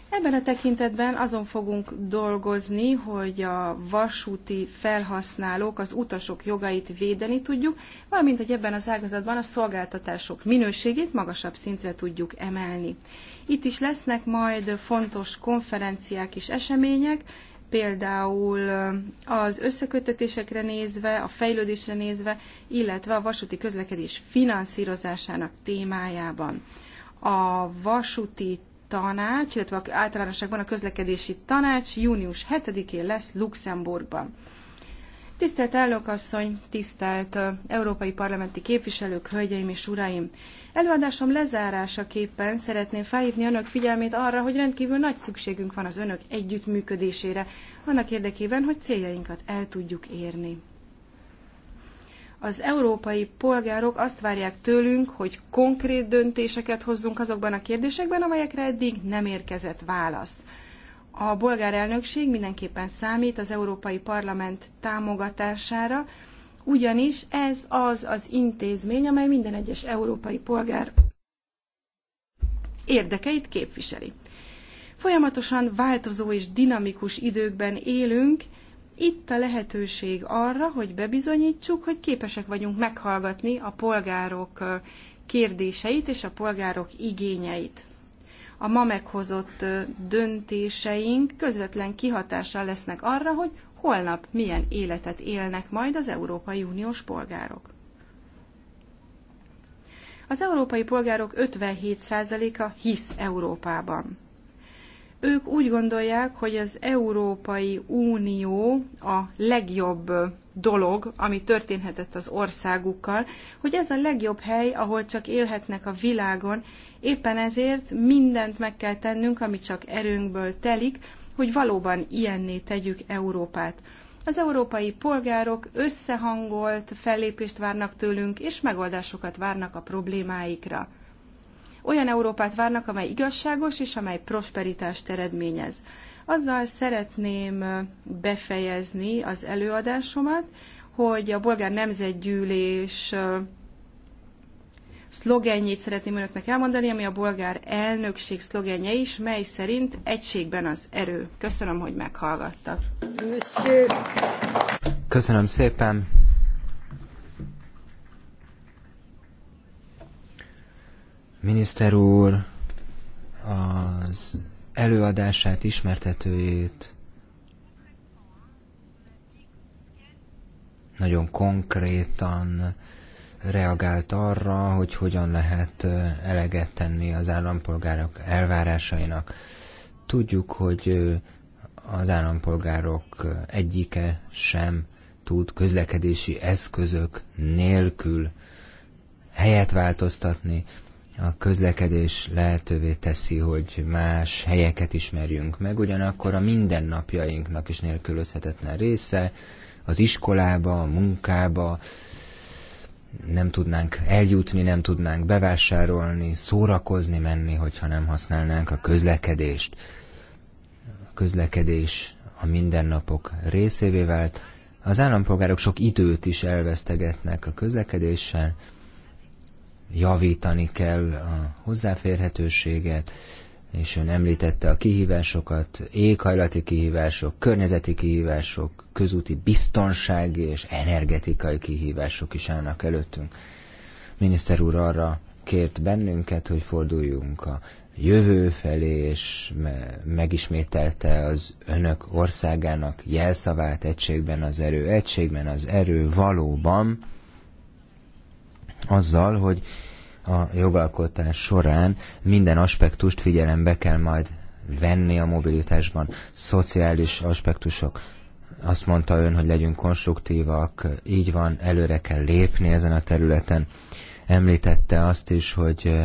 Ebben a tekintetben azon fogunk dolgozni, hogy a vasúti felhasználók, az utasok jogait védeni tudjuk, valamint, hogy ebben az ágazatban a szolgáltatások minőségét magasabb szintre tudjuk emelni. Itt is lesznek majd fontos konferenciák és események, például az összekötetésekre nézve, a fejlődésre nézve, illetve a vasúti közlekedés finanszírozásának témájában a vasúti tanács, illetve általánosságban a közlekedési tanács június 7-én lesz Luxemburgban. Tisztelt elnökasszony, tisztelt európai parlamenti képviselők, hölgyeim és uraim! Előadásom lezárásaképpen szeretném felhívni önök figyelmét arra, hogy rendkívül nagy szükségünk van az önök együttműködésére, annak érdekében, hogy céljainkat el tudjuk érni. Az európai polgárok azt várják tőlünk, hogy konkrét döntéseket hozzunk azokban a kérdésekben, amelyekre eddig nem érkezett válasz. A bolgár elnökség mindenképpen számít az Európai Parlament támogatására, ugyanis ez az az intézmény, amely minden egyes európai polgár érdekeit képviseli. Folyamatosan változó és dinamikus időkben élünk, itt a lehetőség arra, hogy bebizonyítsuk, hogy képesek vagyunk meghallgatni a polgárok kérdéseit és a polgárok igényeit. A ma meghozott döntéseink közvetlen kihatással lesznek arra, hogy holnap milyen életet élnek majd az Európai Uniós polgárok. Az európai polgárok 57%-a hisz Európában. Ők úgy gondolják, hogy az Európai Unió a legjobb dolog, ami történhetett az országukkal, hogy ez a legjobb hely, ahol csak élhetnek a világon. Éppen ezért mindent meg kell tennünk, ami csak erőnkből telik, hogy valóban ilyenné tegyük Európát. Az európai polgárok összehangolt fellépést várnak tőlünk, és megoldásokat várnak a problémáikra. Olyan Európát várnak, amely igazságos és amely prosperitást eredményez. Azzal szeretném befejezni az előadásomat, hogy a bolgár nemzetgyűlés szlogenjét szeretném önöknek elmondani, ami a bolgár elnökség szlogenje is, mely szerint egységben az erő. Köszönöm, hogy meghallgattak. Köszönöm szépen. Miniszter úr az előadását, ismertetőjét nagyon konkrétan reagált arra, hogy hogyan lehet eleget tenni az állampolgárok elvárásainak. Tudjuk, hogy az állampolgárok egyike sem tud közlekedési eszközök nélkül helyet változtatni, a közlekedés lehetővé teszi, hogy más helyeket ismerjünk meg, ugyanakkor a mindennapjainknak is nélkülözhetetlen része, az iskolába, a munkába, nem tudnánk eljutni, nem tudnánk bevásárolni, szórakozni menni, hogyha nem használnánk a közlekedést. A közlekedés a mindennapok részévé vált. Az állampolgárok sok időt is elvesztegetnek a közlekedéssel, javítani kell a hozzáférhetőséget, és ön említette a kihívásokat, éghajlati kihívások, környezeti kihívások, közúti biztonsági és energetikai kihívások is állnak előttünk. Miniszter úr arra kért bennünket, hogy forduljunk a jövő felé, és megismételte az önök országának jelszavát egységben az erő, egységben az erő valóban azzal, hogy a jogalkotás során minden aspektust figyelembe kell majd venni a mobilitásban. Szociális aspektusok, azt mondta ön, hogy legyünk konstruktívak, így van, előre kell lépni ezen a területen. Említette azt is, hogy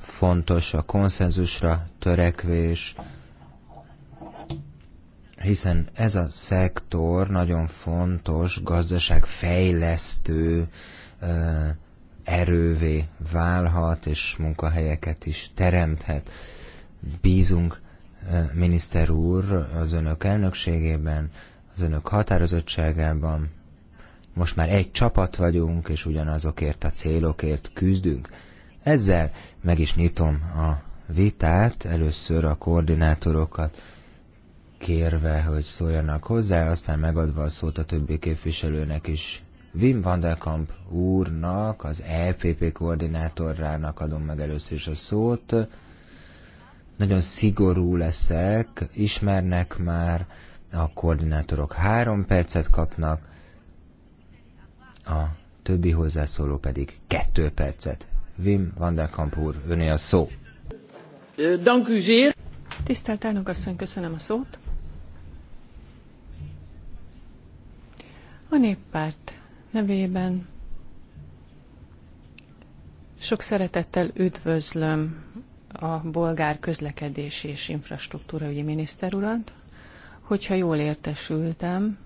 fontos a konszenzusra törekvés, hiszen ez a szektor nagyon fontos gazdaságfejlesztő erővé válhat, és munkahelyeket is teremthet. Bízunk, miniszter úr, az önök elnökségében, az önök határozottságában. Most már egy csapat vagyunk, és ugyanazokért a célokért küzdünk. Ezzel meg is nyitom a vitát, először a koordinátorokat kérve, hogy szóljanak hozzá, aztán megadva a szót a többi képviselőnek is Wim van der Kamp úrnak, az EPP koordinátorának adom meg először is a szót. Nagyon szigorú leszek, ismernek már, a koordinátorok három percet kapnak, a többi hozzászóló pedig kettő percet. Wim van der Kamp úr, öné a szó. Eh, dank u zeer. Tisztelt elnök asszony, köszönöm a szót. A néppárt nevében. Sok szeretettel üdvözlöm a bolgár közlekedési és ügyi miniszter urat. Hogyha jól értesültem,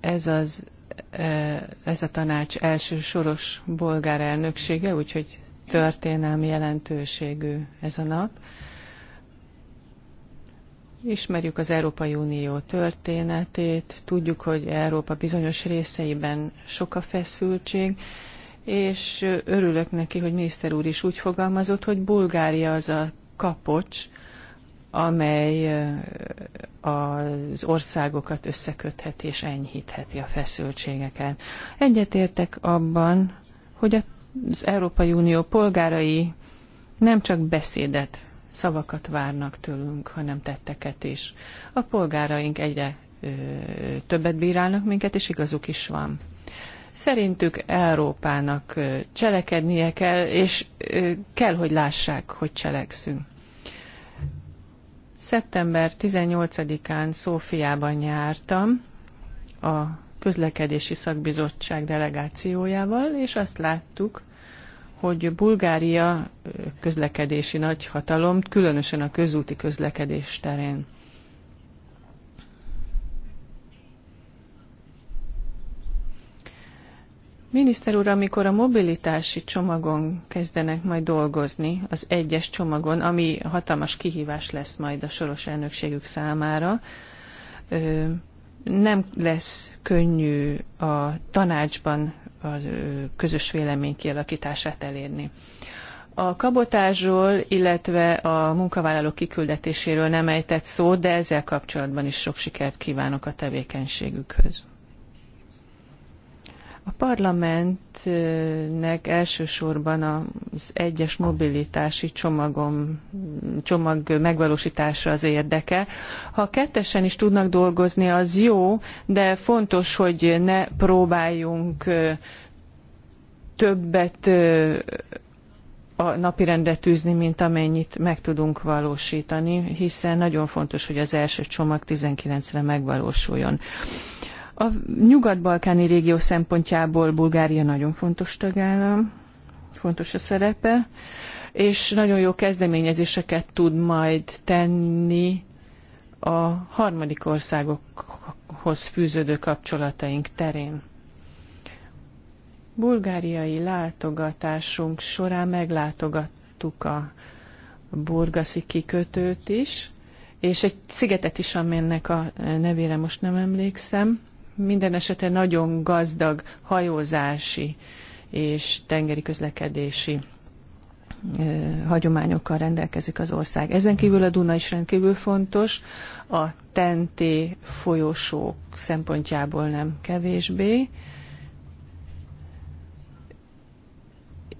ez, az, e, ez a tanács első soros bolgár elnöksége, úgyhogy történelmi jelentőségű ez a nap. Ismerjük az Európai Unió történetét, tudjuk, hogy Európa bizonyos részeiben sok a feszültség, és örülök neki, hogy miniszter úr is úgy fogalmazott, hogy Bulgária az a kapocs, amely az országokat összekötheti és enyhítheti a feszültségeket. Egyetértek abban, hogy az Európai Unió polgárai nem csak beszédet szavakat várnak tőlünk, hanem tetteket is. A polgáraink egyre ö, többet bírálnak minket, és igazuk is van. Szerintük Európának ö, cselekednie kell, és ö, kell, hogy lássák, hogy cselekszünk. Szeptember 18-án Szófiában jártam a közlekedési szakbizottság delegációjával, és azt láttuk, hogy Bulgária közlekedési nagyhatalom, különösen a közúti közlekedés terén. Miniszter úr, amikor a mobilitási csomagon kezdenek majd dolgozni, az egyes csomagon, ami hatalmas kihívás lesz majd a soros elnökségük számára, nem lesz könnyű a tanácsban a közös vélemény kialakítását elérni. A kabotásról, illetve a munkavállalók kiküldetéséről nem ejtett szó, de ezzel kapcsolatban is sok sikert kívánok a tevékenységükhöz. A parlamentnek elsősorban az egyes mobilitási csomagom, csomag megvalósítása az érdeke. Ha kettesen is tudnak dolgozni, az jó, de fontos, hogy ne próbáljunk többet a napirendre tűzni, mint amennyit meg tudunk valósítani, hiszen nagyon fontos, hogy az első csomag 19-re megvalósuljon. A nyugat-balkáni régió szempontjából Bulgária nagyon fontos tagállam, fontos a szerepe, és nagyon jó kezdeményezéseket tud majd tenni a harmadik országokhoz fűződő kapcsolataink terén. Bulgáriai látogatásunk során meglátogattuk a burgaszi kikötőt is, és egy szigetet is, aminek a nevére most nem emlékszem minden esetre nagyon gazdag hajózási és tengeri közlekedési hagyományokkal rendelkezik az ország. Ezen kívül a Duna is rendkívül fontos, a tenté folyosók szempontjából nem kevésbé,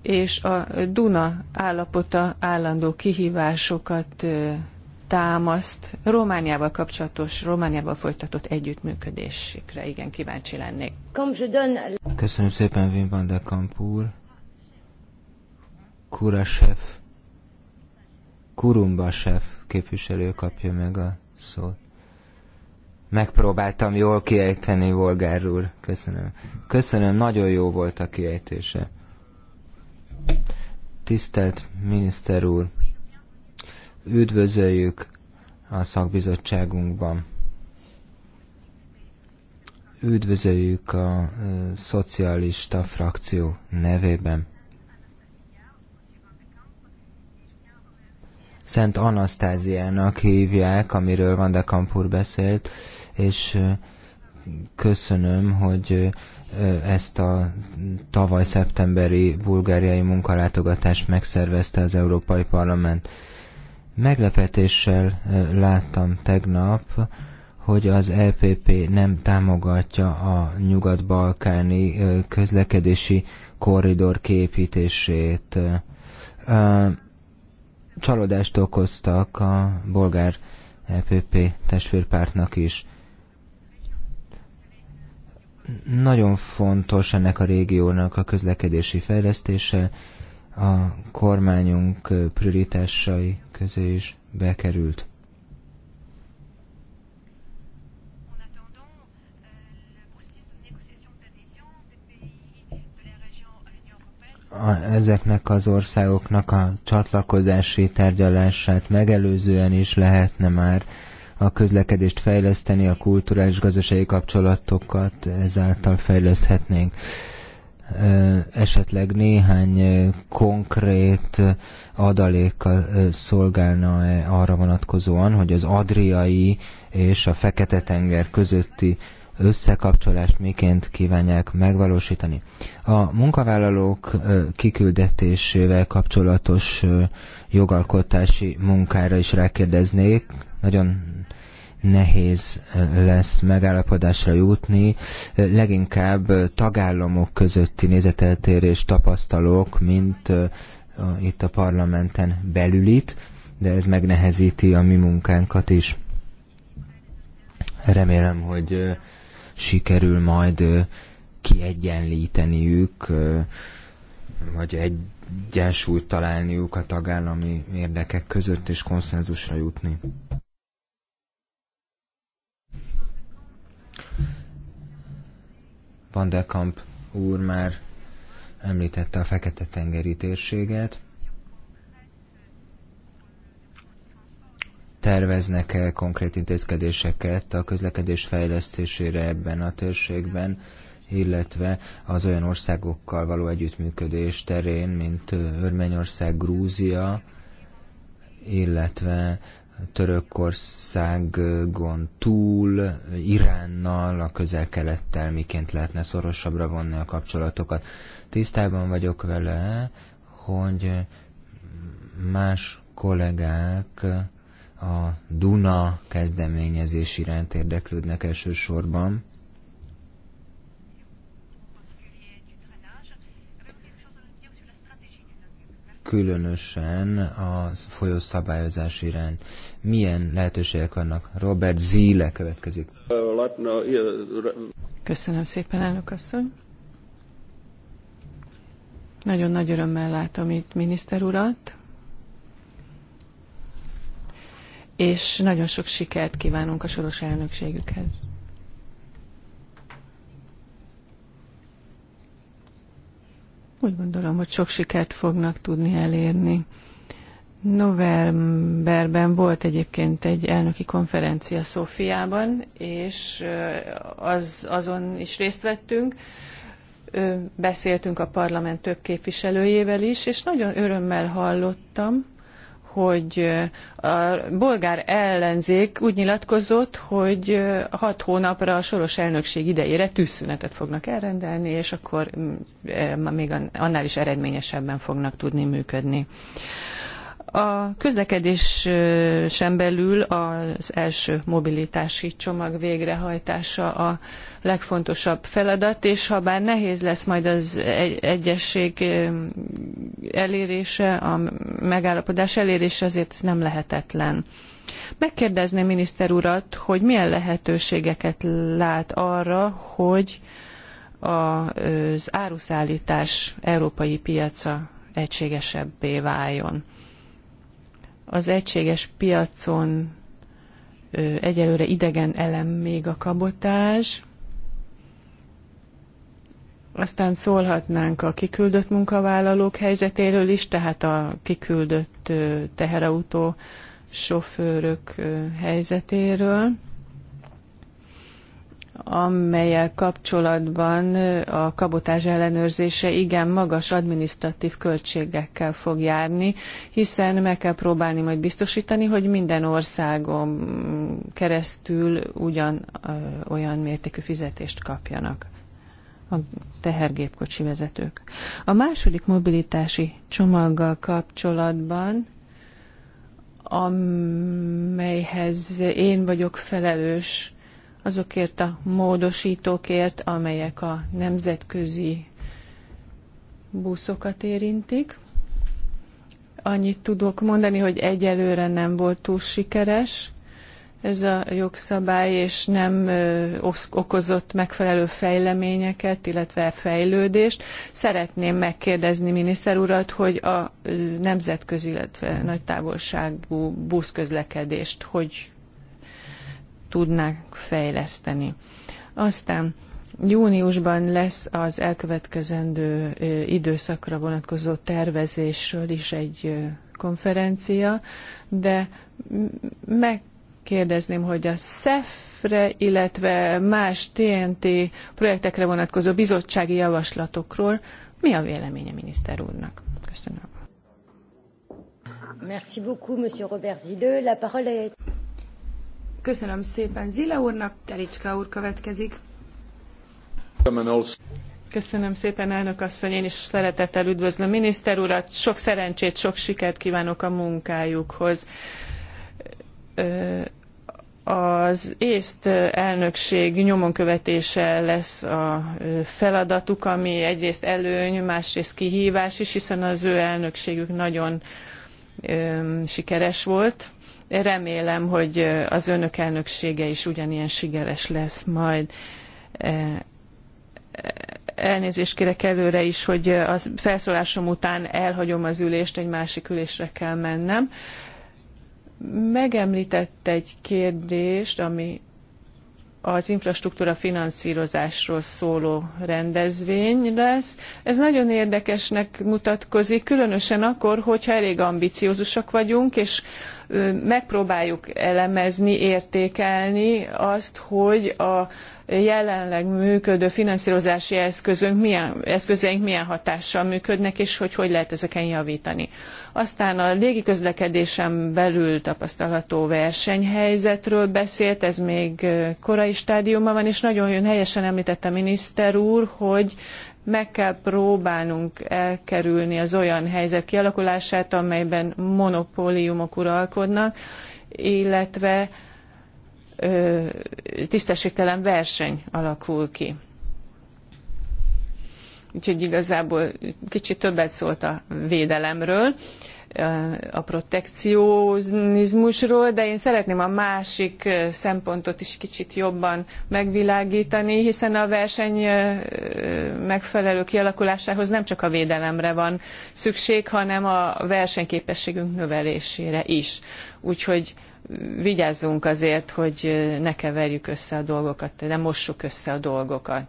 és a Duna állapota állandó kihívásokat támaszt Romániával kapcsolatos, Romániával folytatott együttműködésükre. Igen, kíváncsi lennék. Köszönöm szépen, Wim van de Kampúr. Kurasev, Kurumbasev képviselő kapja meg a szót. Megpróbáltam jól kiejteni, Volgár úr. Köszönöm. Köszönöm, nagyon jó volt a kiejtése. Tisztelt miniszter úr! üdvözöljük a szakbizottságunkban. Üdvözöljük a e, szocialista frakció nevében. Szent Anasztáziának hívják, amiről Van de Kampur beszélt, és e, köszönöm, hogy e, ezt a tavaly szeptemberi bulgáriai munkalátogatást megszervezte az Európai Parlament. Meglepetéssel eh, láttam tegnap, hogy az EPP nem támogatja a nyugat-balkáni eh, közlekedési korridor képítését. Eh, csalódást okoztak a bolgár EPP testvérpártnak is. Nagyon fontos ennek a régiónak a közlekedési fejlesztése, a kormányunk prioritásai közé is bekerült. A, ezeknek az országoknak a csatlakozási tárgyalását megelőzően is lehetne már a közlekedést fejleszteni, a kulturális gazdasági kapcsolatokat ezáltal fejleszthetnénk esetleg néhány konkrét adalék szolgálna -e arra vonatkozóan, hogy az Adriai és a Fekete-tenger közötti összekapcsolást miként kívánják megvalósítani. A munkavállalók kiküldetésével kapcsolatos jogalkotási munkára is rákérdeznék. Nagyon nehéz lesz megállapodásra jutni. Leginkább tagállamok közötti nézeteltérés tapasztalok, mint itt a parlamenten belül itt, de ez megnehezíti a mi munkánkat is. Remélem, hogy sikerül majd kiegyenlíteniük, vagy egyensúlyt találniuk a tagállami érdekek között, és konszenzusra jutni. Van de Kamp úr már említette a Fekete-tengeri térséget. Terveznek-e konkrét intézkedéseket a közlekedés fejlesztésére ebben a térségben, illetve az olyan országokkal való együttműködés terén, mint Örményország, Grúzia, illetve Törökországon túl, Iránnal, a közel-kelettel miként lehetne szorosabbra vonni a kapcsolatokat. Tisztában vagyok vele, hogy más kollégák a Duna kezdeményezés iránt érdeklődnek elsősorban, különösen a folyószabályozási rend. Milyen lehetőségek vannak? Robert Zile következik. Köszönöm szépen, elnök asszony. Nagyon nagy örömmel látom itt miniszter urat, és nagyon sok sikert kívánunk a soros elnökségükhez. Úgy gondolom, hogy sok sikert fognak tudni elérni. Novemberben volt egyébként egy elnöki konferencia Szófiában, és az, azon is részt vettünk. Beszéltünk a parlament több képviselőjével is, és nagyon örömmel hallottam, hogy a bolgár ellenzék úgy nyilatkozott, hogy hat hónapra a soros elnökség idejére tűzszünetet fognak elrendelni, és akkor mm, e, még annál is eredményesebben fognak tudni működni. A közlekedésen belül az első mobilitási csomag végrehajtása a legfontosabb feladat, és ha bár nehéz lesz majd az egyesség elérése, a megállapodás elérése, azért ez nem lehetetlen. Megkérdezném miniszter urat, hogy milyen lehetőségeket lát arra, hogy az áruszállítás európai piaca egységesebbé váljon. Az egységes piacon egyelőre idegen elem még a kabotás. Aztán szólhatnánk a kiküldött munkavállalók helyzetéről is, tehát a kiküldött teherautó sofőrök helyzetéről amelyel kapcsolatban a kabotás ellenőrzése igen magas adminisztratív költségekkel fog járni, hiszen meg kell próbálni majd biztosítani, hogy minden országon keresztül ugyan olyan mértékű fizetést kapjanak a tehergépkocsi vezetők. A második mobilitási csomaggal kapcsolatban amelyhez én vagyok felelős, azokért a módosítókért, amelyek a nemzetközi buszokat érintik. Annyit tudok mondani, hogy egyelőre nem volt túl sikeres ez a jogszabály, és nem okozott megfelelő fejleményeket, illetve fejlődést. Szeretném megkérdezni miniszter urat, hogy a nemzetközi, illetve nagy távolságú buszközlekedést hogy tudnák fejleszteni. Aztán júniusban lesz az elkövetkezendő időszakra vonatkozó tervezésről is egy konferencia, de meg kérdezném, hogy a SZEF-re, illetve más TNT projektekre vonatkozó bizottsági javaslatokról mi a véleménye miniszter úrnak? Köszönöm. Merci beaucoup, Monsieur Robert Zidő. La parole est... Köszönöm szépen Zile úrnak, Telicska úr következik. Köszönöm szépen, elnök asszony, én is szeretettel üdvözlöm miniszter urat, sok szerencsét, sok sikert kívánok a munkájukhoz. Az észt elnökség nyomon követése lesz a feladatuk, ami egyrészt előny, másrészt kihívás is, hiszen az ő elnökségük nagyon sikeres volt Remélem, hogy az önök elnöksége is ugyanilyen sikeres lesz majd e, e, elnézést kérek előre is, hogy a felszólásom után elhagyom az ülést, egy másik ülésre kell mennem. Megemlített egy kérdést, ami az infrastruktúra finanszírozásról szóló rendezvény lesz. Ez nagyon érdekesnek mutatkozik, különösen akkor, hogyha elég ambiciózusak vagyunk, és megpróbáljuk elemezni, értékelni azt, hogy a jelenleg működő finanszírozási eszközünk milyen, eszközeink milyen hatással működnek, és hogy hogy lehet ezeken javítani. Aztán a légi közlekedésen belül tapasztalható versenyhelyzetről beszélt, ez még korai stádiumban van, és nagyon helyesen említette a miniszter úr, hogy meg kell próbálnunk elkerülni az olyan helyzet kialakulását, amelyben monopóliumok uralkodnak, illetve tisztességtelen verseny alakul ki. Úgyhogy igazából kicsit többet szólt a védelemről a protekcionizmusról, de én szeretném a másik szempontot is kicsit jobban megvilágítani, hiszen a verseny megfelelő kialakulásához nem csak a védelemre van szükség, hanem a versenyképességünk növelésére is. Úgyhogy vigyázzunk azért, hogy ne keverjük össze a dolgokat, ne mossuk össze a dolgokat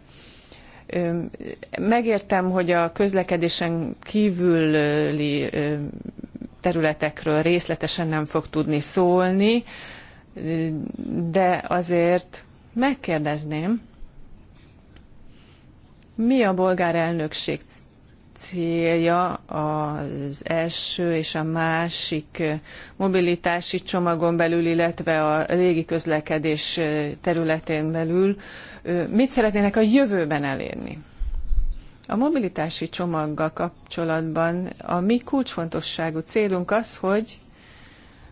megértem, hogy a közlekedésen kívüli területekről részletesen nem fog tudni szólni, de azért megkérdezném, mi a bolgár elnökség célja az első és a másik mobilitási csomagon belül, illetve a régi közlekedés területén belül? Mit szeretnének a jövőben elérni? A mobilitási csomaggal kapcsolatban a mi kulcsfontosságú célunk az, hogy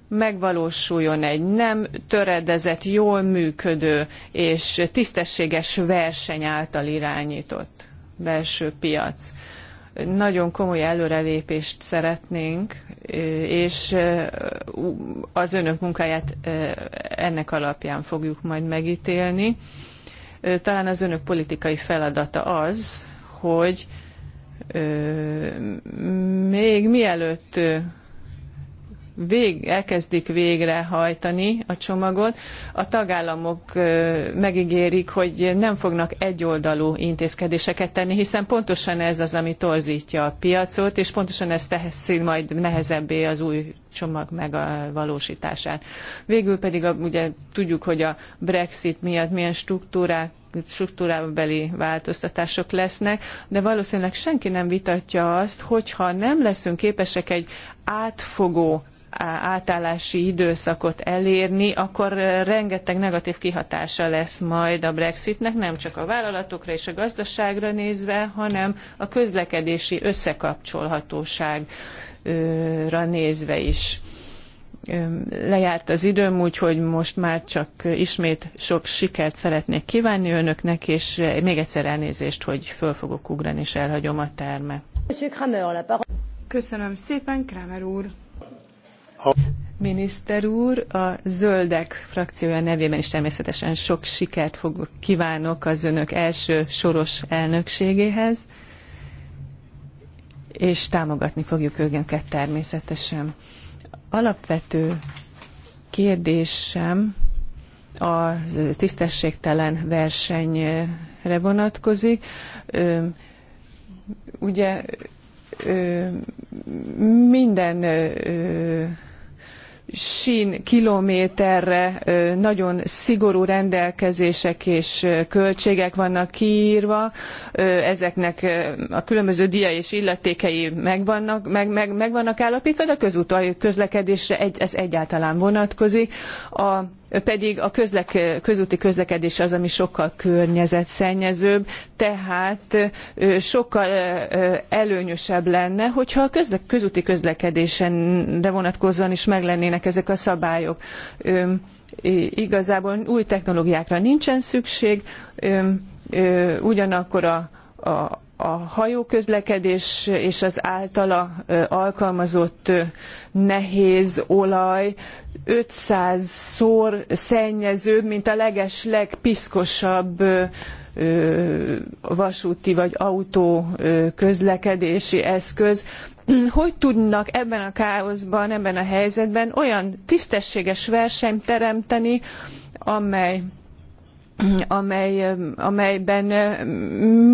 megvalósuljon egy nem töredezett, jól működő és tisztességes verseny által irányított belső piac. Nagyon komoly előrelépést szeretnénk, és az önök munkáját ennek alapján fogjuk majd megítélni. Talán az önök politikai feladata az, hogy még mielőtt vég, elkezdik végrehajtani a csomagot, a tagállamok megígérik, hogy nem fognak egyoldalú intézkedéseket tenni, hiszen pontosan ez az, ami torzítja a piacot, és pontosan ez teheszi majd nehezebbé az új csomag megvalósítását. Végül pedig a, ugye tudjuk, hogy a Brexit miatt milyen struktúrák struktúrábeli beli változtatások lesznek, de valószínűleg senki nem vitatja azt, hogyha nem leszünk képesek egy átfogó átállási időszakot elérni, akkor rengeteg negatív kihatása lesz majd a Brexitnek, nem csak a vállalatokra és a gazdaságra nézve, hanem a közlekedési összekapcsolhatóságra nézve is lejárt az időm, úgyhogy most már csak ismét sok sikert szeretnék kívánni önöknek, és eh, még egyszer elnézést, hogy föl fogok ugrani, és elhagyom a termet. Köszönöm szépen, Kramer úr! Miniszter úr, a Zöldek frakciója nevében is természetesen sok sikert fogok, kívánok az önök első soros elnökségéhez, és támogatni fogjuk őket természetesen alapvető kérdésem a tisztességtelen versenyre vonatkozik. Ugye minden sín kilométerre nagyon szigorú rendelkezések és költségek vannak kiírva, ezeknek a különböző dia és illetékei megvannak, meg, meg, meg vannak állapítva, de a közúti közlekedésre egy, ez egyáltalán vonatkozik. A pedig a közlek, közúti közlekedés az, ami sokkal környezetszennyezőbb, tehát sokkal előnyösebb lenne, hogyha a közúti közlekedésenre vonatkozóan is meglennének ezek a szabályok. Igazából új technológiákra nincsen szükség, ugyanakkor a, a a hajóközlekedés és az általa alkalmazott nehéz olaj 500-szor szennyezőbb, mint a legesleg piszkosabb vasúti vagy autó közlekedési eszköz. *clears throat* Hogy tudnak ebben a káoszban, ebben a helyzetben olyan tisztességes versenyt teremteni, amely amely, amelyben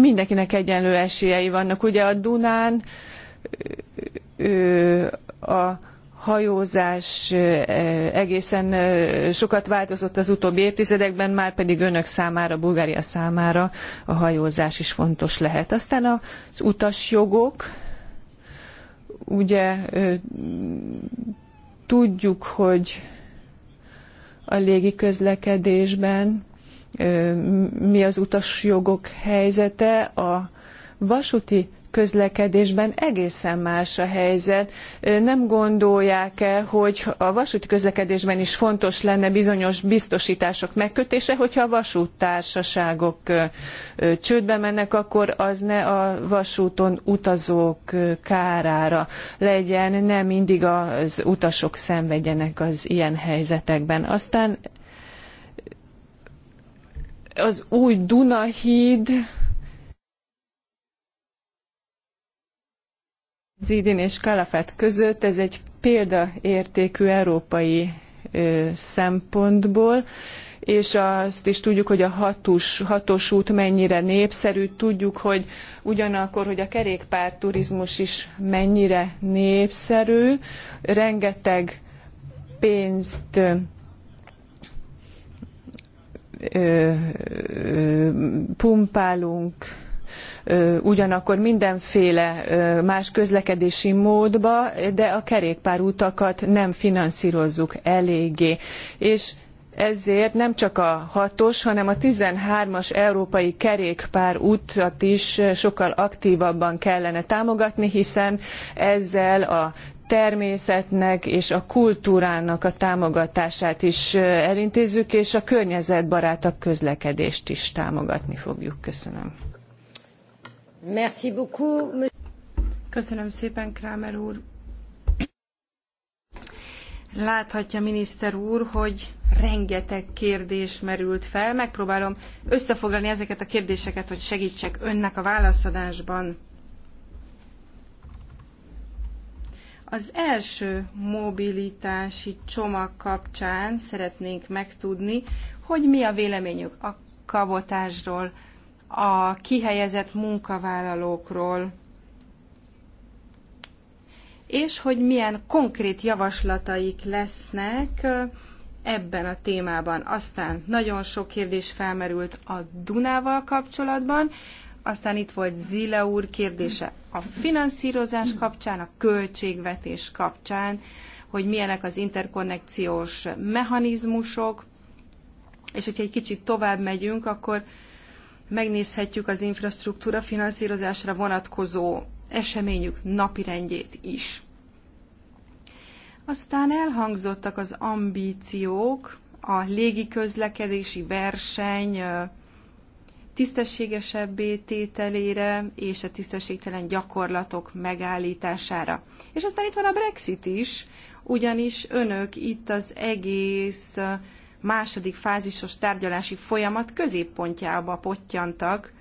mindenkinek egyenlő esélyei vannak. Ugye a Dunán a hajózás egészen sokat változott az utóbbi évtizedekben, már pedig önök számára, Bulgária számára a hajózás is fontos lehet. Aztán az utasjogok, ugye tudjuk, hogy a légi közlekedésben mi az utasjogok helyzete, a vasúti közlekedésben egészen más a helyzet. Nem gondolják-e, hogy a vasúti közlekedésben is fontos lenne bizonyos biztosítások megkötése, hogyha a vasúttársaságok csődbe mennek, akkor az ne a vasúton utazók kárára legyen, ne mindig az utasok szenvedjenek az ilyen helyzetekben. Aztán az új Dunahíd Zidin és Kalafát között, ez egy példaértékű európai ö, szempontból, és azt is tudjuk, hogy a hatus, hatos út mennyire népszerű, tudjuk, hogy ugyanakkor, hogy a kerékpár turizmus is mennyire népszerű, rengeteg pénzt ö, ö, pumpálunk, ugyanakkor mindenféle más közlekedési módba, de a kerékpárutakat nem finanszírozzuk eléggé. És ezért nem csak a hatos, hanem a 13-as európai kerékpár utat is sokkal aktívabban kellene támogatni, hiszen ezzel a természetnek és a kultúrának a támogatását is elintézzük, és a környezetbarátabb közlekedést is támogatni fogjuk. Köszönöm. Merci beaucoup. Köszönöm szépen, Krámer úr. Láthatja miniszter úr, hogy rengeteg kérdés merült fel. Megpróbálom összefoglalni ezeket a kérdéseket, hogy segítsek önnek a válaszadásban. Az első mobilitási csomag kapcsán szeretnénk megtudni, hogy mi a véleményük a kabotásról, a kihelyezett munkavállalókról, és hogy milyen konkrét javaslataik lesznek ebben a témában. Aztán nagyon sok kérdés felmerült a Dunával kapcsolatban, aztán itt volt Zile úr kérdése a finanszírozás kapcsán, a költségvetés kapcsán, hogy milyenek az interkonnekciós mechanizmusok, és hogyha egy kicsit tovább megyünk, akkor megnézhetjük az infrastruktúra finanszírozásra vonatkozó eseményük napirendjét is. Aztán elhangzottak az ambíciók, a légiközlekedési verseny, tisztességesebbé tételére és a tisztességtelen gyakorlatok megállítására. És aztán itt van a Brexit is, ugyanis önök itt az egész második fázisos tárgyalási folyamat középpontjába pottyantak,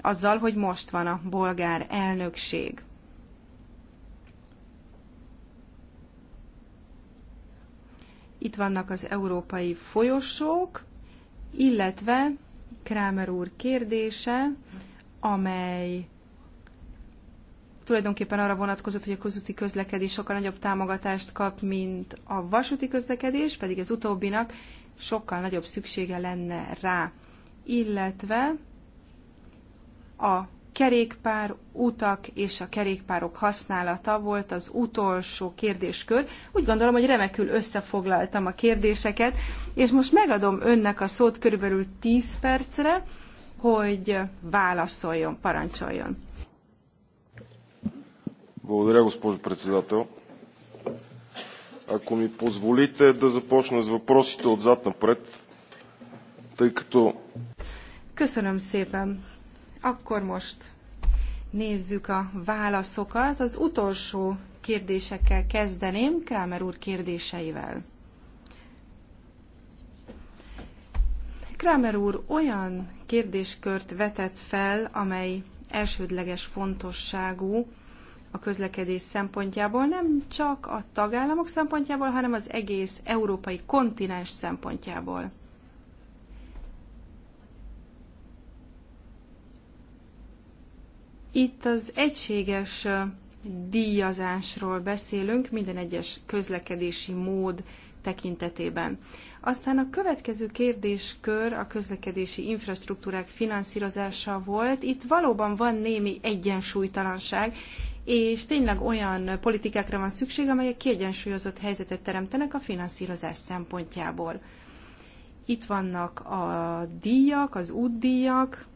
azzal, hogy most van a bolgár elnökség. Itt vannak az európai folyosók, illetve Krámer úr kérdése, amely tulajdonképpen arra vonatkozott, hogy a közúti közlekedés sokkal nagyobb támogatást kap, mint a vasúti közlekedés, pedig ez utóbbinak sokkal nagyobb szüksége lenne rá. Illetve a kerékpár utak és a kerékpárok használata volt az utolsó kérdéskör. Úgy gondolom, hogy remekül összefoglaltam a kérdéseket, és most megadom önnek a szót körülbelül 10 percre, hogy válaszoljon, parancsoljon. Благодаря, госпожо председател. Ако ми позволите да започна с въпросите отзад напред, тъй като... Köszönöm szépen, akkor most nézzük a válaszokat. Az utolsó kérdésekkel kezdeném, Krámer úr kérdéseivel. Krámer úr olyan kérdéskört vetett fel, amely elsődleges fontosságú a közlekedés szempontjából, nem csak a tagállamok szempontjából, hanem az egész európai kontinens szempontjából. Itt az egységes díjazásról beszélünk minden egyes közlekedési mód tekintetében. Aztán a következő kérdéskör a közlekedési infrastruktúrák finanszírozása volt. Itt valóban van némi egyensúlytalanság, és tényleg olyan politikákra van szükség, amelyek kiegyensúlyozott helyzetet teremtenek a finanszírozás szempontjából. Itt vannak a díjak, az útdíjak,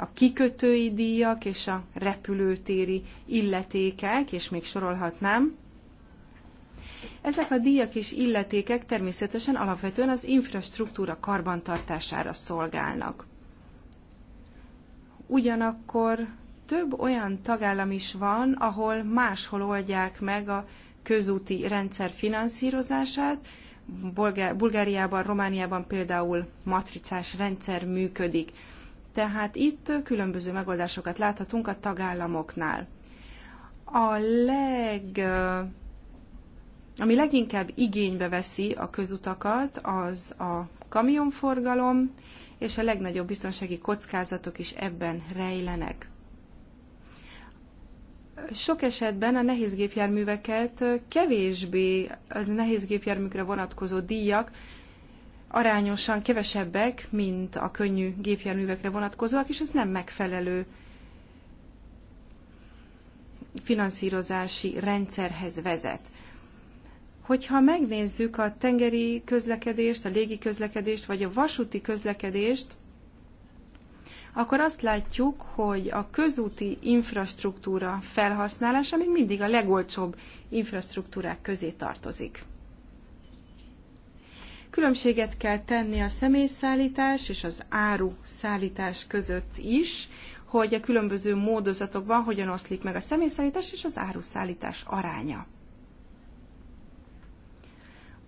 a kikötői díjak és a repülőtéri illetékek, és még sorolhatnám. Ezek a díjak és illetékek természetesen alapvetően az infrastruktúra karbantartására szolgálnak. Ugyanakkor több olyan tagállam is van, ahol máshol oldják meg a közúti rendszer finanszírozását, Bulgáriában, Romániában például matricás rendszer működik. Tehát itt különböző megoldásokat láthatunk a tagállamoknál. A leg ami leginkább igénybe veszi a közutakat, az a kamionforgalom, és a legnagyobb biztonsági kockázatok is ebben rejlenek. Sok esetben a nehézgépjárműveket kevésbé, a nehézgépjárműkre vonatkozó díjak arányosan kevesebbek, mint a könnyű gépjárművekre vonatkozóak, és ez nem megfelelő finanszírozási rendszerhez vezet. Hogyha megnézzük a tengeri közlekedést, a légi közlekedést, vagy a vasúti közlekedést, akkor azt látjuk, hogy a közúti infrastruktúra felhasználása még mindig a legolcsóbb infrastruktúrák közé tartozik. Különbséget kell tenni a személyszállítás és az áru szállítás között is, hogy a különböző módozatokban hogyan oszlik meg a személyszállítás és az áruszállítás aránya.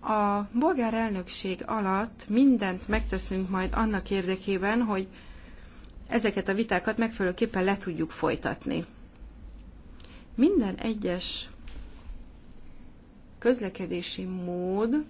A bolgár elnökség alatt mindent megteszünk majd annak érdekében, hogy ezeket a vitákat megfelelőképpen le tudjuk folytatni. Minden egyes közlekedési mód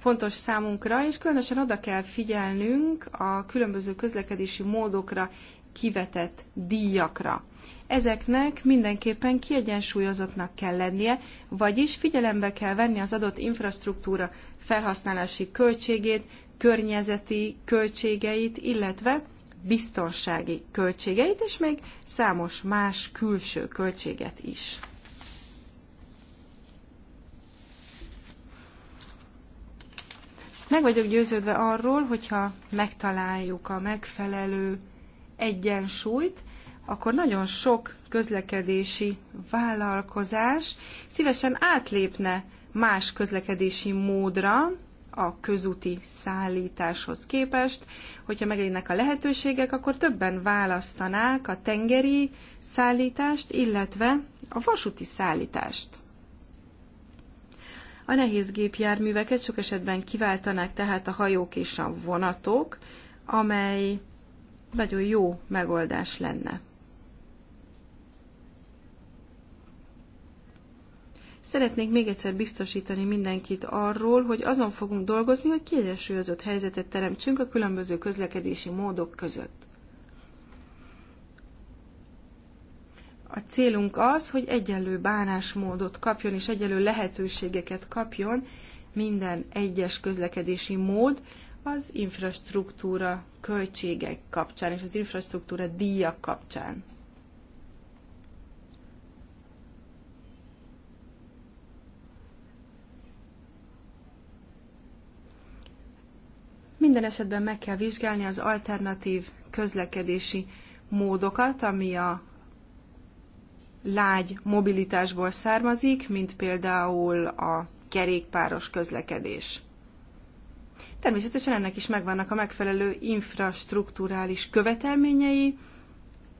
fontos számunkra, és különösen oda kell figyelnünk a különböző közlekedési módokra kivetett díjakra. Ezeknek mindenképpen kiegyensúlyozottnak kell lennie, vagyis figyelembe kell venni az adott infrastruktúra felhasználási költségét, környezeti költségeit, illetve biztonsági költségeit, és még számos más külső költséget is. Meg vagyok győződve arról, hogyha megtaláljuk a megfelelő egyensúlyt, akkor nagyon sok közlekedési vállalkozás szívesen átlépne más közlekedési módra, a közúti szállításhoz képest, hogyha megérnek a lehetőségek, akkor többen választanák a tengeri szállítást, illetve a vasúti szállítást. A nehéz gépjárműveket sok esetben kiváltanák tehát a hajók és a vonatok, amely nagyon jó megoldás lenne. Szeretnék még egyszer biztosítani mindenkit arról, hogy azon fogunk dolgozni, hogy kiegyensúlyozott helyzetet teremtsünk a különböző közlekedési módok között. A célunk az, hogy egyenlő bánásmódot kapjon és egyenlő lehetőségeket kapjon minden egyes közlekedési mód az infrastruktúra költségek kapcsán és az infrastruktúra díjak kapcsán. Minden esetben meg kell vizsgálni az alternatív közlekedési módokat, ami a lágy mobilitásból származik, mint például a kerékpáros közlekedés. Természetesen ennek is megvannak a megfelelő infrastruktúrális követelményei,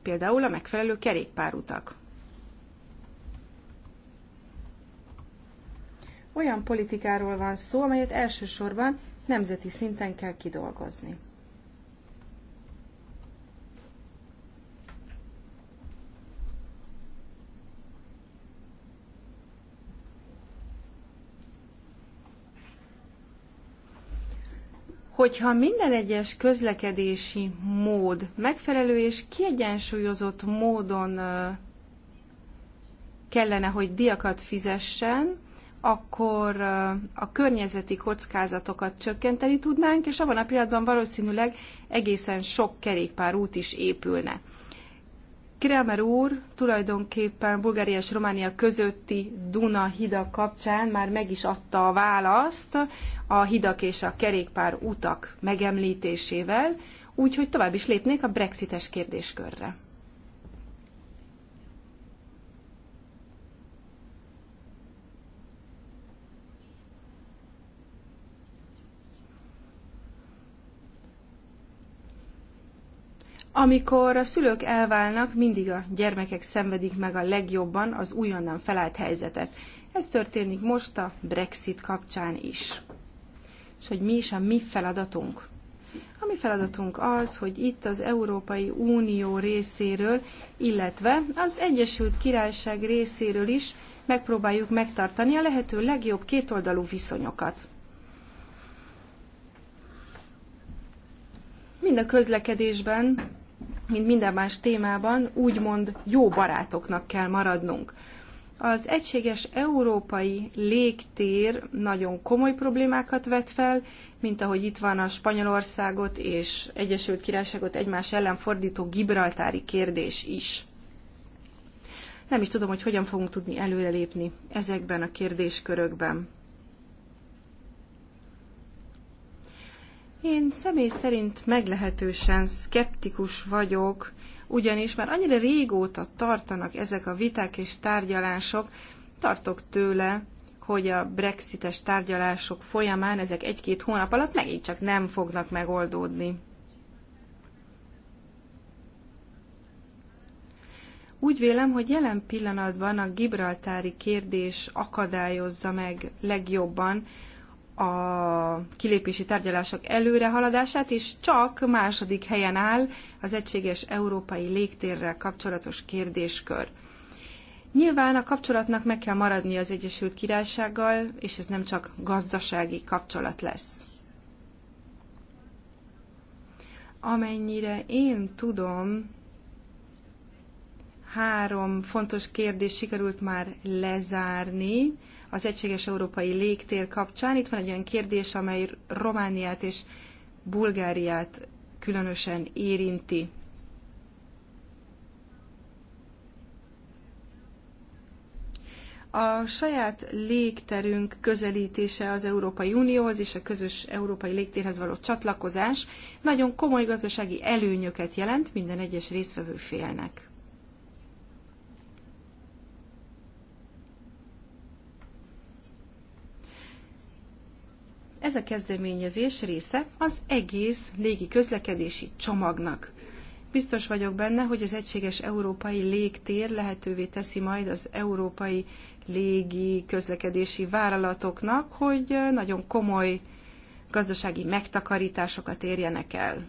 például a megfelelő kerékpárutak. Olyan politikáról van szó, amelyet elsősorban nemzeti szinten kell kidolgozni. hogyha minden egyes közlekedési mód megfelelő és kiegyensúlyozott módon kellene, hogy diakat fizessen, akkor a környezeti kockázatokat csökkenteni tudnánk, és abban a pillanatban valószínűleg egészen sok kerékpárút is épülne. Kramer úr tulajdonképpen Bulgária és Románia közötti Duna hida kapcsán már meg is adta a választ a hidak és a kerékpár utak megemlítésével, úgyhogy tovább is lépnék a brexites kérdéskörre. Amikor a szülők elválnak, mindig a gyermekek szenvedik meg a legjobban az újonnan felállt helyzetet. Ez történik most a Brexit kapcsán is. És hogy mi is a mi feladatunk? A mi feladatunk az, hogy itt az Európai Unió részéről, illetve az Egyesült Királyság részéről is megpróbáljuk megtartani a lehető legjobb kétoldalú viszonyokat. Mind a közlekedésben, mint minden más témában, úgymond jó barátoknak kell maradnunk. Az egységes európai légtér nagyon komoly problémákat vet fel, mint ahogy itt van a Spanyolországot és Egyesült Királyságot egymás ellen fordító gibraltári kérdés is. Nem is tudom, hogy hogyan fogunk tudni előrelépni ezekben a kérdéskörökben. Én személy szerint meglehetősen szkeptikus vagyok, ugyanis már annyira régóta tartanak ezek a viták és tárgyalások, tartok tőle, hogy a brexites tárgyalások folyamán ezek egy-két hónap alatt megint csak nem fognak megoldódni. Úgy vélem, hogy jelen pillanatban a gibraltári kérdés akadályozza meg legjobban a kilépési tárgyalások előrehaladását, és csak második helyen áll az egységes európai légtérrel kapcsolatos kérdéskör. Nyilván a kapcsolatnak meg kell maradni az Egyesült Királysággal, és ez nem csak gazdasági kapcsolat lesz. Amennyire én tudom, három fontos kérdés sikerült már lezárni, az egységes európai légtér kapcsán. Itt van egy olyan kérdés, amely Romániát és Bulgáriát különösen érinti. A saját légterünk közelítése az Európai Unióhoz és a közös európai légtérhez való csatlakozás nagyon komoly gazdasági előnyöket jelent minden egyes résztvevő félnek. Ez a kezdeményezés része az egész légi közlekedési csomagnak. Biztos vagyok benne, hogy az egységes európai légtér lehetővé teszi majd az európai légi közlekedési vállalatoknak, hogy nagyon komoly gazdasági megtakarításokat érjenek el.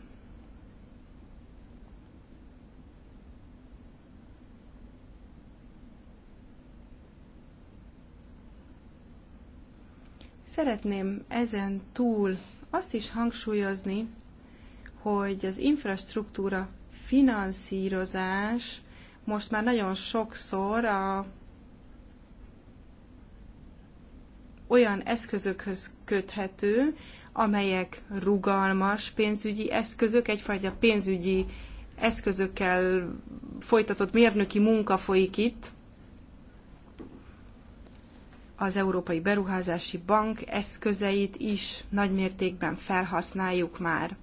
Szeretném ezen túl azt is hangsúlyozni, hogy az infrastruktúra finanszírozás most már nagyon sokszor a olyan eszközökhöz köthető, amelyek rugalmas pénzügyi eszközök, egyfajta pénzügyi eszközökkel folytatott mérnöki munka folyik itt, az Európai Beruházási Bank eszközeit is nagymértékben felhasználjuk már.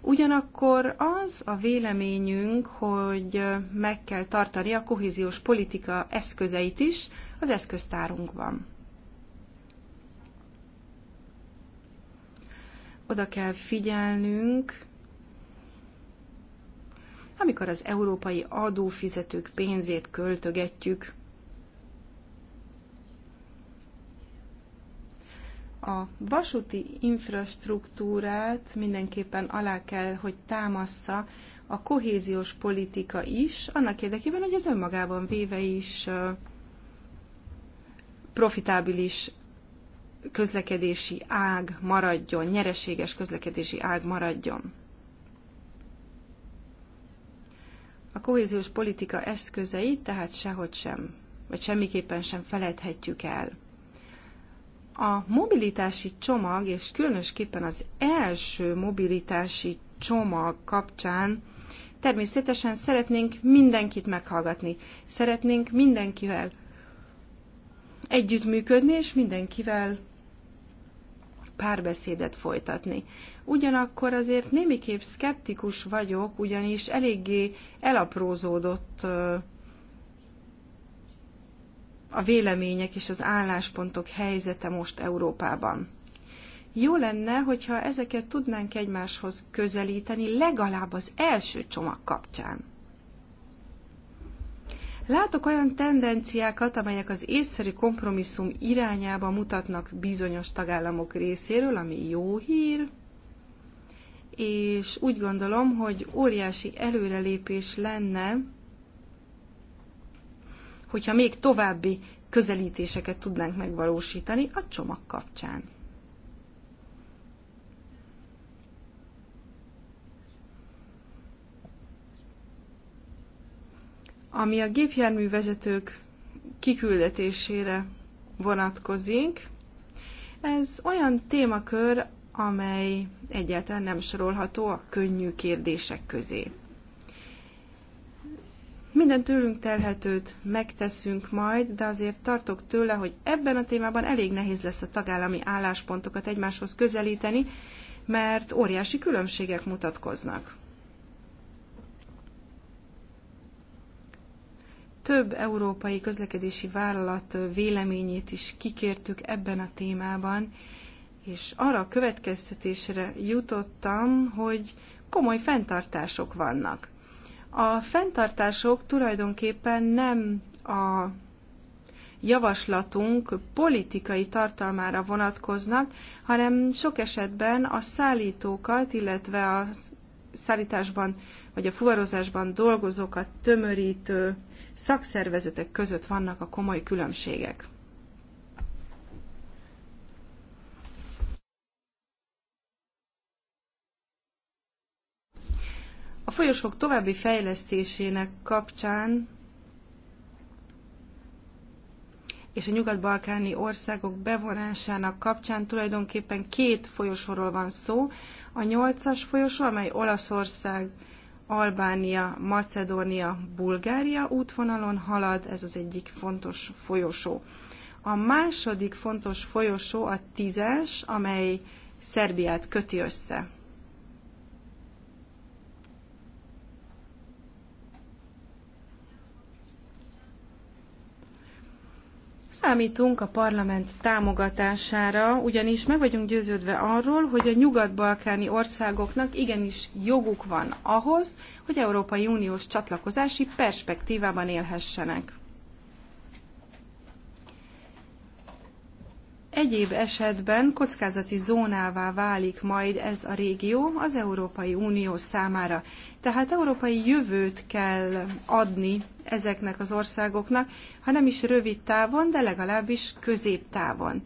Ugyanakkor az a véleményünk, hogy meg kell tartani a kohéziós politika eszközeit is az eszköztárunkban. Oda kell figyelnünk, amikor az európai adófizetők pénzét költögetjük A vasúti infrastruktúrát mindenképpen alá kell, hogy támassza a kohéziós politika is, annak érdekében, hogy az önmagában véve is profitábilis közlekedési ág maradjon, nyereséges közlekedési ág maradjon. A kohéziós politika eszközeit tehát sehogy sem, vagy semmiképpen sem felejthetjük el. A mobilitási csomag, és különösképpen az első mobilitási csomag kapcsán természetesen szeretnénk mindenkit meghallgatni. Szeretnénk mindenkivel együttműködni, és mindenkivel párbeszédet folytatni. Ugyanakkor azért némiképp szkeptikus vagyok, ugyanis eléggé elaprózódott a vélemények és az álláspontok helyzete most Európában. Jó lenne, hogyha ezeket tudnánk egymáshoz közelíteni legalább az első csomag kapcsán. Látok olyan tendenciákat, amelyek az észszerű kompromisszum irányába mutatnak bizonyos tagállamok részéről, ami jó hír, és úgy gondolom, hogy óriási előrelépés lenne, hogyha még további közelítéseket tudnánk megvalósítani a csomag kapcsán. Ami a gépjárművezetők kiküldetésére vonatkozik, ez olyan témakör, amely egyáltalán nem sorolható a könnyű kérdések közé. Minden tőlünk telhetőt megteszünk majd, de azért tartok tőle, hogy ebben a témában elég nehéz lesz a tagállami álláspontokat egymáshoz közelíteni, mert óriási különbségek mutatkoznak. Több európai közlekedési vállalat véleményét is kikértük ebben a témában, és arra a következtetésre jutottam, hogy komoly fenntartások vannak. A fenntartások tulajdonképpen nem a javaslatunk politikai tartalmára vonatkoznak, hanem sok esetben a szállítókat, illetve a szállításban vagy a fuvarozásban dolgozókat tömörítő szakszervezetek között vannak a komoly különbségek. A folyosók további fejlesztésének kapcsán és a nyugat-balkáni országok bevonásának kapcsán tulajdonképpen két folyosóról van szó. A nyolcas folyosó, amely Olaszország, Albánia, Macedónia, Bulgária útvonalon halad, ez az egyik fontos folyosó. A második fontos folyosó a tízes, amely Szerbiát köti össze. Számítunk a parlament támogatására, ugyanis meg vagyunk győződve arról, hogy a nyugat-balkáni országoknak igenis joguk van ahhoz, hogy Európai Uniós csatlakozási perspektívában élhessenek. Egyéb esetben kockázati zónává válik majd ez a régió az Európai Unió számára. Tehát európai jövőt kell adni ezeknek az országoknak, ha nem is rövid távon, de legalábbis középtávon.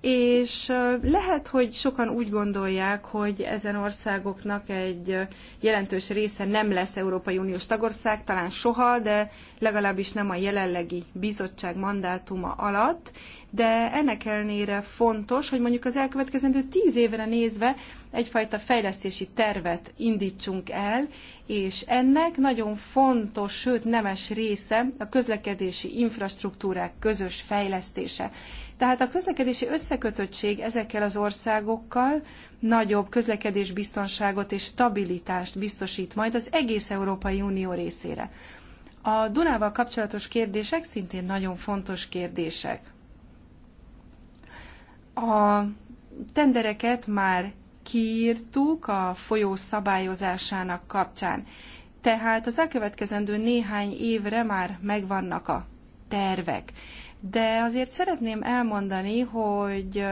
És lehet, hogy sokan úgy gondolják, hogy ezen országoknak egy jelentős része nem lesz Európai Uniós tagország, talán soha, de legalábbis nem a jelenlegi bizottság mandátuma alatt, de ennek ellenére fontos, hogy mondjuk az elkövetkezendő tíz évre nézve egyfajta fejlesztési tervet indítsunk el, és ennek nagyon fontos, sőt nemes része a közlekedési infrastruktúrák közös fejlesztése. Tehát a közlekedési összekötöttség ezekkel az országokkal nagyobb közlekedésbiztonságot és stabilitást biztosít majd az egész Európai Unió részére. A Dunával kapcsolatos kérdések szintén nagyon fontos kérdések. A tendereket már kiírtuk a folyó szabályozásának kapcsán. Tehát az elkövetkezendő néhány évre már megvannak a tervek. De azért szeretném elmondani, hogy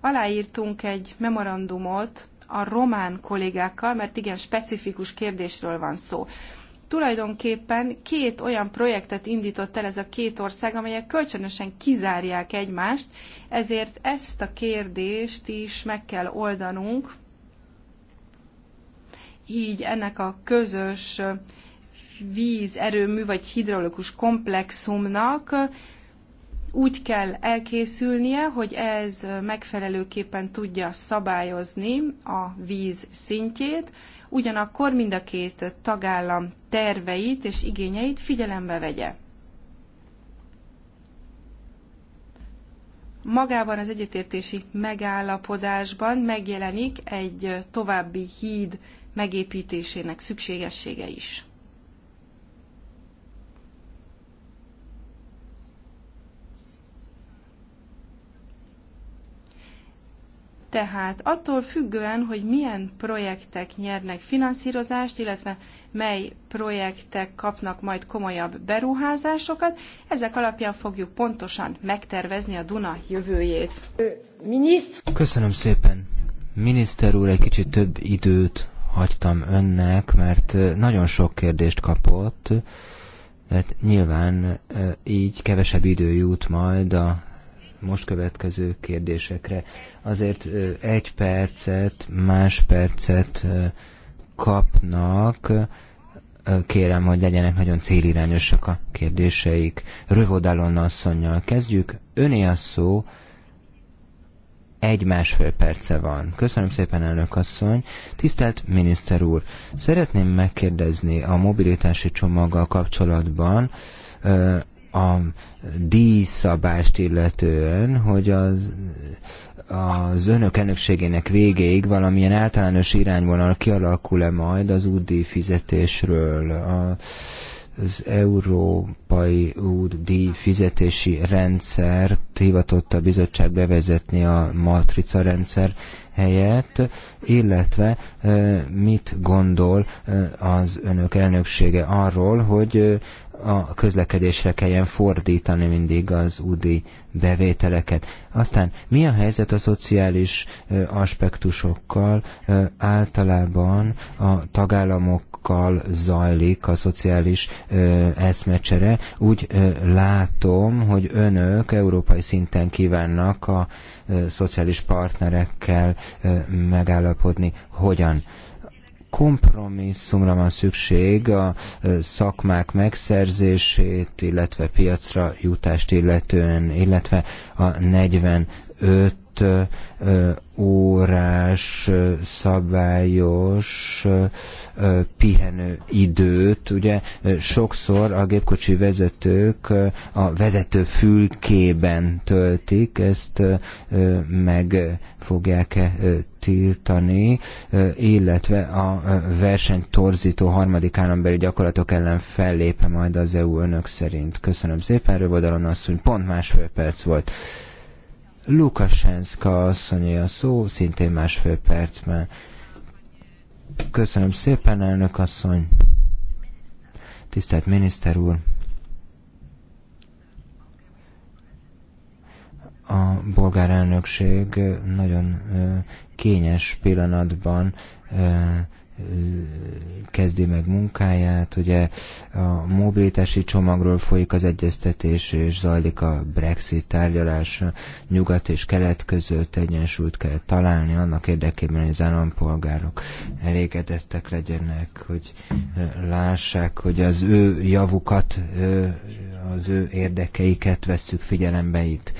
aláírtunk egy memorandumot a román kollégákkal, mert igen specifikus kérdésről van szó tulajdonképpen két olyan projektet indított el ez a két ország, amelyek kölcsönösen kizárják egymást, ezért ezt a kérdést is meg kell oldanunk, így ennek a közös vízerőmű vagy hidraulikus komplexumnak úgy kell elkészülnie, hogy ez megfelelőképpen tudja szabályozni a víz szintjét, ugyanakkor mind a két tagállam terveit és igényeit figyelembe vegye. Magában az egyetértési megállapodásban megjelenik egy további híd megépítésének szükségessége is. Tehát attól függően, hogy milyen projektek nyernek finanszírozást, illetve mely projektek kapnak majd komolyabb beruházásokat, ezek alapján fogjuk pontosan megtervezni a Duna jövőjét. Köszönöm szépen. Miniszter úr, egy kicsit több időt hagytam önnek, mert nagyon sok kérdést kapott, tehát nyilván így kevesebb idő jut majd a most következő kérdésekre. Azért egy percet, más percet kapnak, kérem, hogy legyenek nagyon célirányosak a kérdéseik. Rövodalon asszonynal kezdjük. Öné a szó, egy másfél perce van. Köszönöm szépen, elnök asszony. Tisztelt miniszter úr, szeretném megkérdezni a mobilitási csomaggal kapcsolatban, a díjszabást illetően, hogy az, az önök elnökségének végéig valamilyen általános irányvonal kialakul-e majd az útdíj fizetésről, a, az európai útdíj fizetési rendszert hivatott a bizottság bevezetni a matrica rendszer helyett, illetve mit gondol az önök elnöksége arról, hogy a közlekedésre kelljen fordítani mindig az údi bevételeket. Aztán mi a helyzet a szociális aspektusokkal? Általában a tagállamokkal zajlik a szociális eszmecsere. Úgy látom, hogy önök európai szinten kívánnak a szociális partnerekkel megállapodni. Hogyan? kompromisszumra van szükség a szakmák megszerzését, illetve piacra jutást illetően, illetve a 45 órás szabályos pihenő időt. Ugye sokszor a gépkocsi vezetők a vezető fülkében töltik, ezt meg fogják-e tiltani, illetve a versenytorzító harmadik állambeli gyakorlatok ellen fellépe majd az EU önök szerint. Köszönöm szépen, Rövodalon asszony, pont másfél perc volt. Lukashenska asszonyi a szó, szintén másfél percben. Köszönöm szépen, elnök asszony. Tisztelt miniszter úr. A bolgár elnökség nagyon kényes pillanatban kezdi meg munkáját, ugye a mobilitási csomagról folyik az egyeztetés, és zajlik a Brexit tárgyalás nyugat és kelet között egyensúlyt kell találni annak érdekében, hogy az állampolgárok elégedettek legyenek, hogy lássák, hogy az ő javukat, az ő érdekeiket vesszük figyelembe itt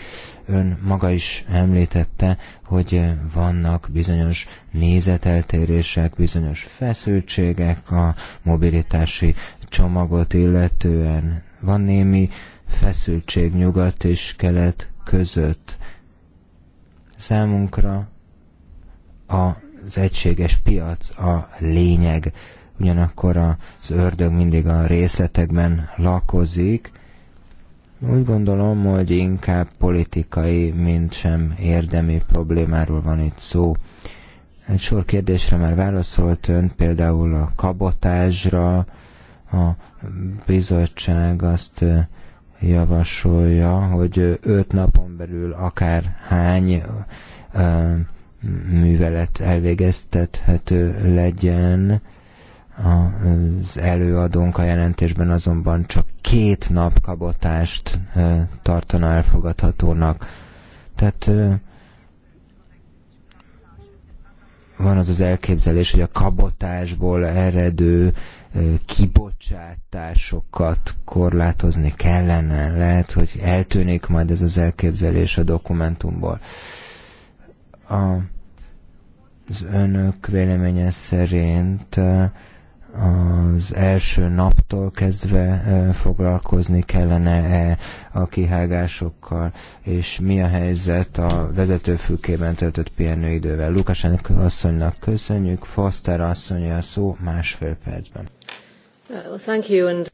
ön maga is említette, hogy eh, vannak bizonyos nézeteltérések, bizonyos feszültségek a mobilitási csomagot illetően. Van némi feszültség nyugat és kelet között. Számunkra az egységes piac a lényeg ugyanakkor az ördög mindig a részletekben lakozik, úgy gondolom, hogy inkább politikai, mint sem érdemi problémáról van itt szó. Egy sor kérdésre már válaszolt ön, például a kabotázsra A bizottság azt javasolja, hogy öt napon belül akár hány művelet elvégeztethető legyen, az előadónk a jelentésben azonban csak két nap kabotást tartana elfogadhatónak. Tehát van az az elképzelés, hogy a kabotásból eredő kibocsátásokat korlátozni kellene. Lehet, hogy eltűnik majd ez az elképzelés a dokumentumból. A, az önök véleménye szerint az első naptól kezdve foglalkozni kellene-e a kihágásokkal, és mi a helyzet a vezetőfülkében töltött pihenőidővel. Lukasának asszonynak köszönjük, Foster asszony a szó másfél percben. Thank you and...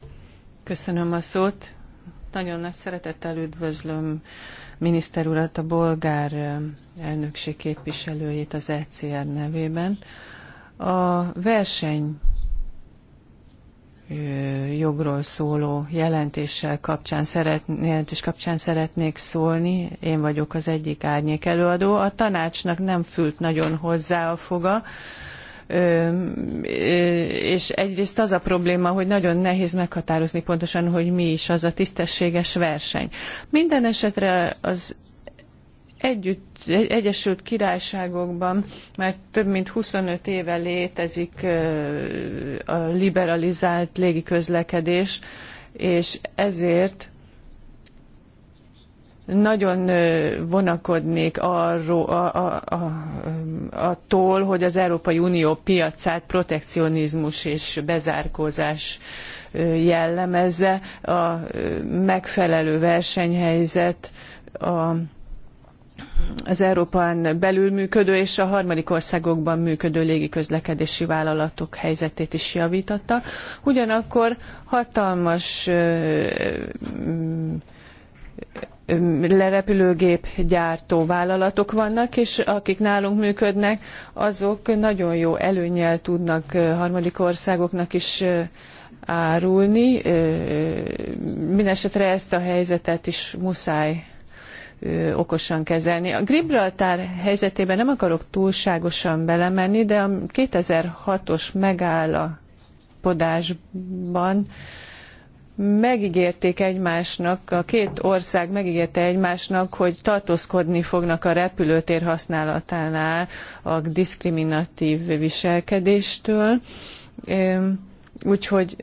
Köszönöm a szót. Nagyon nagy szeretettel üdvözlöm miniszter urat, a bolgár elnökség képviselőjét az ECR nevében. A verseny jogról szóló jelentéssel kapcsán, szeretné, jelentés kapcsán szeretnék szólni. Én vagyok az egyik árnyék előadó. A tanácsnak nem fült nagyon hozzá a foga, és egyrészt az a probléma, hogy nagyon nehéz meghatározni pontosan, hogy mi is az a tisztességes verseny. Minden esetre az együtt, Egyesült Királyságokban már több mint 25 éve létezik a liberalizált légiközlekedés, és ezért nagyon vonakodnék arról, a, a, a, attól, hogy az Európai Unió piacát protekcionizmus és bezárkózás jellemezze. A megfelelő versenyhelyzet, a az Európán belül működő és a harmadik országokban működő légiközlekedési vállalatok helyzetét is javította. Ugyanakkor hatalmas lerepülőgép gyártó vállalatok vannak, és akik nálunk működnek, azok nagyon jó előnyel tudnak harmadik országoknak is árulni. Mindenesetre ezt a helyzetet is muszáj okosan kezelni. A Gibraltár helyzetében nem akarok túlságosan belemenni, de a 2006-os megállapodásban megígérték egymásnak, a két ország megígérte egymásnak, hogy tartózkodni fognak a repülőtér használatánál a diszkriminatív viselkedéstől. Úgyhogy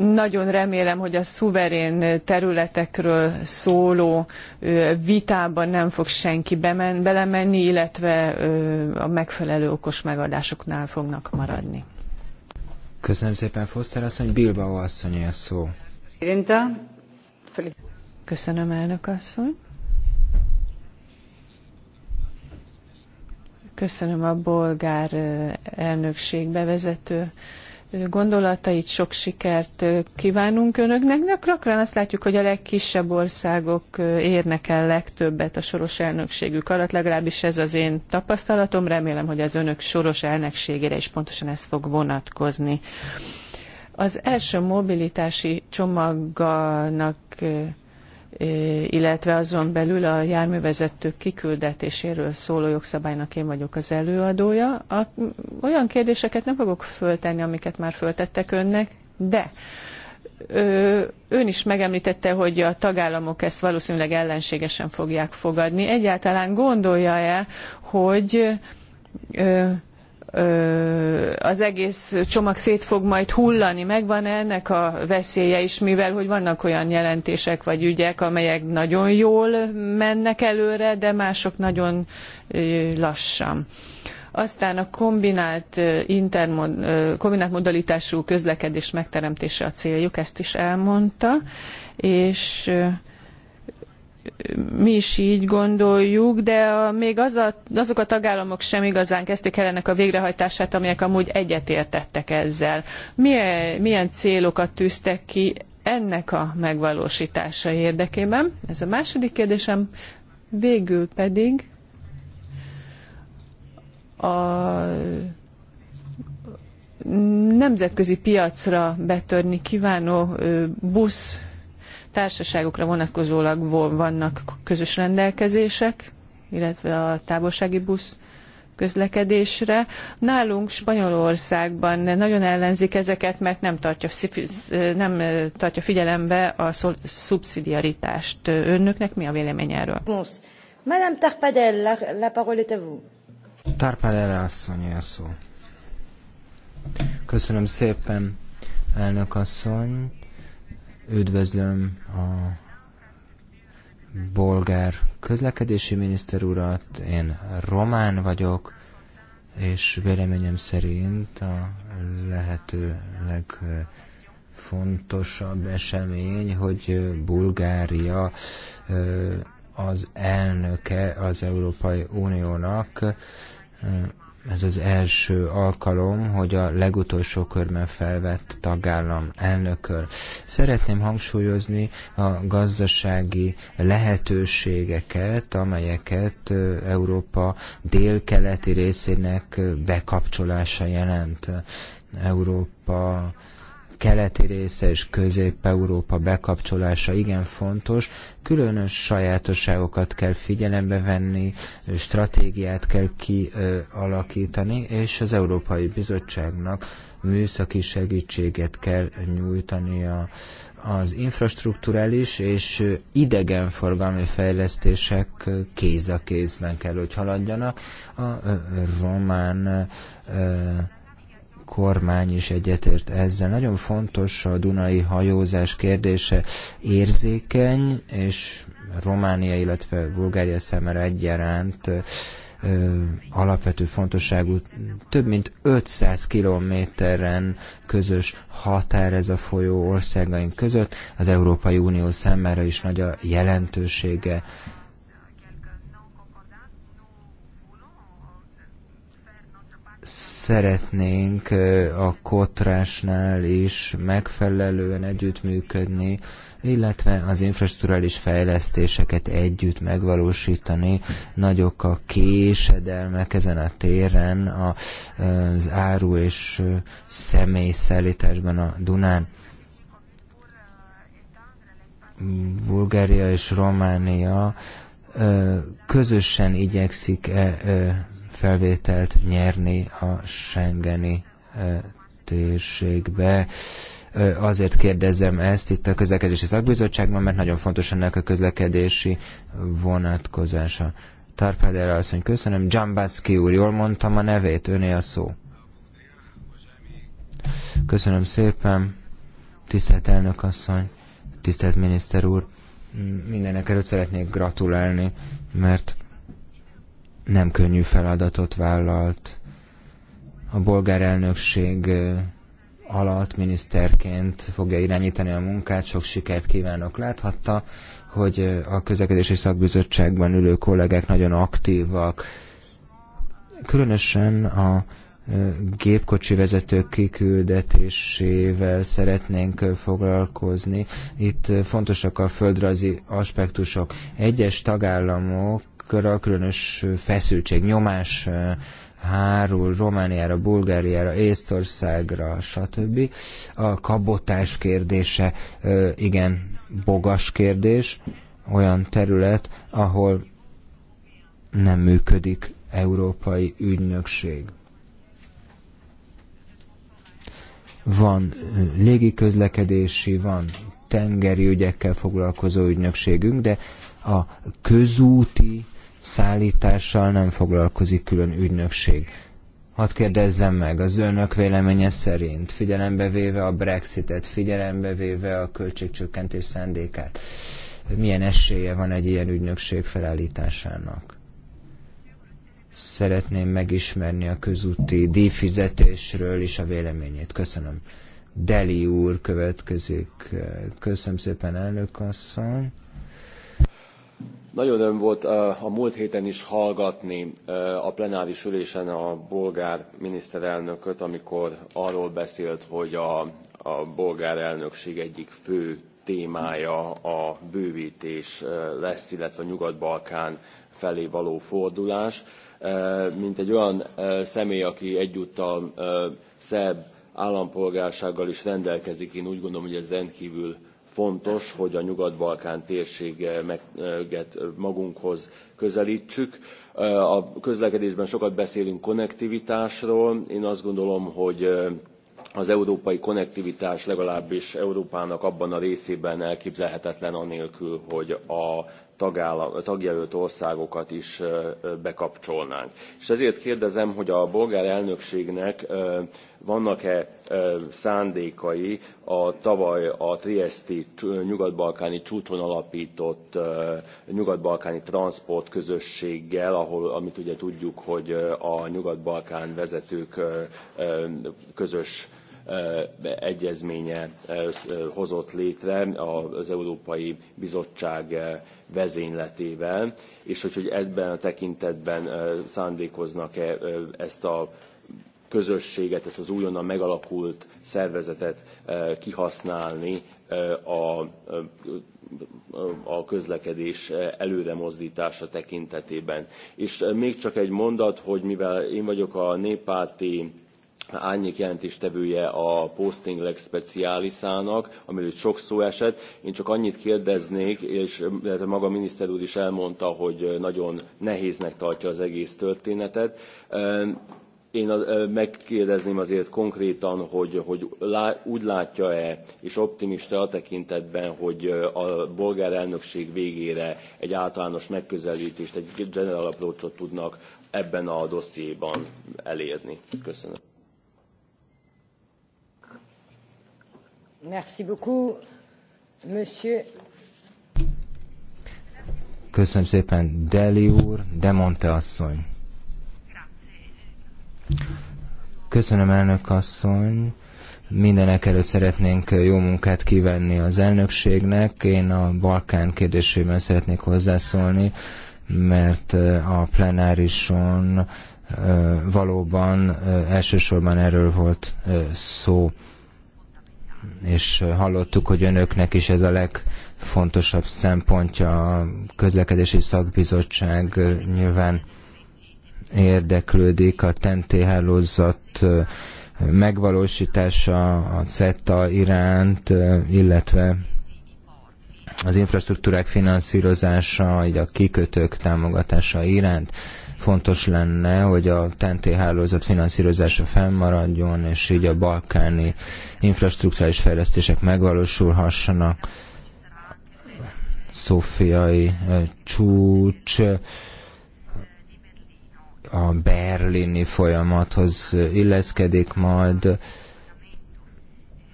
nagyon remélem, hogy a szuverén területekről szóló vitában nem fog senki bemen, belemenni, illetve a megfelelő okos megoldásoknál fognak maradni. Köszönöm szépen, Foster asszony. Bilbao asszony a szó. Köszönöm, elnök asszony. Köszönöm a bolgár elnökség bevezető gondolatait, sok sikert kívánunk önöknek. De gyakran azt látjuk, hogy a legkisebb országok érnek el legtöbbet a soros elnökségük alatt, legalábbis ez az én tapasztalatom. Remélem, hogy az önök soros elnökségére is pontosan ez fog vonatkozni. Az első mobilitási csomagnak illetve azon belül a járművezetők kiküldetéséről szóló jogszabálynak én vagyok az előadója. A, olyan kérdéseket nem fogok föltenni, amiket már föltettek önnek, de ö, ön is megemlítette, hogy a tagállamok ezt valószínűleg ellenségesen fogják fogadni. Egyáltalán gondolja-e, hogy ö, az egész csomag szét fog majd hullani. Megvan -e ennek a veszélye is, mivel hogy vannak olyan jelentések vagy ügyek, amelyek nagyon jól mennek előre, de mások nagyon lassan. Aztán a kombinált, intermod, kombinált modalitású közlekedés megteremtése a céljuk, ezt is elmondta, és mi is így gondoljuk, de a, még az a, azok a tagállamok sem igazán kezdték el ennek a végrehajtását, amelyek amúgy egyetértettek ezzel. Milyen, milyen célokat tűztek ki ennek a megvalósítása érdekében? Ez a második kérdésem. Végül pedig a nemzetközi piacra betörni kívánó busz társaságokra vonatkozólag vannak közös rendelkezések, illetve a távolsági busz közlekedésre. Nálunk Spanyolországban nagyon ellenzik ezeket, mert nem tartja, nem tartja figyelembe a szubszidiaritást. Önöknek mi a vélemény erről? Madame Tarpadel, la, la parole est à vous. Tarpadel asszony, a szó. Köszönöm szépen, elnök asszony. Üdvözlöm a bolgár közlekedési miniszter urat, én román vagyok, és véleményem szerint a lehető legfontosabb esemény, hogy Bulgária az elnöke az Európai Uniónak, ez az első alkalom, hogy a legutolsó körben felvett tagállam elnököl. Szeretném hangsúlyozni a gazdasági lehetőségeket, amelyeket Európa délkeleti részének bekapcsolása jelent. Európa keleti része és Közép-Európa bekapcsolása igen fontos. Különös sajátosságokat kell figyelembe venni, stratégiát kell kialakítani, és az Európai Bizottságnak műszaki segítséget kell nyújtania az infrastruktúrális és idegenforgalmi fejlesztések kéz a kézben kell, hogy haladjanak. A román kormány is egyetért ezzel. Nagyon fontos a Dunai hajózás kérdése érzékeny, és Románia, illetve Bulgária számára egyaránt alapvető fontosságú, több mint 500 kilométeren közös határ ez a folyó országaink között, az Európai Unió számára is nagy a jelentősége szeretnénk a kotrásnál is megfelelően együttműködni, illetve az infrastruktúrális fejlesztéseket együtt megvalósítani. Nagyok a késedelmek ezen a téren, az áru és személyszállításban a Dunán. Bulgária és Románia közösen igyekszik -e felvételt nyerni a Schengeni térségbe. Azért kérdezem ezt itt a közlekedési szakbizottságban, mert nagyon fontos ennek a közlekedési vonatkozása. Tarpáder asszony, köszönöm. Dzsambacki úr, jól mondtam a nevét, öné a szó. Köszönöm szépen, tisztelt elnök asszony, tisztelt miniszter úr. Mindenek előtt szeretnék gratulálni, mert nem könnyű feladatot vállalt. A bolgár elnökség alatt miniszterként fogja irányítani a munkát, sok sikert kívánok. Láthatta, hogy a közlekedési szakbizottságban ülő kollégák nagyon aktívak. Különösen a gépkocsi vezetők kiküldetésével szeretnénk foglalkozni. Itt fontosak a földrajzi aspektusok. Egyes tagállamok a különös feszültség, nyomás eh, hárul Romániára, Bulgáriára, Észtországra, stb. A kabotás kérdése eh, igen bogas kérdés, olyan terület, ahol nem működik európai ügynökség. Van eh, légiközlekedési, van tengeri ügyekkel foglalkozó ügynökségünk, de a közúti szállítással nem foglalkozik külön ügynökség. Hadd kérdezzem meg, az önök véleménye szerint, figyelembe véve a Brexitet, figyelembe véve a költségcsökkentés szándékát, milyen esélye van egy ilyen ügynökség felállításának? Szeretném megismerni a közúti díjfizetésről is a véleményét. Köszönöm. Deli úr következik. Köszönöm szépen, elnök asszony. Nagyon öröm volt a múlt héten is hallgatni a plenáris ülésen a bolgár miniszterelnököt, amikor arról beszélt, hogy a, a bolgár elnökség egyik fő témája a bővítés lesz, illetve a Nyugat-Balkán felé való fordulás. Mint egy olyan személy, aki egyúttal szerb állampolgársággal is rendelkezik, én úgy gondolom, hogy ez rendkívül fontos, hogy a Nyugat-Balkán térséget e, magunkhoz közelítsük. E, a közlekedésben sokat beszélünk konnektivitásról. Én azt gondolom, hogy e, az európai konnektivitás legalábbis Európának abban a részében elképzelhetetlen anélkül, hogy a tagjelölt országokat is bekapcsolnánk. És ezért kérdezem, hogy a bolgár elnökségnek vannak-e szándékai a tavaly a Triesti nyugat-balkáni csúcson alapított nyugat-balkáni transport közösséggel, ahol, amit ugye tudjuk, hogy a nyugat-balkán vezetők közös egyezménye hozott létre az Európai Bizottság vezényletével, és hogy, hogy ebben a tekintetben szándékoznak-e ezt a közösséget, ezt az újonnan megalakult szervezetet kihasználni a, a közlekedés előremozdítása tekintetében. És még csak egy mondat, hogy mivel én vagyok a néppárti árnyék jelentéstevője a Posting Leg Specialisának, amiről sok szó esett. Én csak annyit kérdeznék, és maga a miniszter úr is elmondta, hogy nagyon nehéznek tartja az egész történetet. Én megkérdezném azért konkrétan, hogy, hogy lá, úgy látja-e, és optimista a tekintetben, hogy a bolgár elnökség végére egy általános megközelítést, egy general approach tudnak ebben a dossziéban elérni. Köszönöm. Köszönöm szépen, Deli úr, Demonte asszony. Köszönöm, elnök asszony. Mindenek előtt szeretnénk jó munkát kívánni az elnökségnek. Én a Balkán kérdésében szeretnék hozzászólni, mert eh, a plenárison eh, valóban eh, elsősorban erről volt szó és hallottuk, hogy önöknek is ez a legfontosabb szempontja a közlekedési szakbizottság nyilván érdeklődik a TNT hálózat megvalósítása a CETA iránt, illetve az infrastruktúrák finanszírozása, így a kikötők támogatása iránt. Fontos lenne, hogy a TNT hálózat finanszírozása fennmaradjon, és így a balkáni infrastruktúrális fejlesztések megvalósulhassanak. Szofiai csúcs a berlini folyamathoz illeszkedik majd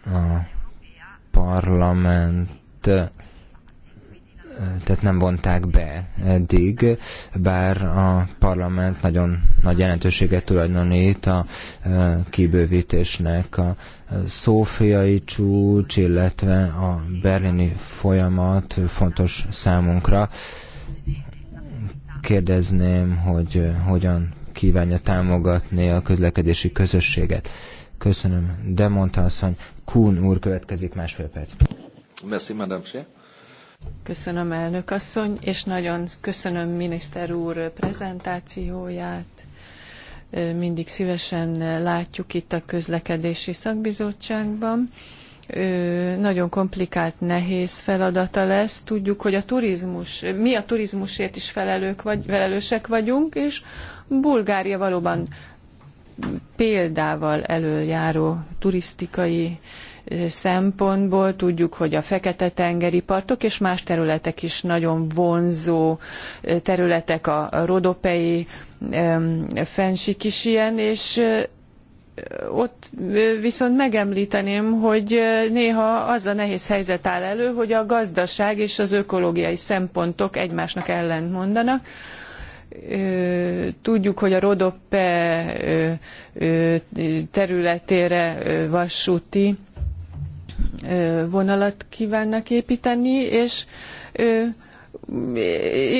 a parlament tehát nem vonták be eddig, bár a parlament nagyon nagy jelentőséget tulajdonít a e, kibővítésnek. A e, szófiai csúcs, illetve a berlini folyamat fontos számunkra. Kérdezném, hogy hogyan kívánja támogatni a közlekedési közösséget. Köszönöm. azt, hogy Kuhn úr következik másfél perc. Merci, madame. Köszönöm elnök asszony, és nagyon köszönöm miniszter úr prezentációját. Mindig szívesen látjuk itt a közlekedési szakbizottságban nagyon komplikált, nehéz feladata lesz. Tudjuk, hogy a turizmus, mi a turizmusért is felelők vagy, felelősek vagyunk, és Bulgária valóban példával előjáró turisztikai szempontból tudjuk, hogy a Fekete-tengeri partok és más területek is nagyon vonzó területek, a rodopei fensik is ilyen, és ott viszont megemlíteném, hogy néha az a nehéz helyzet áll elő, hogy a gazdaság és az ökológiai szempontok egymásnak ellent mondanak. Tudjuk, hogy a Rodope területére vasúti vonalat kívánnak építeni, és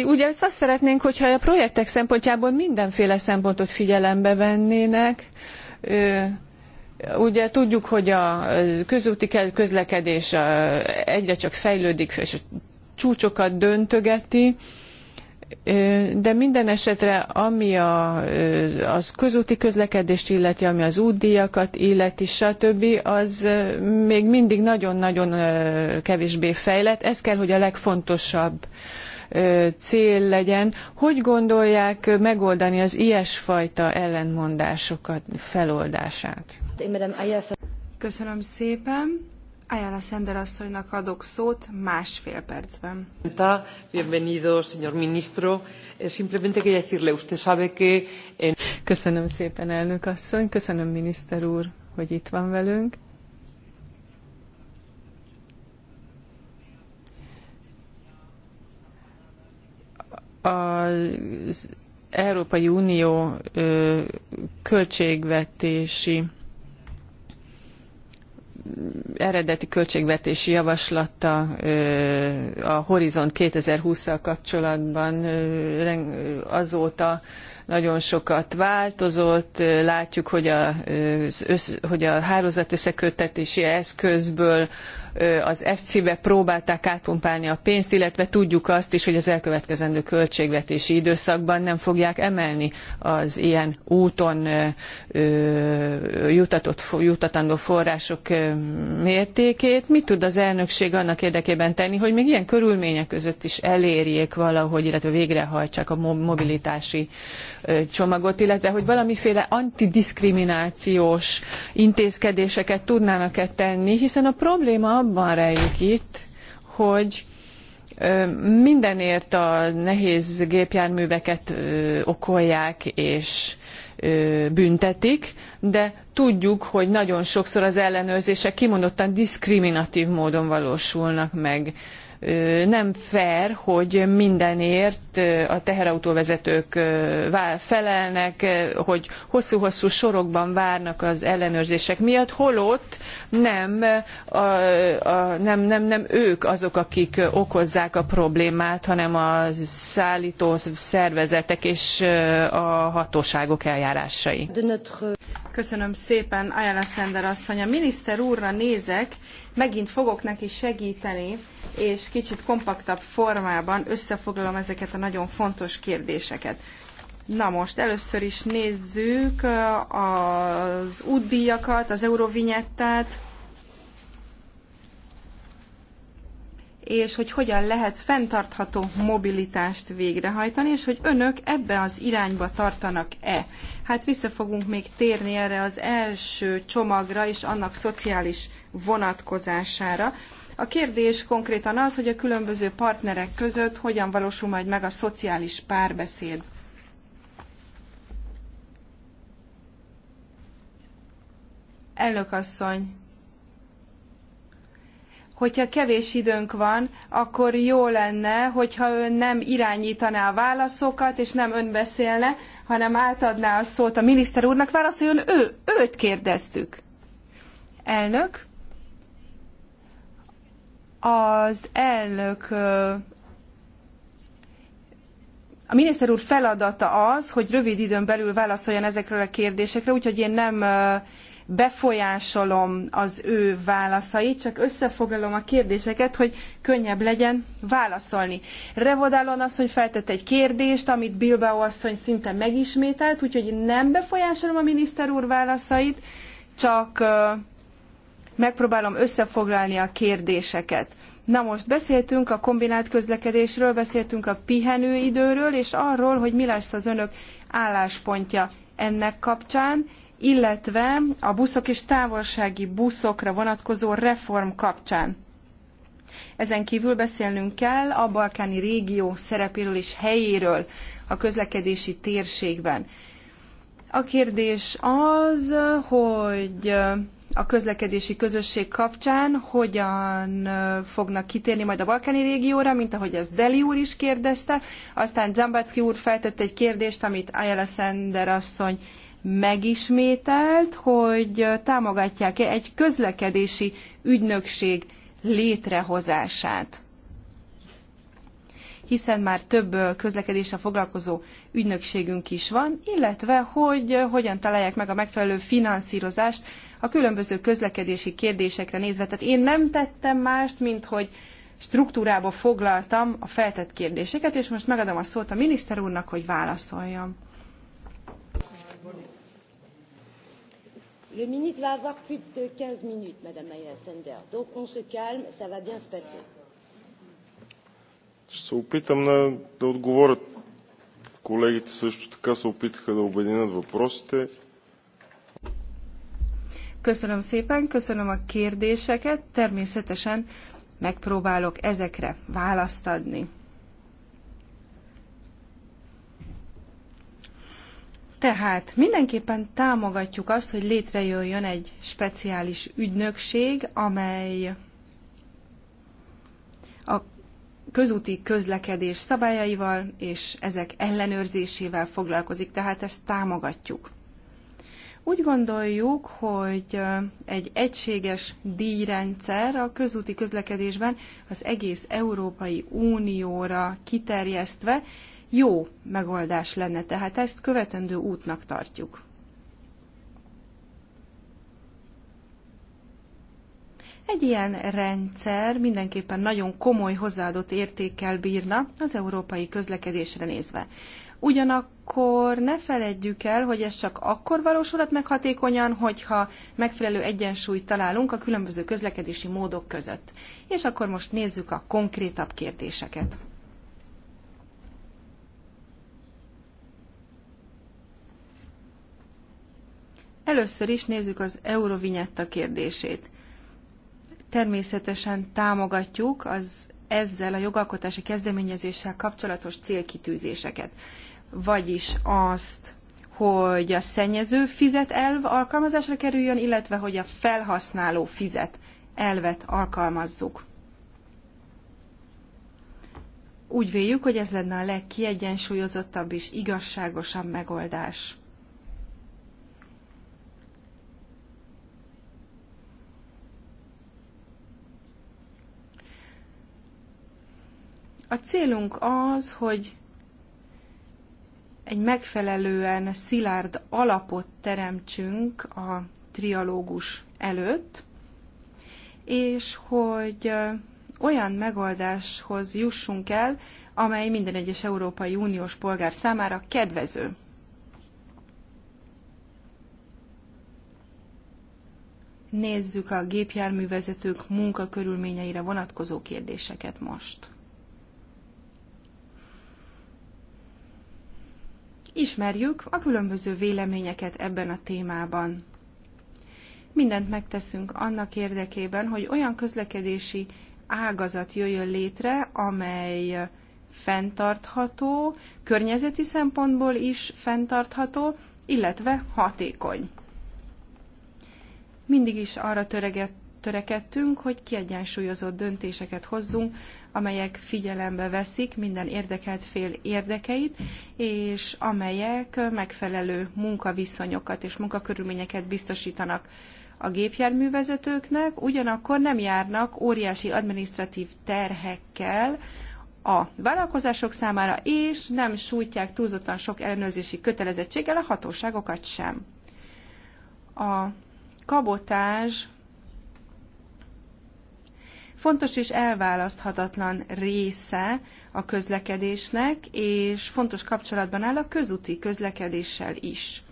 ugye azt szeretnénk, hogyha a projektek szempontjából mindenféle szempontot figyelembe vennének, Ugye tudjuk, hogy a közúti közlekedés egyre csak fejlődik, és a csúcsokat döntögeti, de minden esetre, ami a, az közúti közlekedést illeti, ami az útdíjakat illeti, stb., az még mindig nagyon-nagyon kevésbé fejlett. Ez kell, hogy a legfontosabb cél legyen. Hogy gondolják megoldani az ilyesfajta ellentmondásokat feloldását? Köszönöm szépen. Ayala Sender asszonynak adok szót másfél percben. Bienvenido, señor ministro. Eh, simplemente quería decirle, usted sabe que... En... Köszönöm szépen, elnök asszony, köszönöm, miniszter úr, hogy itt van velünk. Az Európai Unió költségvetési eredeti költségvetési javaslata a Horizont 2020-szal kapcsolatban azóta nagyon sokat változott. Látjuk, hogy a, hogy a hálózat összeköttetési eszközből az FC-be próbálták átpumpálni a pénzt, illetve tudjuk azt is, hogy az elkövetkezendő költségvetési időszakban nem fogják emelni az ilyen úton jutatott, jutatandó források mértékét. Mit tud az elnökség annak érdekében tenni, hogy még ilyen körülmények között is elérjék valahogy, illetve végrehajtsák a mobilitási csomagot, illetve hogy valamiféle antidiszkriminációs intézkedéseket tudnának-e tenni, hiszen a probléma abban rejlik itt, hogy mindenért a nehéz gépjárműveket okolják és büntetik, de tudjuk, hogy nagyon sokszor az ellenőrzések kimondottan diszkriminatív módon valósulnak meg nem fair, hogy mindenért a teherautóvezetők felelnek, hogy hosszú-hosszú sorokban várnak az ellenőrzések miatt, holott nem, a, a, nem, nem, nem ők azok, akik okozzák a problémát, hanem a szállító szervezetek és a hatóságok eljárásai. Köszönöm szépen, Ajala Szender asszony. A miniszter úrra nézek, megint fogok neki segíteni, és kicsit kompaktabb formában összefoglalom ezeket a nagyon fontos kérdéseket. Na most először is nézzük az útdíjakat, az eurovinyettát, és hogy hogyan lehet fenntartható mobilitást végrehajtani, és hogy önök ebbe az irányba tartanak-e. Hát vissza fogunk még térni erre az első csomagra és annak szociális vonatkozására, a kérdés konkrétan az, hogy a különböző partnerek között hogyan valósul majd meg a szociális párbeszéd. Elnök asszony, hogyha kevés időnk van, akkor jó lenne, hogyha ön nem irányítaná a válaszokat, és nem ön beszélne, hanem átadná a szót a miniszter úrnak. Válaszoljon ő, őt kérdeztük. Elnök, az elnök a miniszter úr feladata az, hogy rövid időn belül válaszoljon ezekről a kérdésekre, úgyhogy én nem befolyásolom az ő válaszait, csak összefoglalom a kérdéseket, hogy könnyebb legyen válaszolni. Revodálon asszony feltett egy kérdést, amit Bilbao asszony szinte megismételt, úgyhogy nem befolyásolom a miniszter úr válaszait, csak Megpróbálom összefoglalni a kérdéseket. Na most beszéltünk a kombinált közlekedésről, beszéltünk a pihenőidőről, és arról, hogy mi lesz az önök álláspontja ennek kapcsán, illetve a buszok és távolsági buszokra vonatkozó reform kapcsán. Ezen kívül beszélnünk kell a balkáni régió szerepéről és helyéről a közlekedési térségben. A kérdés az, hogy a közlekedési közösség kapcsán hogyan fognak kitérni majd a balkáni régióra, mint ahogy ezt Deli úr is kérdezte. Aztán Zambacki úr feltett egy kérdést, amit Ayala Sender asszony megismételt, hogy támogatják-e egy közlekedési ügynökség létrehozását hiszen már több közlekedéssel foglalkozó ügynökségünk is van, illetve hogy hogyan találják meg a megfelelő finanszírozást a különböző közlekedési kérdésekre nézve. Tehát én nem tettem mást, mint hogy struktúrába foglaltam a feltett kérdéseket, és most megadom a szót a miniszter úrnak, hogy válaszoljam. Le ministre va avoir plus de 15 minutes, Madame Maya Sender. Donc on se calme, ça va bien se passer. Ще се опитам на, да отговорят колегите също така се опитаха да обединят въпросите. Köszönöm szépen, köszönöm a kérdéseket, természetesen megpróbálok ezekre választ adni. Tehát mindenképpen támogatjuk azt, hogy létrejöjjön egy speciális ügynökség, amely a közúti közlekedés szabályaival és ezek ellenőrzésével foglalkozik, tehát ezt támogatjuk. Úgy gondoljuk, hogy egy egységes díjrendszer a közúti közlekedésben az egész Európai Unióra kiterjesztve jó megoldás lenne, tehát ezt követendő útnak tartjuk. Egy ilyen rendszer mindenképpen nagyon komoly hozzáadott értékkel bírna az európai közlekedésre nézve. Ugyanakkor ne feledjük el, hogy ez csak akkor valósulhat meg hatékonyan, hogyha megfelelő egyensúlyt találunk a különböző közlekedési módok között. És akkor most nézzük a konkrétabb kérdéseket. Először is nézzük az Eurovinyetta kérdését. Természetesen támogatjuk az ezzel a jogalkotási kezdeményezéssel kapcsolatos célkitűzéseket. Vagyis azt, hogy a szennyező fizet elv alkalmazásra kerüljön, illetve hogy a felhasználó fizet elvet alkalmazzuk. Úgy véljük, hogy ez lenne a legkiegyensúlyozottabb és igazságosabb megoldás. A célunk az, hogy egy megfelelően szilárd alapot teremtsünk a trialógus előtt, és hogy olyan megoldáshoz jussunk el, amely minden egyes Európai Uniós polgár számára kedvező. Nézzük a gépjárművezetők munkakörülményeire vonatkozó kérdéseket most. ismerjük a különböző véleményeket ebben a témában. Mindent megteszünk annak érdekében, hogy olyan közlekedési ágazat jöjjön létre, amely fenntartható, környezeti szempontból is fenntartható, illetve hatékony. Mindig is arra töreget, törekedtünk, hogy kiegyensúlyozott döntéseket hozzunk, amelyek figyelembe veszik minden érdekelt fél érdekeit, és amelyek megfelelő munkaviszonyokat és munkakörülményeket biztosítanak a gépjárművezetőknek, ugyanakkor nem járnak óriási administratív terhekkel, a vállalkozások számára, és nem sújtják túlzottan sok ellenőrzési kötelezettséggel a hatóságokat sem. A kabotás fontos és elválaszthatatlan része a közlekedésnek, és fontos kapcsolatban áll a közúti közlekedéssel is.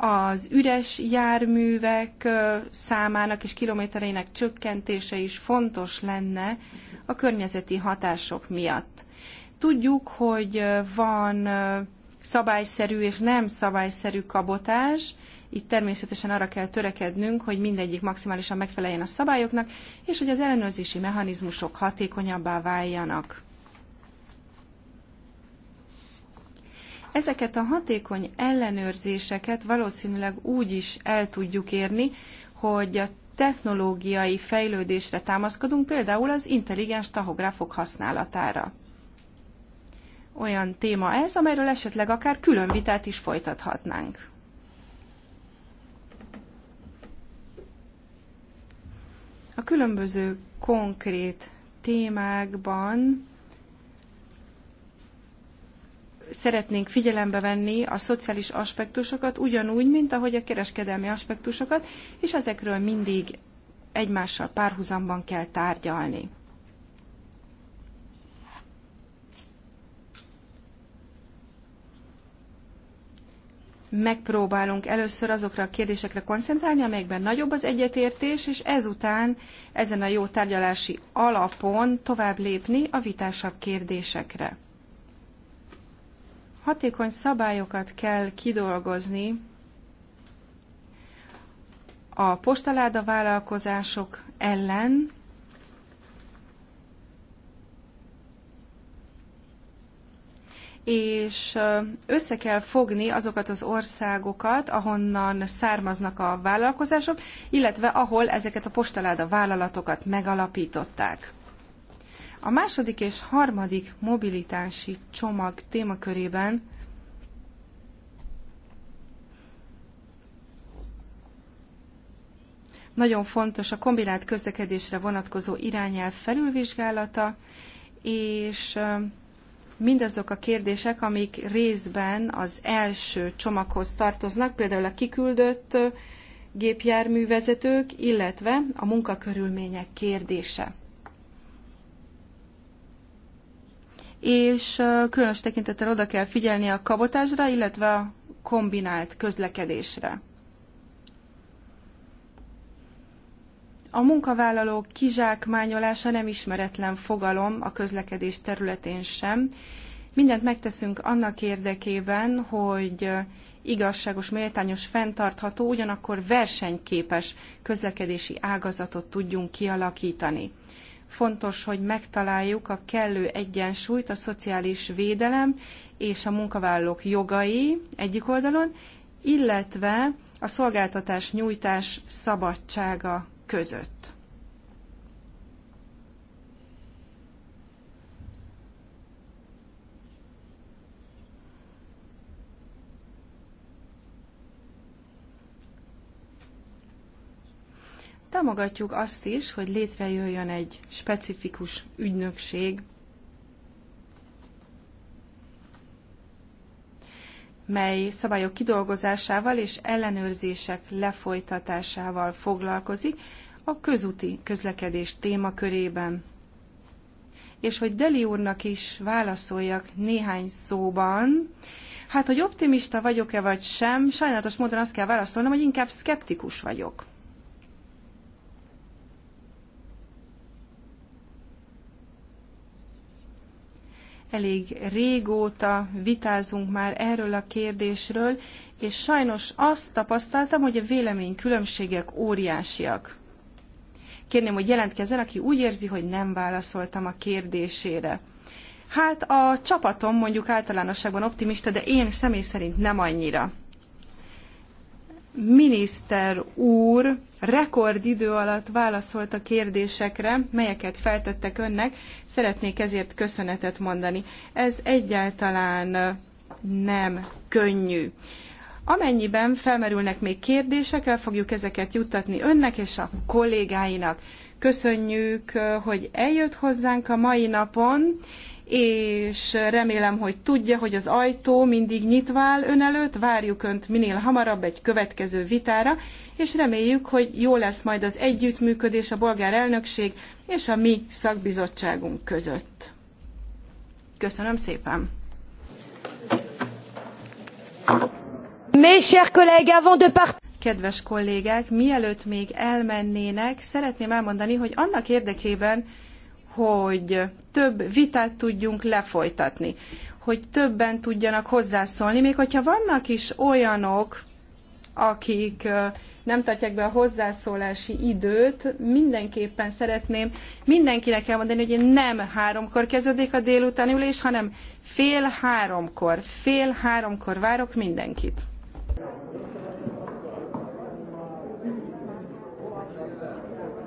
az üres járművek számának és kilométereinek csökkentése is fontos lenne a környezeti hatások miatt. Tudjuk, hogy van szabályszerű és nem szabályszerű kabotás. Itt természetesen arra kell törekednünk, hogy mindegyik maximálisan megfeleljen a szabályoknak, és hogy az ellenőrzési mechanizmusok hatékonyabbá váljanak. Ezeket a hatékony ellenőrzéseket valószínűleg úgy is el tudjuk érni, hogy a technológiai fejlődésre támaszkodunk, például az intelligens tahográfok használatára olyan téma ez, amelyről esetleg akár külön vitát is folytathatnánk. A különböző konkrét témákban szeretnénk figyelembe venni a szociális aspektusokat, ugyanúgy, mint ahogy a kereskedelmi aspektusokat, és ezekről mindig egymással párhuzamban kell tárgyalni. megpróbálunk először azokra a kérdésekre koncentrálni, amelyekben nagyobb az egyetértés, és ezután ezen a jó tárgyalási alapon tovább lépni a vitásabb kérdésekre. Hatékony szabályokat kell kidolgozni a postaláda vállalkozások ellen, és össze kell fogni azokat az országokat, ahonnan származnak a vállalkozások, illetve ahol ezeket a postaláda vállalatokat megalapították. A második és harmadik mobilitási csomag témakörében nagyon fontos a kombinált közlekedésre vonatkozó irányelv felülvizsgálata, és mindazok a kérdések, amik részben az első csomaghoz tartoznak, például a kiküldött gépjárművezetők, illetve a munkakörülmények kérdése. És különös tekintettel oda kell figyelni a kabotásra, illetve a kombinált közlekedésre. A munkavállalók kizsákmányolása nem ismeretlen fogalom a közlekedés területén sem. Mindent megteszünk annak érdekében, hogy igazságos, méltányos, fenntartható, ugyanakkor versenyképes közlekedési ágazatot tudjunk kialakítani. Fontos, hogy megtaláljuk a kellő egyensúlyt a szociális védelem és a munkavállalók jogai egyik oldalon, illetve a szolgáltatás nyújtás szabadsága között. Támogatjuk azt is, hogy létrejöjjön egy specifikus ügynökség mely szabályok kidolgozásával és ellenőrzések lefolytatásával foglalkozik a közúti közlekedés témakörében. És hogy Deli úrnak is válaszoljak néhány szóban, hát hogy optimista vagyok-e vagy sem, sajnálatos módon azt kell válaszolnom, hogy inkább szkeptikus vagyok. Elég régóta vitázunk már erről a kérdésről, és sajnos azt tapasztaltam, hogy a vélemény különbségek óriásiak. Kérném, hogy jelentkezzen, aki úgy érzi, hogy nem válaszoltam a kérdésére. Hát a csapatom mondjuk általánosságban optimista, de én személy szerint nem annyira. Miniszter úr, rekordidő alatt válaszolt a kérdésekre, melyeket feltettek önnek. Szeretnék ezért köszönetet mondani. Ez egyáltalán nem könnyű. Amennyiben felmerülnek még kérdések, el fogjuk ezeket juttatni önnek és a kollégáinak. Köszönjük, hogy eljött hozzánk a mai napon, és remélem, hogy tudja, hogy az ajtó mindig nyitva áll ön előtt, várjuk önt minél hamarabb egy következő vitára, és reméljük, hogy jó lesz majd az együttműködés a bolgár elnökség és a mi szakbizottságunk között. Köszönöm szépen! kedves kollégák, mielőtt még elmennének, szeretném elmondani, hogy annak érdekében, hogy több vitát tudjunk lefolytatni, hogy többen tudjanak hozzászólni, még hogyha vannak is olyanok, akik nem tartják be a hozzászólási időt, mindenképpen szeretném mindenkinek elmondani, hogy nem háromkor kezdődik a délutáni ülés, hanem fél háromkor. Fél háromkor várok mindenkit.